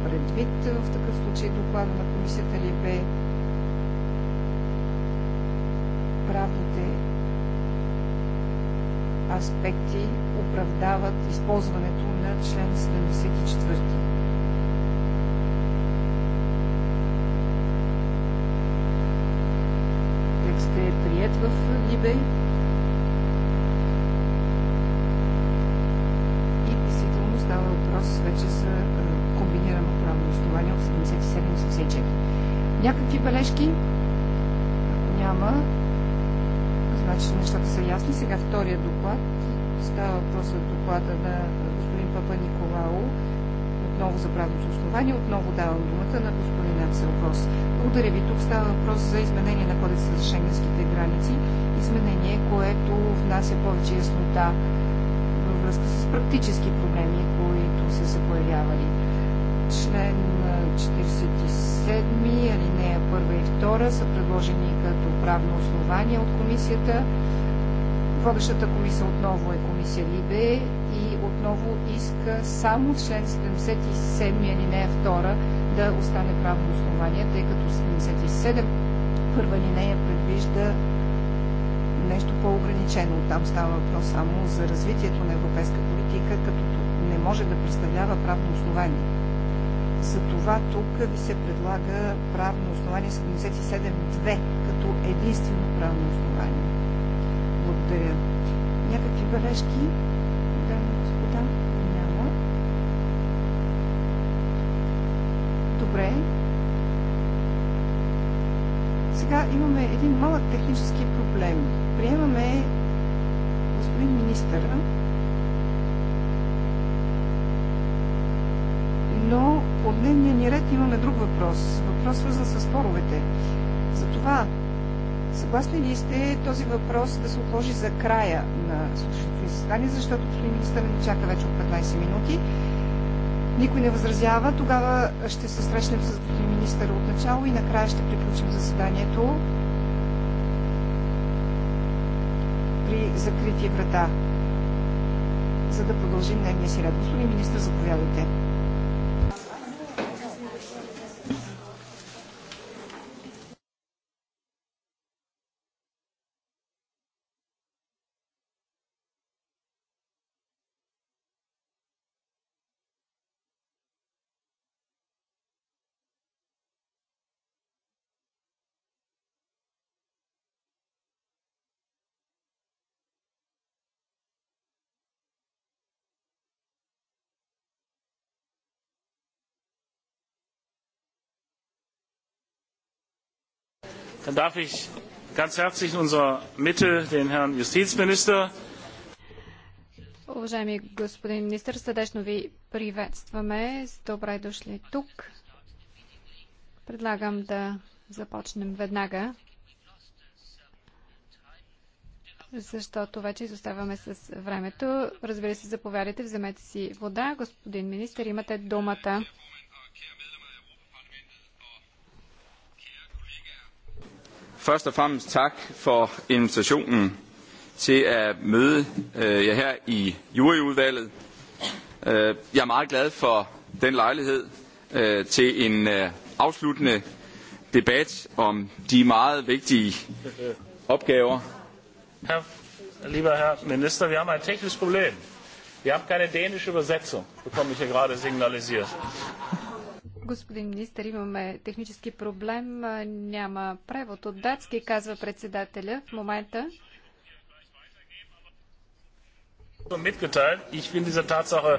предвид. В такъв случай доклада на комисията ли бе правните аспекти оправдават използването на член 74. Текстът е прият в Либе и действително става въпрос вече за комбинирано правно основание от 77 и 84. Някакви бележки? Ако няма, Значи нещата са ясни. Сега втория доклад. Става въпрос за доклада на господин Папа Николао. Отново за правното основание. Отново давам думата на господин Аксел Гос. Благодаря ви. Тук става въпрос за изменение на кодекса за шенгенските граници. Изменение, което внася повече яснота във връзка с практически проблеми, които са се появявали член 47, алинея 1 и 2 са предложени правно основание от комисията. Водещата комисия отново е комисия Либе и отново иска само член 77 алинея 2 да остане правно основание, тъй като 77 първа линея предвижда нещо по-ограничено. Там става въпрос само за развитието на европейска политика, като не може да представлява правно основание. Затова тук ви се предлага правно основание 77.2 като единствено правно основание. Благодаря. Някакви бележки? Дами и господа, няма. Добре. Сега имаме един малък технически проблем. Приемаме господин министъра, но по дневния ни ред имаме друг въпрос. Въпрос свързан с споровете. Затова Съгласни ли сте този въпрос да се отложи за края на сутрешното ни заседание, защото господин министър ни чака вече от 15 минути? Никой не възразява. Тогава ще се срещнем с господин министър от начало и накрая ще приключим заседанието при закрити врата, за да продължим дневния си ред. Господин министър, заповядайте. Dann darf ich ganz herzlich in unserer Mitte den Herrn Justizminister. Уважаеми господин министр, сърдечно ви приветстваме. Добре дошли тук. Предлагам да започнем веднага, защото вече изоставаме с времето. Разбира се, заповядайте, вземете си вода. Господин министр, имате думата. Først og fremmest tak for invitationen til at møde jer her i juryudvalget. Jeg er meget glad for den lejlighed til en afsluttende debat om de meget vigtige opgaver. Lieber Herr Minister, wir haben ein technisches Problem. Wir haben keine dänische Übersetzung, bekomme ich hier gerade signalisiert. Господин министър, имаме технически проблем. Няма превод от датски, казва председателя в момента. Ich bin dieser Tatsache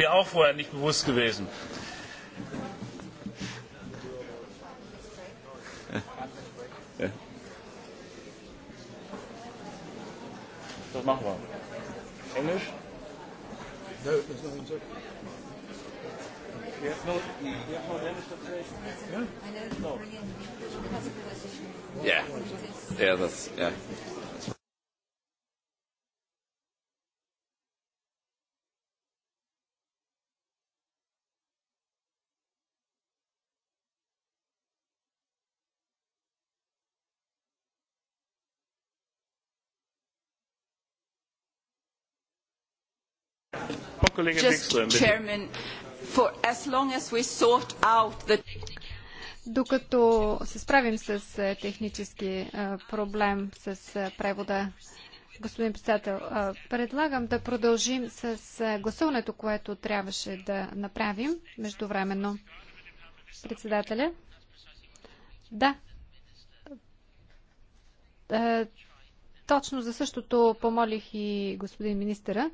mir auch vorher nicht bewusst gewesen. Das machen wir. Englisch? No, there's nothing to... Yeah. Yeah, that's yeah. Just Chairman, докато се справим с е, технически е, проблем с е, превода. Господин председател, предлагам да продължим с гласуването, което трябваше да направим междувременно. Председателя? Да. Точно за същото помолих и господин министъра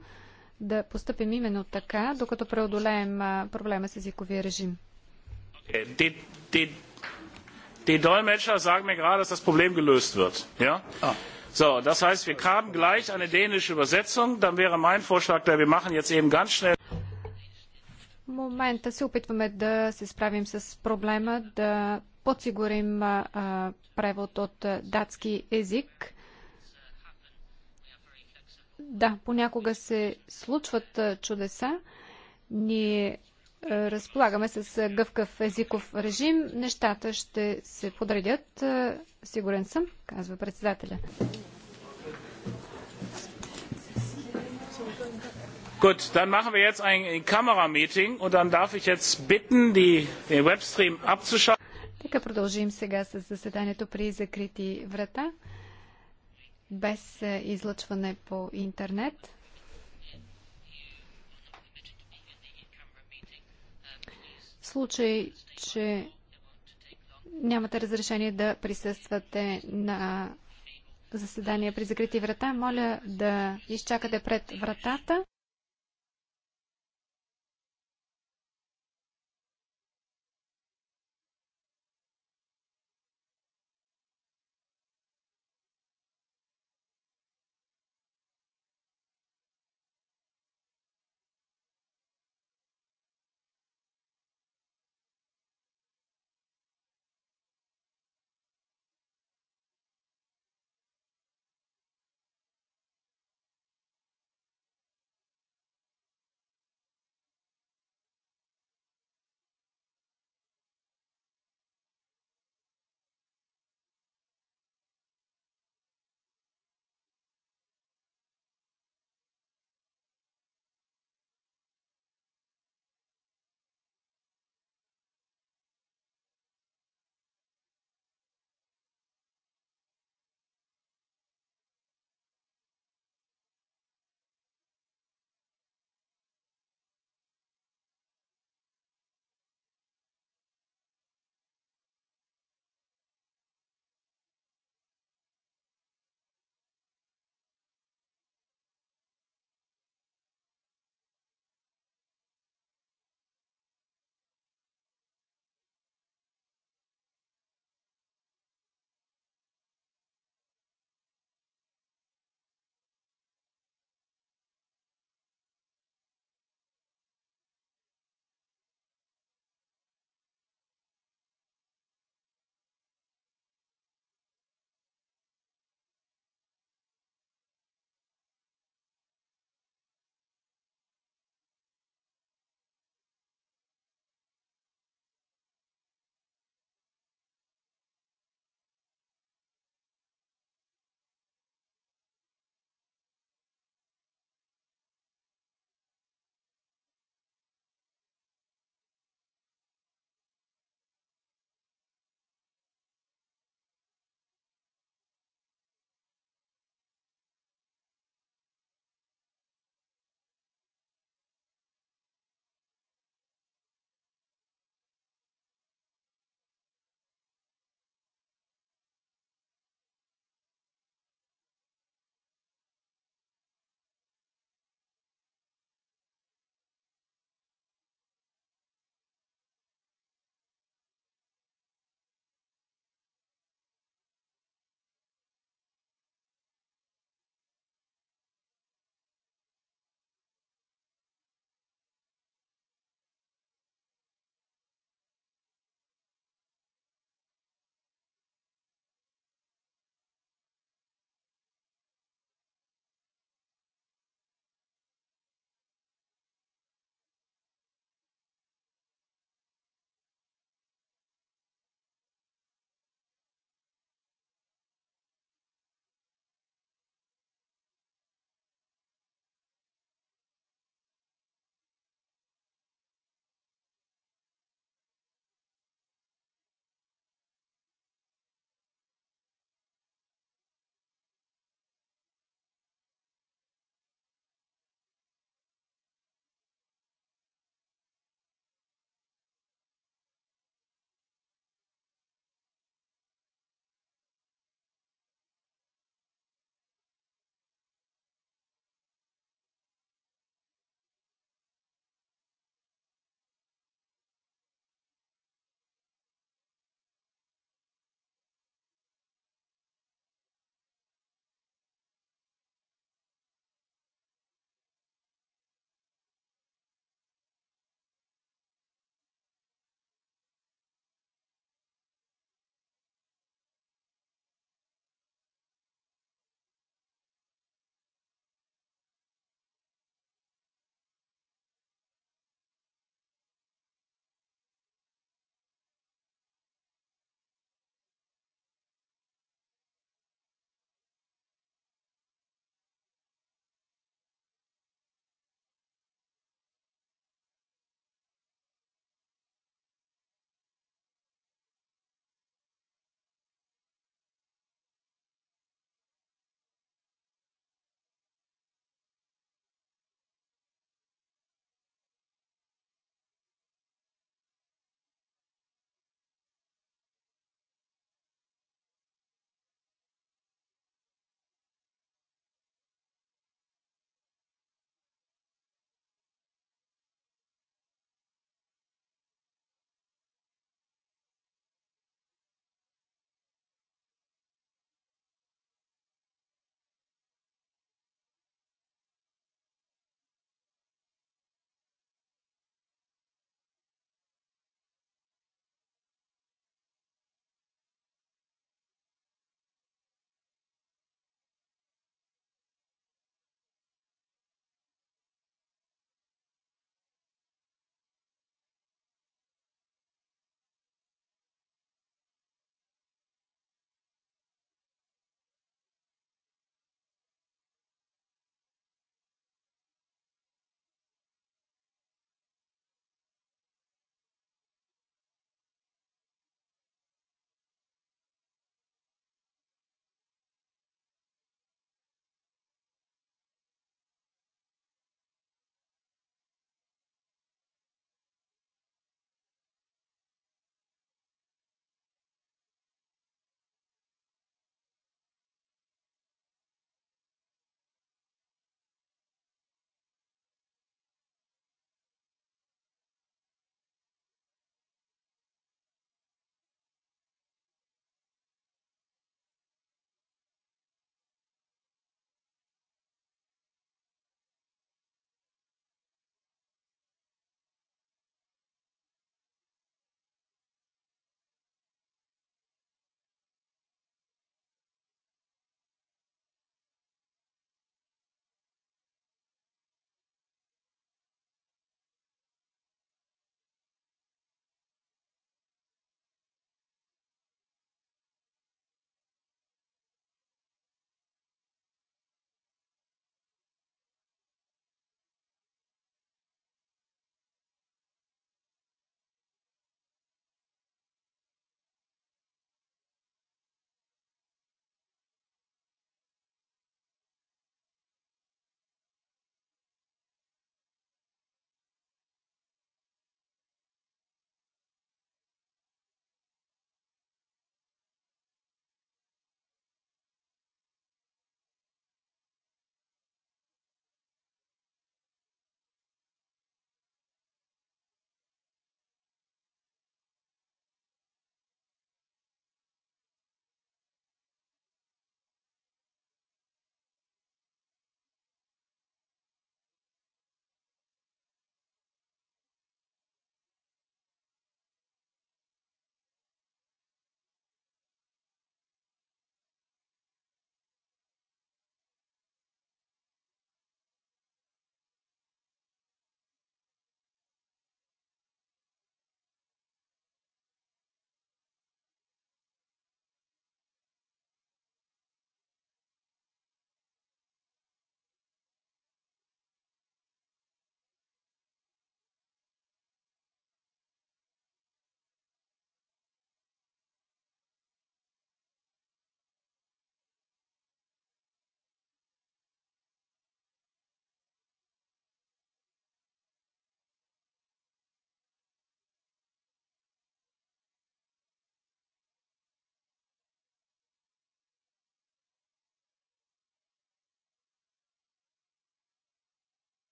да поступим именно така, докато преодолеем проблема с езиковия режим. Die, Dolmetscher sagen mir gerade, dass das Problem gelöst wird. Ja? Ah. So, das heißt, wir haben gleich eine dänische Übersetzung. Dann wäre mein Vorschlag, der wir machen jetzt eben ganz schnell. В момента се опитваме да се справим с проблема, да подсигурим а, превод от датски език да, понякога се случват чудеса. Ние разполагаме с гъвкав езиков режим. Нещата ще се подредят. Сигурен съм, казва председателя. Gut, dann machen wir jetzt ein Kamerameeting und dann darf ich jetzt bitten, die, den Webstream abzuschalten. Така продължим сега с заседанието при закрити врата без е, излъчване по интернет. В случай, че нямате разрешение да присъствате на заседание при закрити врата, моля да изчакате пред вратата.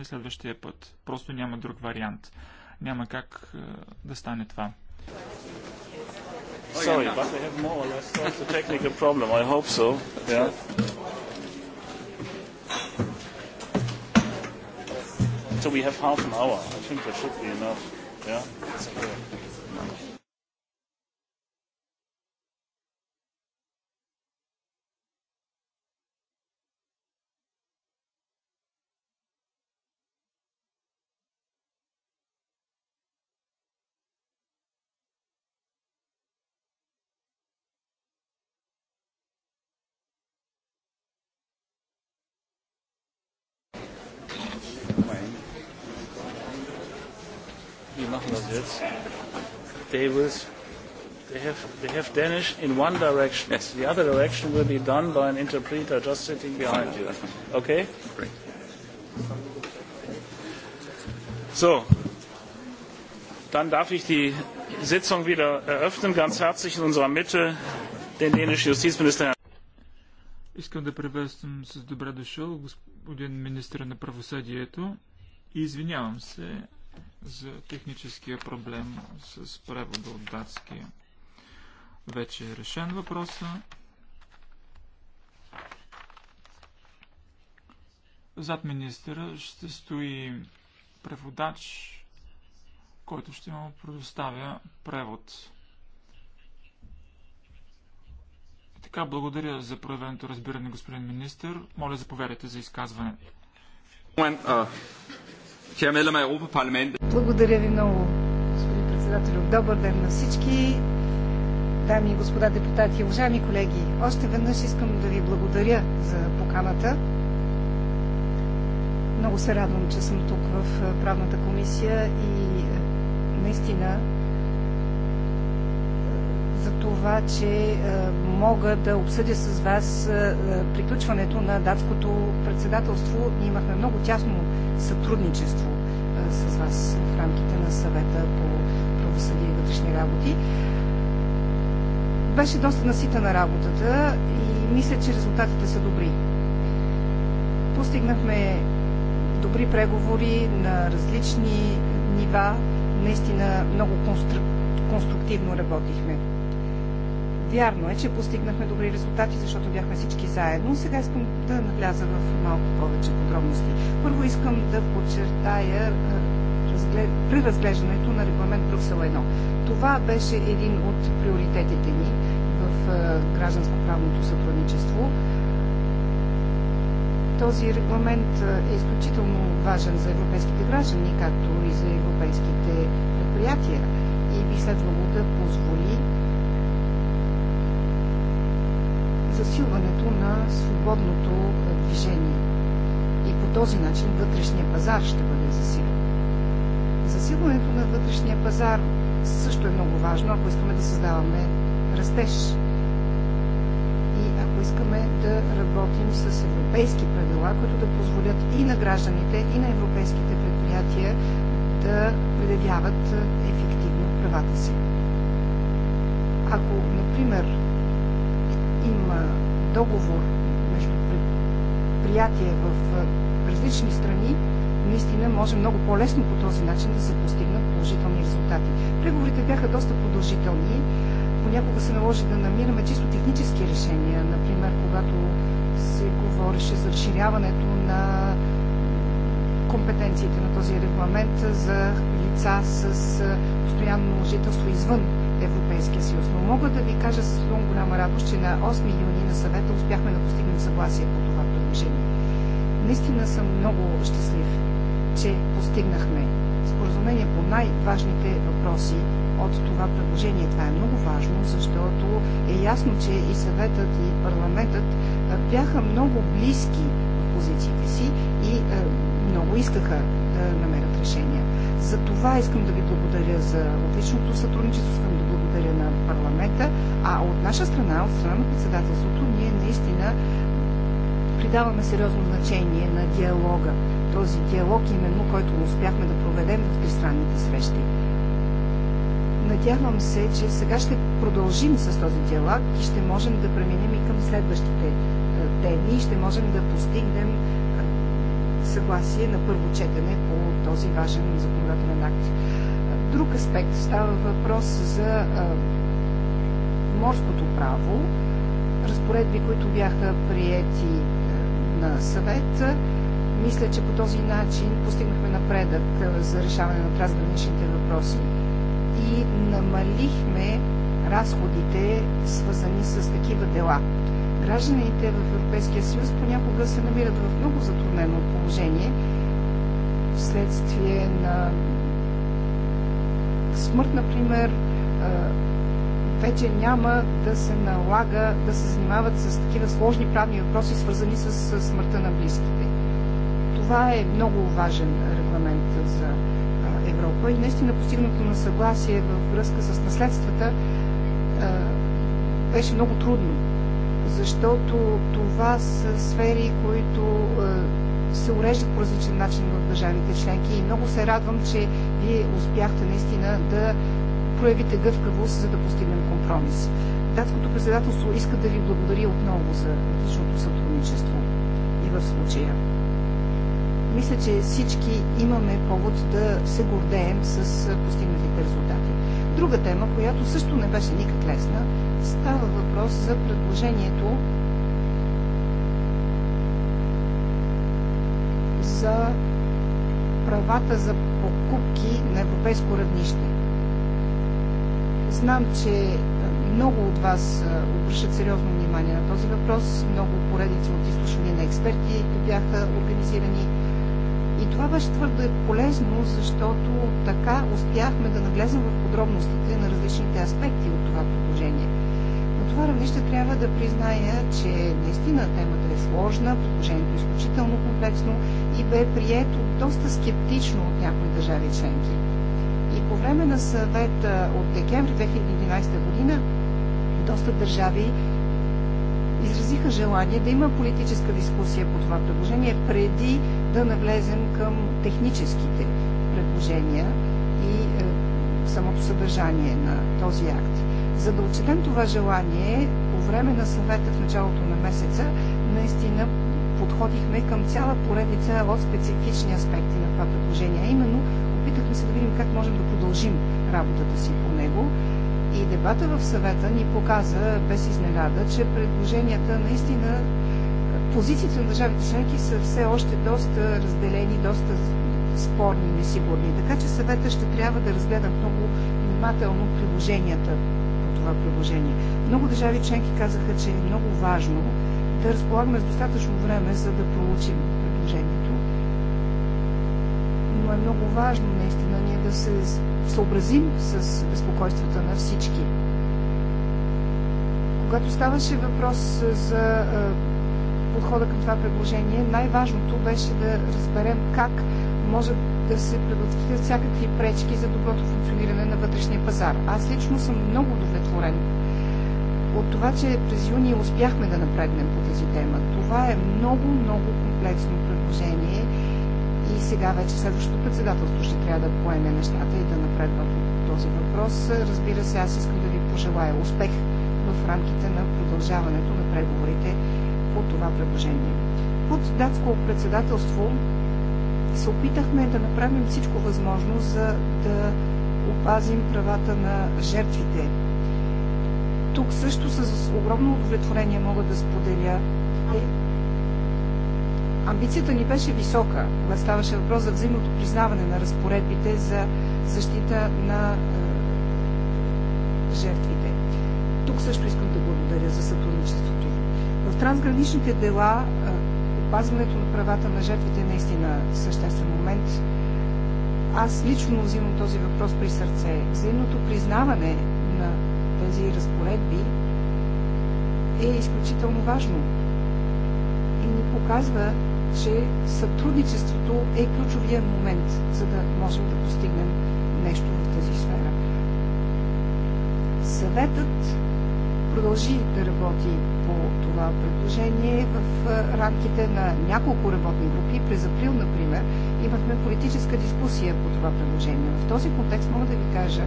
на следващия път. Просто няма друг вариант. Няма как да стане това. Sorry, but we have more or less solved the technical problem. I hope so. Yeah. So we have half an hour. I think that should be enough. Yeah. machen das jetzt. Tables. They have, they have Danish in one direction. Yes. The other direction will be done by an interpreter just sitting behind you. Okay? So, dann darf ich die Sitzung wieder eröffnen. Ganz herzlich in unserer Mitte den dänischen Justizminister. Искам да приветствам с добре дошъл господин министра на правосъдието и извинявам се за техническия проблем с превода от датски. Вече е решен въпроса. Зад министъра ще стои преводач, който ще му предоставя превод. Така, благодаря за проявеното разбиране, господин министър. Моля, заповядайте за изказване. Uh, благодаря ви много, господин председател. Добър ден на всички дами и господа депутати, уважаеми колеги. Още веднъж искам да ви благодаря за поканата. Много се радвам, че съм тук в правната комисия и наистина за това, че е, мога да обсъдя с вас е, е, приключването на датското председателство. Ние имахме много тясно сътрудничество с вас в рамките на съвета по правосъдие и вътрешни работи. Беше доста наситена работата и мисля, че резултатите са добри. Постигнахме добри преговори на различни нива. Наистина много конструктивно работихме. Вярно е, че постигнахме добри резултати, защото бяхме всички заедно. Сега искам да навляза в малко повече подробности. Първо искам да подчертая преразглеждането на регламент Брюксел 1. Това беше един от приоритетите ни в гражданско-правното сътрудничество. Този регламент е изключително важен за европейските граждани, както и за европейските предприятия и би следвало да позволи засилването на свободното е, движение. И по този начин вътрешния пазар ще бъде засилен. Засилването на вътрешния пазар също е много важно, ако искаме да създаваме растеж. И ако искаме да работим с европейски правила, които да позволят и на гражданите, и на европейските предприятия да предявяват е, ефективно правата си. Ако, например, има договор между предприятия в различни страни, наистина може много по-лесно по този начин да се постигнат положителни резултати. Преговорите бяха доста продължителни. Понякога се наложи да намираме чисто технически решения. Например, когато се говореше за разширяването на компетенциите на този регламент за лица с постоянно жителство извън Европейския съюз. Но мога да ви кажа с много голяма радост, че на 8 юни на съвета успяхме да постигнем съгласие по това предложение. Наистина съм много щастлив, че постигнахме споразумение по най-важните въпроси от това предложение. Това е много важно, защото е ясно, че и съветът, и парламентът бяха много близки в позициите си и много искаха да намерят решения. За това искам да ви благодаря за отличното сътрудничество секретаря на парламента, а от наша страна, от страна на председателството, ние наистина придаваме сериозно значение на диалога. Този диалог именно, който успяхме да проведем в тристранните срещи. Надявам се, че сега ще продължим с този диалог и ще можем да преминем и към следващите е, теми и ще можем да постигнем е, съгласие на първо четене по този важен законодателен акт друг аспект. Става въпрос за морското право, разпоредби, които бяха приети на съвет. Мисля, че по този начин постигнахме напредък за решаване на трансграничните въпроси и намалихме разходите, свързани с такива дела. Гражданите в Европейския съюз понякога се намират в много затруднено положение вследствие на смърт, например, вече няма да се налага да се занимават с такива сложни правни въпроси, свързани с смъртта на близките. Това е много важен регламент за Европа и наистина постигнато на съгласие във връзка с наследствата беше много трудно, защото това са сфери, които се уреждат по различен начин в държавите членки и много се радвам, че вие успяхте наистина да проявите гъвкавост, за да постигнем компромис. Датското председателство иска да ви благодаря отново за отличното сътрудничество и в случая. Мисля, че всички имаме повод да се гордеем с постигнатите резултати. Друга тема, която също не беше никак лесна, става въпрос за предложението за правата за покупки на европейско равнище. Знам, че много от вас обръщат сериозно внимание на този въпрос. Много поредици от изслушвания на експерти бяха организирани. И това беше твърде полезно, защото така успяхме да навлезем в подробностите на различните аспекти от това предложение. На това равнище трябва да призная, че наистина темата е сложна, предложението е изключително комплексно и бе прието доста скептично от някои държави членки. И по време на съвета от декември 2011 година доста държави изразиха желание да има политическа дискусия по това предложение преди да навлезем към техническите предложения и е, самото съдържание на този акт. За да отчетем това желание, по време на съвета в началото на месеца, наистина подходихме към цяла поредица от специфични аспекти на това предложение. А именно, опитахме се да видим как можем да продължим работата си по него. И дебата в съвета ни показа без изненада, че предложенията наистина позициите на държавите членки са все още доста разделени, доста спорни и несигурни. Така че съвета ще трябва да разгледа много внимателно приложенията по това приложение. Много държави членки казаха, че е много важно да разполагаме с достатъчно време, за да проучим предложението. Но е много важно наистина ние да се съобразим с безпокойствата на всички. Когато ставаше въпрос за подхода към това предложение, най-важното беше да разберем как може да се предотвратят всякакви пречки за доброто функциониране на вътрешния пазар. Аз лично съм много удовлетворен от това, че през юни успяхме да напрегнем по тази тема. Това е много, много комплексно предложение и сега вече следващото председателство ще трябва да поеме нещата и да напредва по този въпрос. Разбира се, аз искам да ви пожелая успех в рамките на продължаването на преговорите по това предложение. Под датско председателство се опитахме да направим всичко възможно, за да опазим правата на жертвите тук също с огромно удовлетворение мога да споделя. Амбицията ни беше висока, когато ставаше въпрос за взаимното признаване на разпоредбите за защита на е, жертвите. Тук също искам да благодаря за сътрудничеството. В трансграничните дела е, опазването на правата на жертвите е наистина съществен момент. Аз лично взимам този въпрос при сърце. Взаимното признаване тези разпоредби е изключително важно и ни показва, че сътрудничеството е ключовия момент, за да можем да постигнем нещо в тази сфера. Съветът продължи да работи по това предложение в рамките на няколко работни групи. През април, например, имахме политическа дискусия по това предложение. В този контекст мога да ви кажа,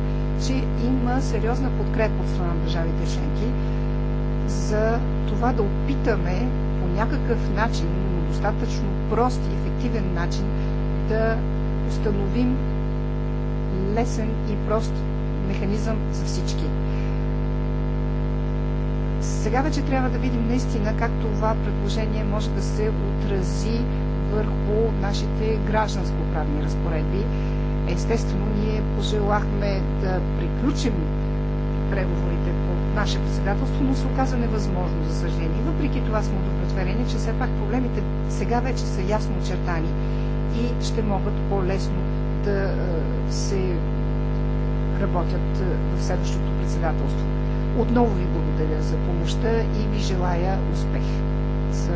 че има сериозна подкрепа от страна на държавите членки за това да опитаме по някакъв начин, но достатъчно прост и ефективен начин, да установим лесен и прост механизъм за всички. Сега вече трябва да видим наистина как това предложение може да се отрази върху нашите гражданско-правни разпоредби Естествено, ние пожелахме да приключим преговорите по наше председателство, но се оказа невъзможно, за съжаление. Въпреки това сме удовлетворени, че все пак проблемите сега вече са ясно очертани и ще могат по-лесно да е, се работят е, в следващото председателство. Отново ви благодаря за помощта и ви желая успех за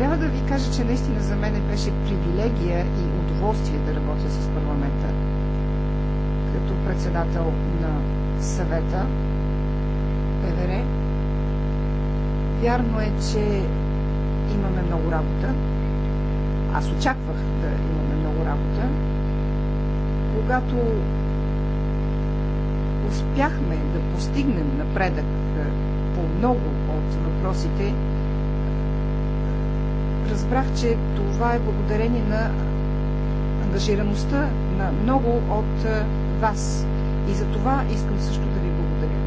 Трябва да ви кажа, че наистина за мен беше привилегия и удоволствие да работя с парламента като председател на съвета ПВР. Вярно е, че имаме много работа. Аз очаквах да имаме много работа. Когато успяхме да постигнем напредък по много от въпросите, разбрах, че това е благодарение на ангажираността на много от вас. И за това искам също да ви благодаря.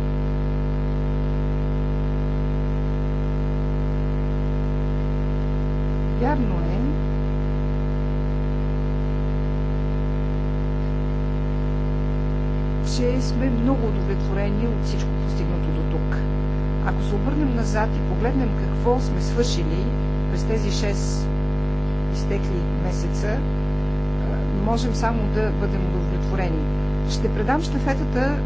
Вярно е, че сме много удовлетворени от всичко постигнато до тук. Ако се обърнем назад и погледнем какво сме свършили през тези 6 изтекли месеца можем само да бъдем удовлетворени. Ще предам щафетата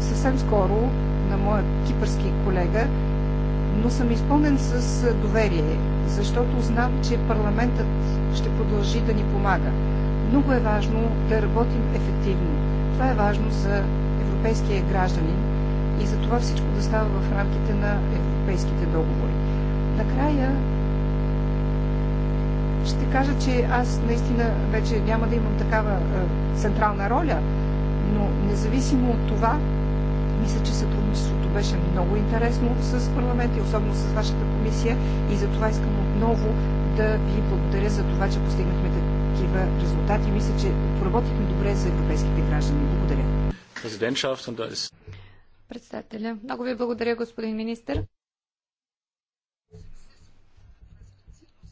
съвсем скоро на моя кипърски колега, но съм изпълнен с доверие, защото знам, че парламентът ще продължи да ни помага. Много е важно да работим ефективно. Това е важно за европейския гражданин и за това всичко да става в рамките на европейските договори. Накрая ще кажа, че аз наистина вече няма да имам такава е, централна роля, но независимо от това, мисля, че сътрудничеството беше много интересно с парламента и особено с вашата комисия и за това искам отново да ви благодаря за това, че постигнахме такива резултати. Мисля, че поработихме добре за европейските граждани. Благодаря. Е Председателя, много ви благодаря, господин министър.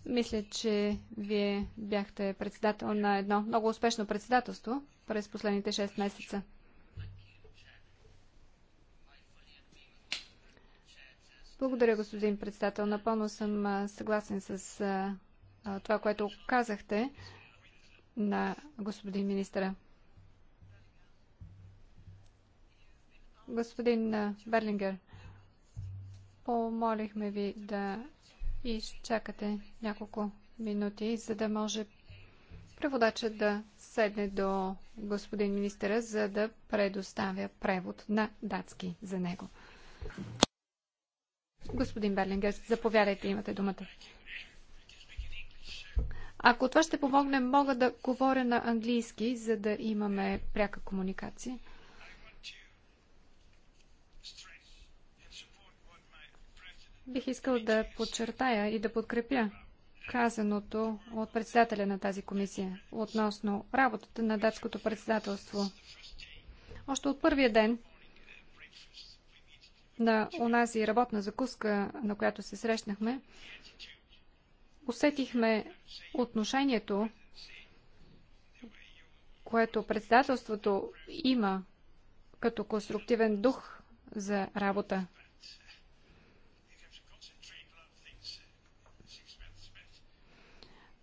Мисля, че вие бяхте председател на едно много успешно председателство през последните 6 месеца. Благодаря, господин председател. Напълно съм съгласен с това, което казахте на господин министра. Господин Берлингер, помолихме ви да и ще чакате няколко минути, за да може преводачът да седне до господин министъра, за да предоставя превод на датски за него. Господин Берлингер, заповядайте, имате думата. Ако това ще помогне, мога да говоря на английски, за да имаме пряка комуникация. Бих искал да подчертая и да подкрепя казаното от председателя на тази комисия относно работата на датското председателство. Още от първия ден на онази работна закуска, на която се срещнахме, усетихме отношението, което председателството има като конструктивен дух за работа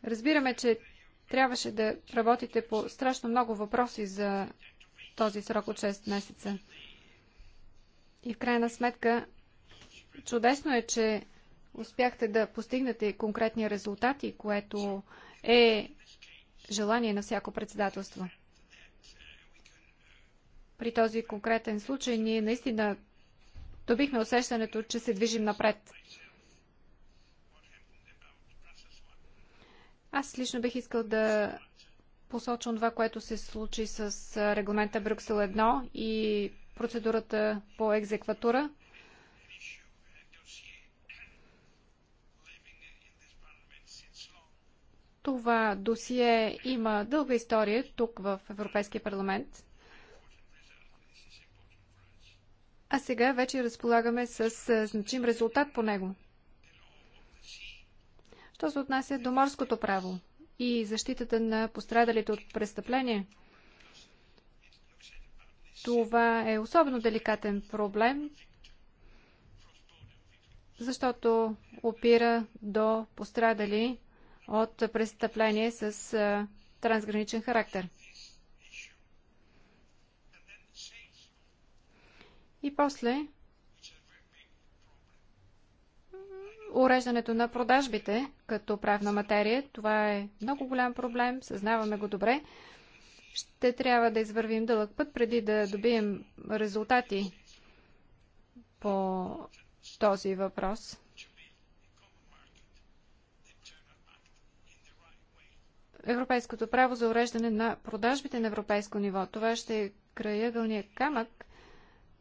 Разбираме, че трябваше да работите по страшно много въпроси за този срок от 6 месеца. И в крайна сметка, чудесно е, че успяхте да постигнете конкретни резултати, което е желание на всяко председателство. При този конкретен случай ние наистина добихме усещането, че се движим напред. Аз лично бих искал да посочвам това, което се случи с регламента Брюксел 1 и процедурата по екзекватура. Това досие има дълга история тук в Европейския парламент. А сега вече разполагаме с значим резултат по него. Що се отнася до морското право и защитата на пострадалите от престъпление, това е особено деликатен проблем, защото опира до пострадали от престъпление с трансграничен характер. И после уреждането на продажбите като правна материя. Това е много голям проблем, съзнаваме го добре. Ще трябва да извървим дълъг път преди да добием резултати по този въпрос. Европейското право за уреждане на продажбите на европейско ниво. Това ще е краягълният камък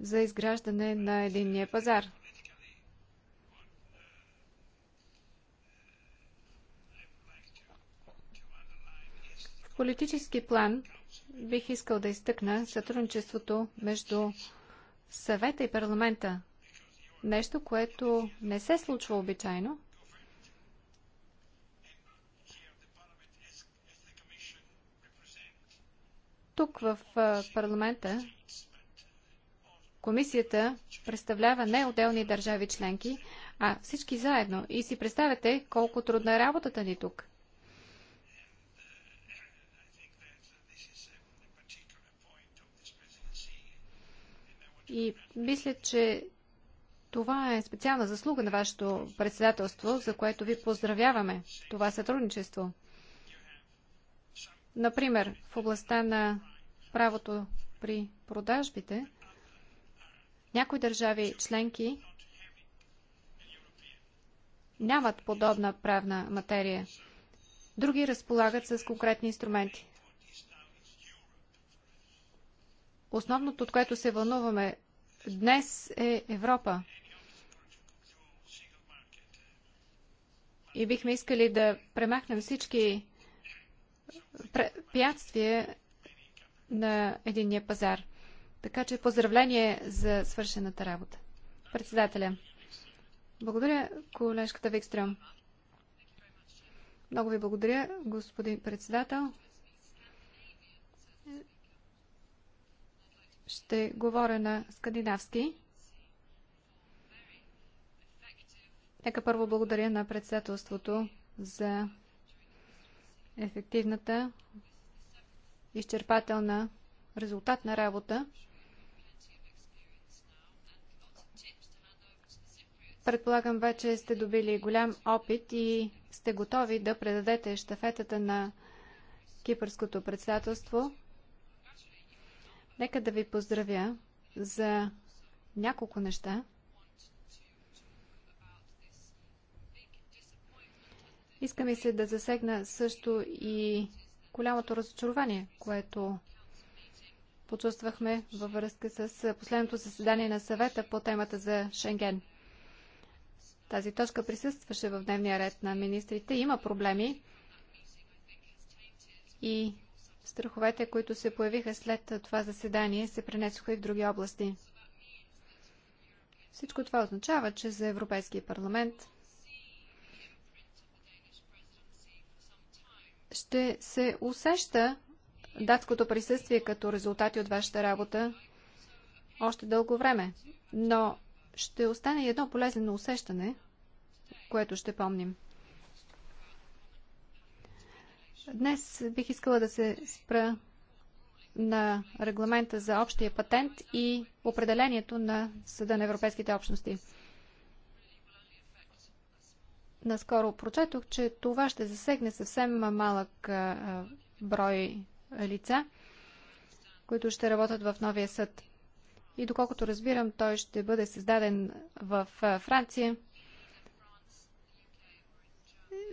за изграждане на единния пазар. политически план бих искал да изтъкна сътрудничеството между съвета и парламента. Нещо, което не се случва обичайно. Тук в парламента комисията представлява не отделни държави членки, а всички заедно. И си представете колко трудна е работата ни тук. И мисля, че това е специална заслуга на вашето председателство, за което ви поздравяваме това сътрудничество. Например, в областта на правото при продажбите, някои държави членки нямат подобна правна материя. Други разполагат с конкретни инструменти. Основното, от което се вълнуваме днес е Европа. И бихме искали да премахнем всички препятствия на единния пазар. Така че поздравление за свършената работа. Председателя. Благодаря, колежката Викстрем. Много ви благодаря, господин председател. Ще говоря на скандинавски. Нека първо благодаря на председателството за ефективната, изчерпателна, резултатна работа. Предполагам, вече сте добили голям опит и сте готови да предадете щафетата на Кипърското председателство. Нека да ви поздравя за няколко неща. Искам и се да засегна също и голямото разочарование, което почувствахме във връзка с последното заседание на съвета по темата за Шенген. Тази точка присъстваше в дневния ред на министрите. Има проблеми и Страховете, които се появиха след това заседание, се пренесоха и в други области. Всичко това означава, че за Европейския парламент ще се усеща датското присъствие като резултати от вашата работа още дълго време. Но ще остане едно полезно усещане, което ще помним. Днес бих искала да се спра на регламента за общия патент и определението на Съда на Европейските общности. Наскоро прочетох, че това ще засегне съвсем малък брой лица, които ще работят в новия съд. И доколкото разбирам, той ще бъде създаден в Франция –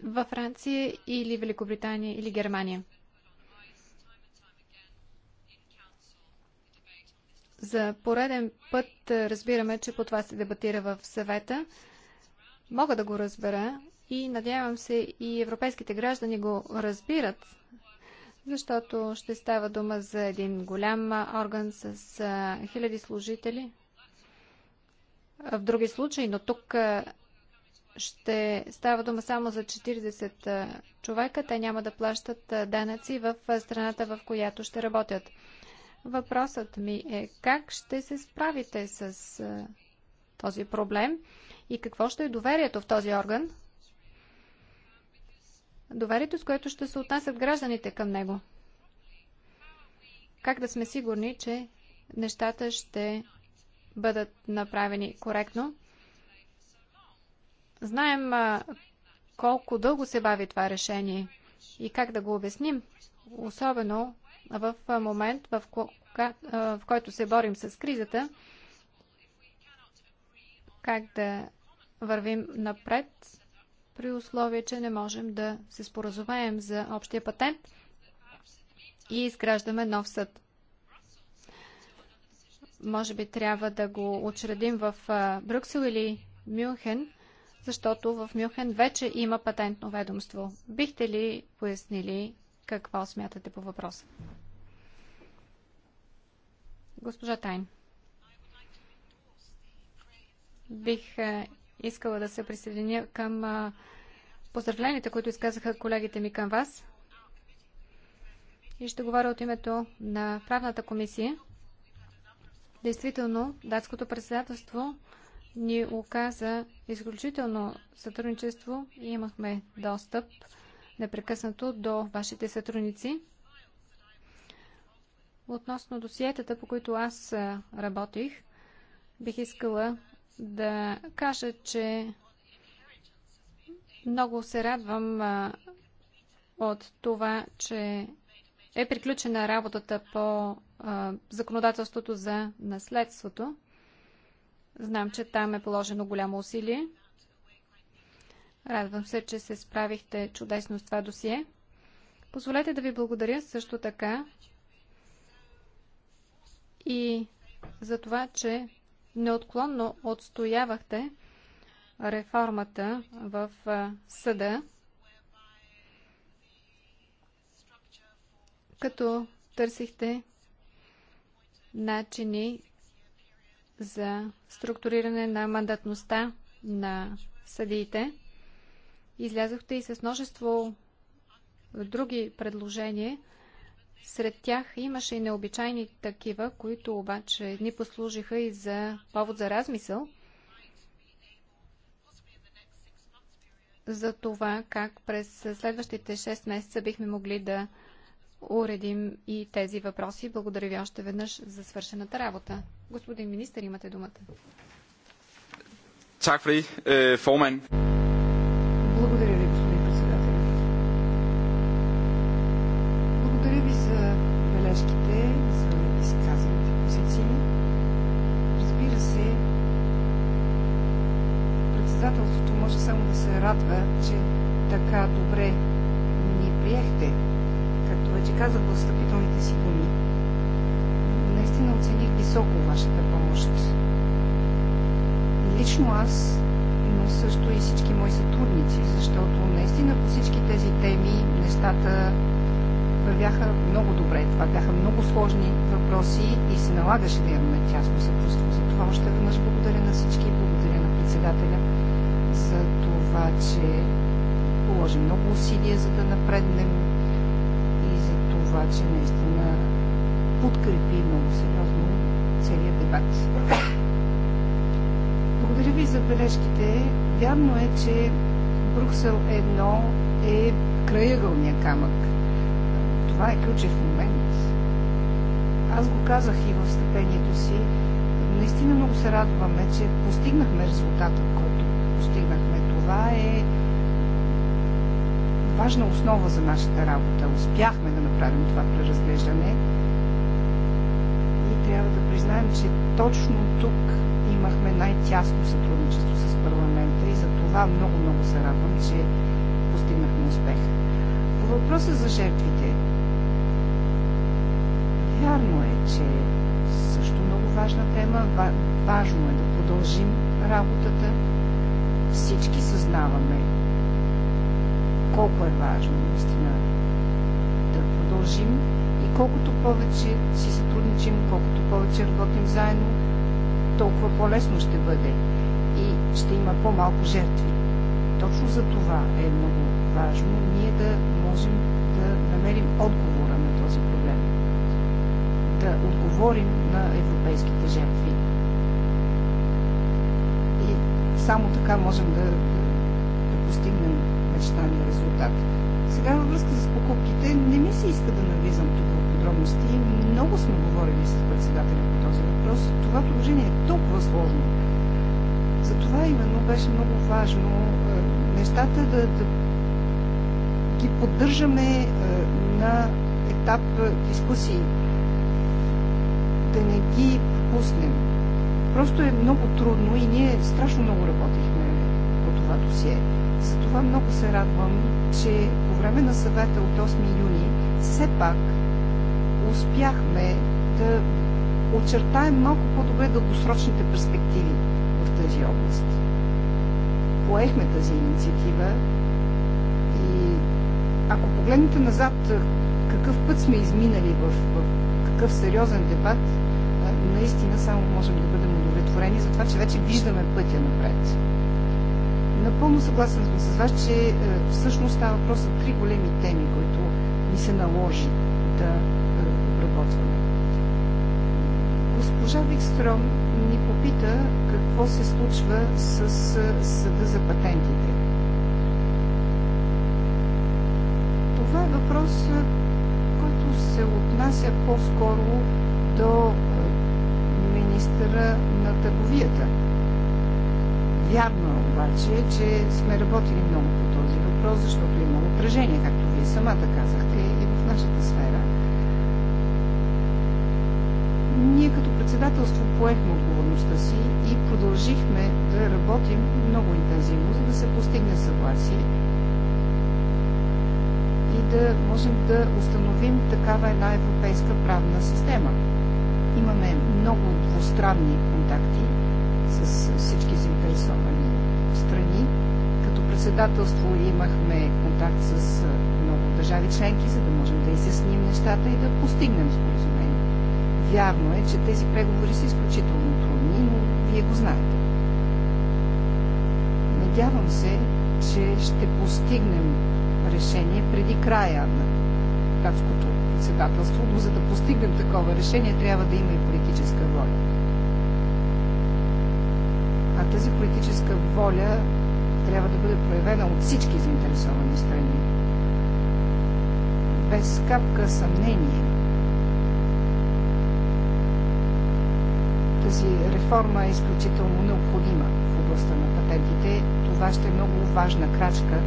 във Франция или Великобритания или Германия. За пореден път е, разбираме, че по това се дебатира в съвета. Мога да го разбера и надявам се и европейските граждани го разбират, защото ще става дума за един голям орган с е, хиляди служители. В други случаи, но тук е, ще става дума само за 40 човека. Те няма да плащат данъци в страната, в която ще работят. Въпросът ми е как ще се справите с този проблем и какво ще е доверието в този орган? Доверието, с което ще се отнасят гражданите към него. Как да сме сигурни, че нещата ще бъдат направени коректно? Знаем колко дълго се бави това решение и как да го обясним, особено в момент, в, кога, в който се борим с кризата, как да вървим напред при условие, че не можем да се споразумеем за общия патент и изграждаме нов съд. Може би трябва да го учредим в Брюксел или Мюнхен, защото в Мюхен вече има патентно ведомство. Бихте ли пояснили какво смятате по въпроса? Госпожа Тайн. Бих е, искала да се присъединя към е, поздравленията, които изказаха колегите ми към вас. И ще говоря от името на правната комисия. Действително, датското председателство ни оказа изключително сътрудничество и имахме достъп непрекъснато до вашите сътрудници. Относно досиетата, по които аз работих, бих искала да кажа, че много се радвам от това, че е приключена работата по законодателството за наследството. Знам, че там е положено голямо усилие. Радвам се, че се справихте чудесно с това досие. Позволете да ви благодаря също така и за това, че неотклонно отстоявахте реформата в съда, като търсихте начини за структуриране на мандатността на съдиите. Излязохте и с множество други предложения. Сред тях имаше и необичайни такива, които обаче ни послужиха и за повод за размисъл за това как през следващите 6 месеца бихме могли да уредим и тези въпроси. Благодаря ви още веднъж за свършената работа. Господин министр, имате думата. Так for е, Благодаря ви, господин председател. Благодаря ви за бележките, за изказаните позиции. Разбира се, председателството може само да се радва, че така добре ни приехте казах в встъпителните си думи, наистина оцених високо вашата помощ. Лично аз, но също и всички мои сътрудници, защото наистина по всички тези теми нещата вървяха много добре. Това бяха много сложни въпроси и се налагаше да имаме тясно съпутство. За това още веднъж благодаря на всички и благодаря на председателя за това, че положи много усилия, за да напреднем това, че наистина подкрепи много сериозно целият дебат. Благодаря ви за бележките. Вярно е, че Бруксел 1 е краягълния камък. Това е ключев момент. Аз го казах и в стъплението си. Наистина много се радваме, че постигнахме резултата, който постигнахме. Това е важна основа за нашата работа. Успяхме направим това преразглеждане. И трябва да признаем, че точно тук имахме най-тясно сътрудничество с парламента и за това много-много се радвам, че постигнахме успех. По въпроса за жертвите. Вярно е, че също много важна тема. Важно е да продължим работата. Всички съзнаваме колко е важно наистина продължим и колкото повече си сътрудничим, колкото повече работим заедно, толкова по-лесно ще бъде и ще има по-малко жертви. Точно за това е много важно ние да можем да намерим отговора на този проблем. Да отговорим на европейските жертви. И само така можем да, да, да постигнем мечтания резултат. Сега във връзка с покупките не ми се иска да навлизам тук в подробности. Много сме говорили с председателя по този въпрос. Това положение е толкова сложно. Затова именно беше много важно е, нещата да, да ги поддържаме е, на етап е, дискусии. Да не ги пуснем. Просто е много трудно и ние страшно много работихме по това досие. Затова много се радвам, че време на съвета от 8 юни, все пак успяхме да очертаем малко по-добре дългосрочните перспективи в тази област. Поехме тази инициатива и ако погледнете назад какъв път сме изминали в, в какъв сериозен дебат, наистина само можем да бъдем удовлетворени за това, че вече виждаме пътя напред. Напълно съгласен съм с вас, че е, всъщност става въпрос за три големи теми, които ни се наложи да е, обработваме. Госпожа Викстром ни попита какво се случва с е, съда за патентите. Това е въпрос, който се отнася по-скоро до министъра на търговията – Вярно е обаче, че сме работили много по този въпрос, защото има отражение, както вие самата казахте, и в нашата сфера. Ние като председателство поехме отговорността си и продължихме да работим много интензивно, за да се постигне съгласие и да можем да установим такава една европейска правна система. Имаме много двустранни контакти с всички заинтересовани страни. Като председателство имахме контакт с много държави членки, за да можем да изясним нещата и да постигнем споразумение. Вярно е, че тези преговори са изключително трудни, но вие го знаете. Надявам се, че ще постигнем решение преди края на датското председателство, но за да постигнем такова решение трябва да има и политическа воля тази политическа воля трябва да бъде проявена от всички заинтересовани страни. Без капка съмнение. Тази реформа е изключително необходима в областта на патентите. Това ще е много важна крачка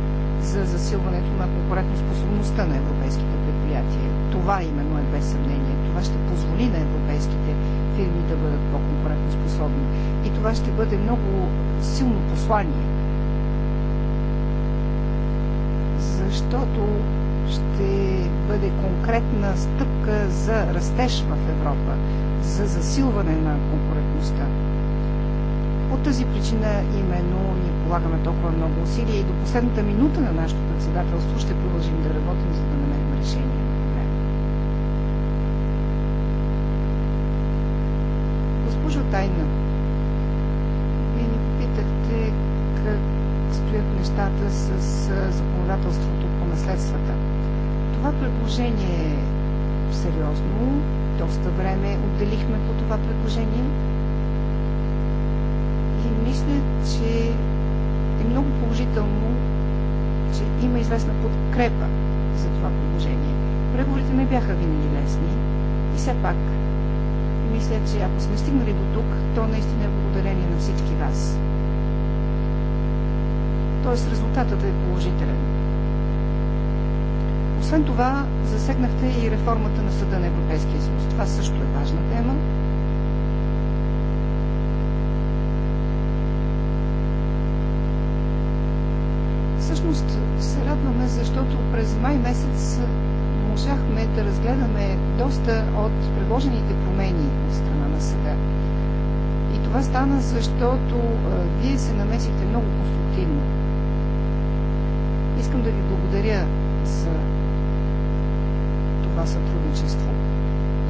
за засилването на конкурентоспособността на европейските предприятия. Това именно е без съмнение. Това ще позволи на европейските фирми да бъдат по конкурентоспособни И това ще бъде много силно послание. Защото ще бъде конкретна стъпка за растеж в Европа, за засилване на конкурентността. По тази причина именно ние полагаме толкова много усилия и до последната минута на нашето председателство ще продължим да връзката с законодателството по наследствата. Това предложение е сериозно. Доста време отделихме по това предложение. И мисля, че е много положително, че има известна подкрепа за това предложение. Преговорите не бяха винаги лесни. И все пак, мисля, че ако сме стигнали до тук, то наистина е благодарение на всички вас т.е. резултатът е положителен. Освен това, засегнахте и реформата на Съда на Европейския съюз. Това също е важна тема. Всъщност се радваме, защото през май месец можахме да разгледаме доста от предложените промени от страна на съда. И това стана, защото вие се намесихте много конструктивно. Искам да ви благодаря за това сътрудничество.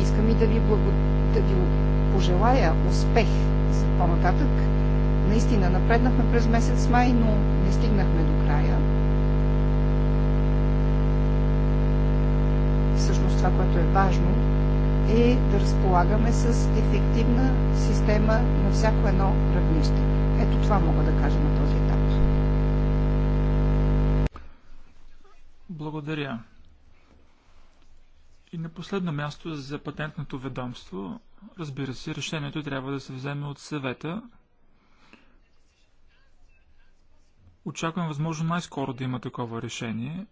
Искам и да ви, благо... да ви пожелая успех за по-нататък. Наистина напреднахме през месец май, но не стигнахме до края. Всъщност това, което е важно, е да разполагаме с ефективна система на всяко едно равнище. Ето това мога да кажа на Благодаря. И на последно място за патентното ведомство. Разбира се, решението трябва да се вземе от съвета. Очаквам възможно най-скоро да има такова решение.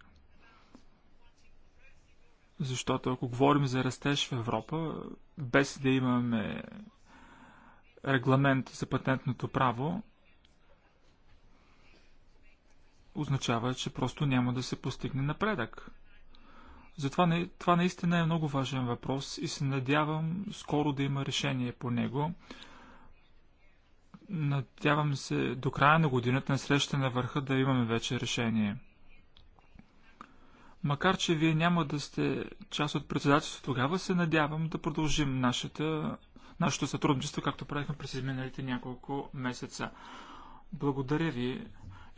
Защото ако говорим за растеж в Европа, без да имаме регламент за патентното право, означава, че просто няма да се постигне напредък. Затова това наистина е много важен въпрос и се надявам скоро да има решение по него. Надявам се до края на годината на среща на върха да имаме вече решение. Макар, че вие няма да сте част от председателството, тогава се надявам да продължим нашата, нашето сътрудничество, както правихме през изминалите няколко месеца. Благодаря ви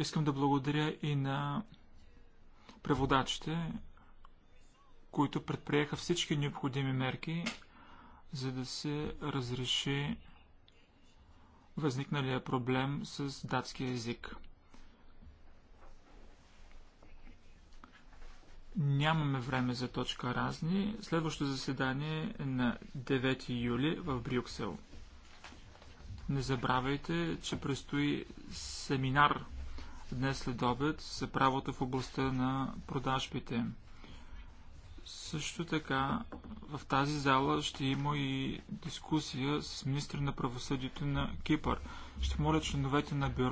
Искам да благодаря и на преводачите, които предприеха всички необходими мерки, за да се разреши възникналия проблем с датския език. Нямаме време за точка разни. Следващото заседание е на 9 юли в Брюксел. Не забравяйте, че предстои семинар днес след обед за правото в областта на продажбите. Също така в тази зала ще има и дискусия с министър на правосъдието на Кипър. Ще моля членовете на бюрото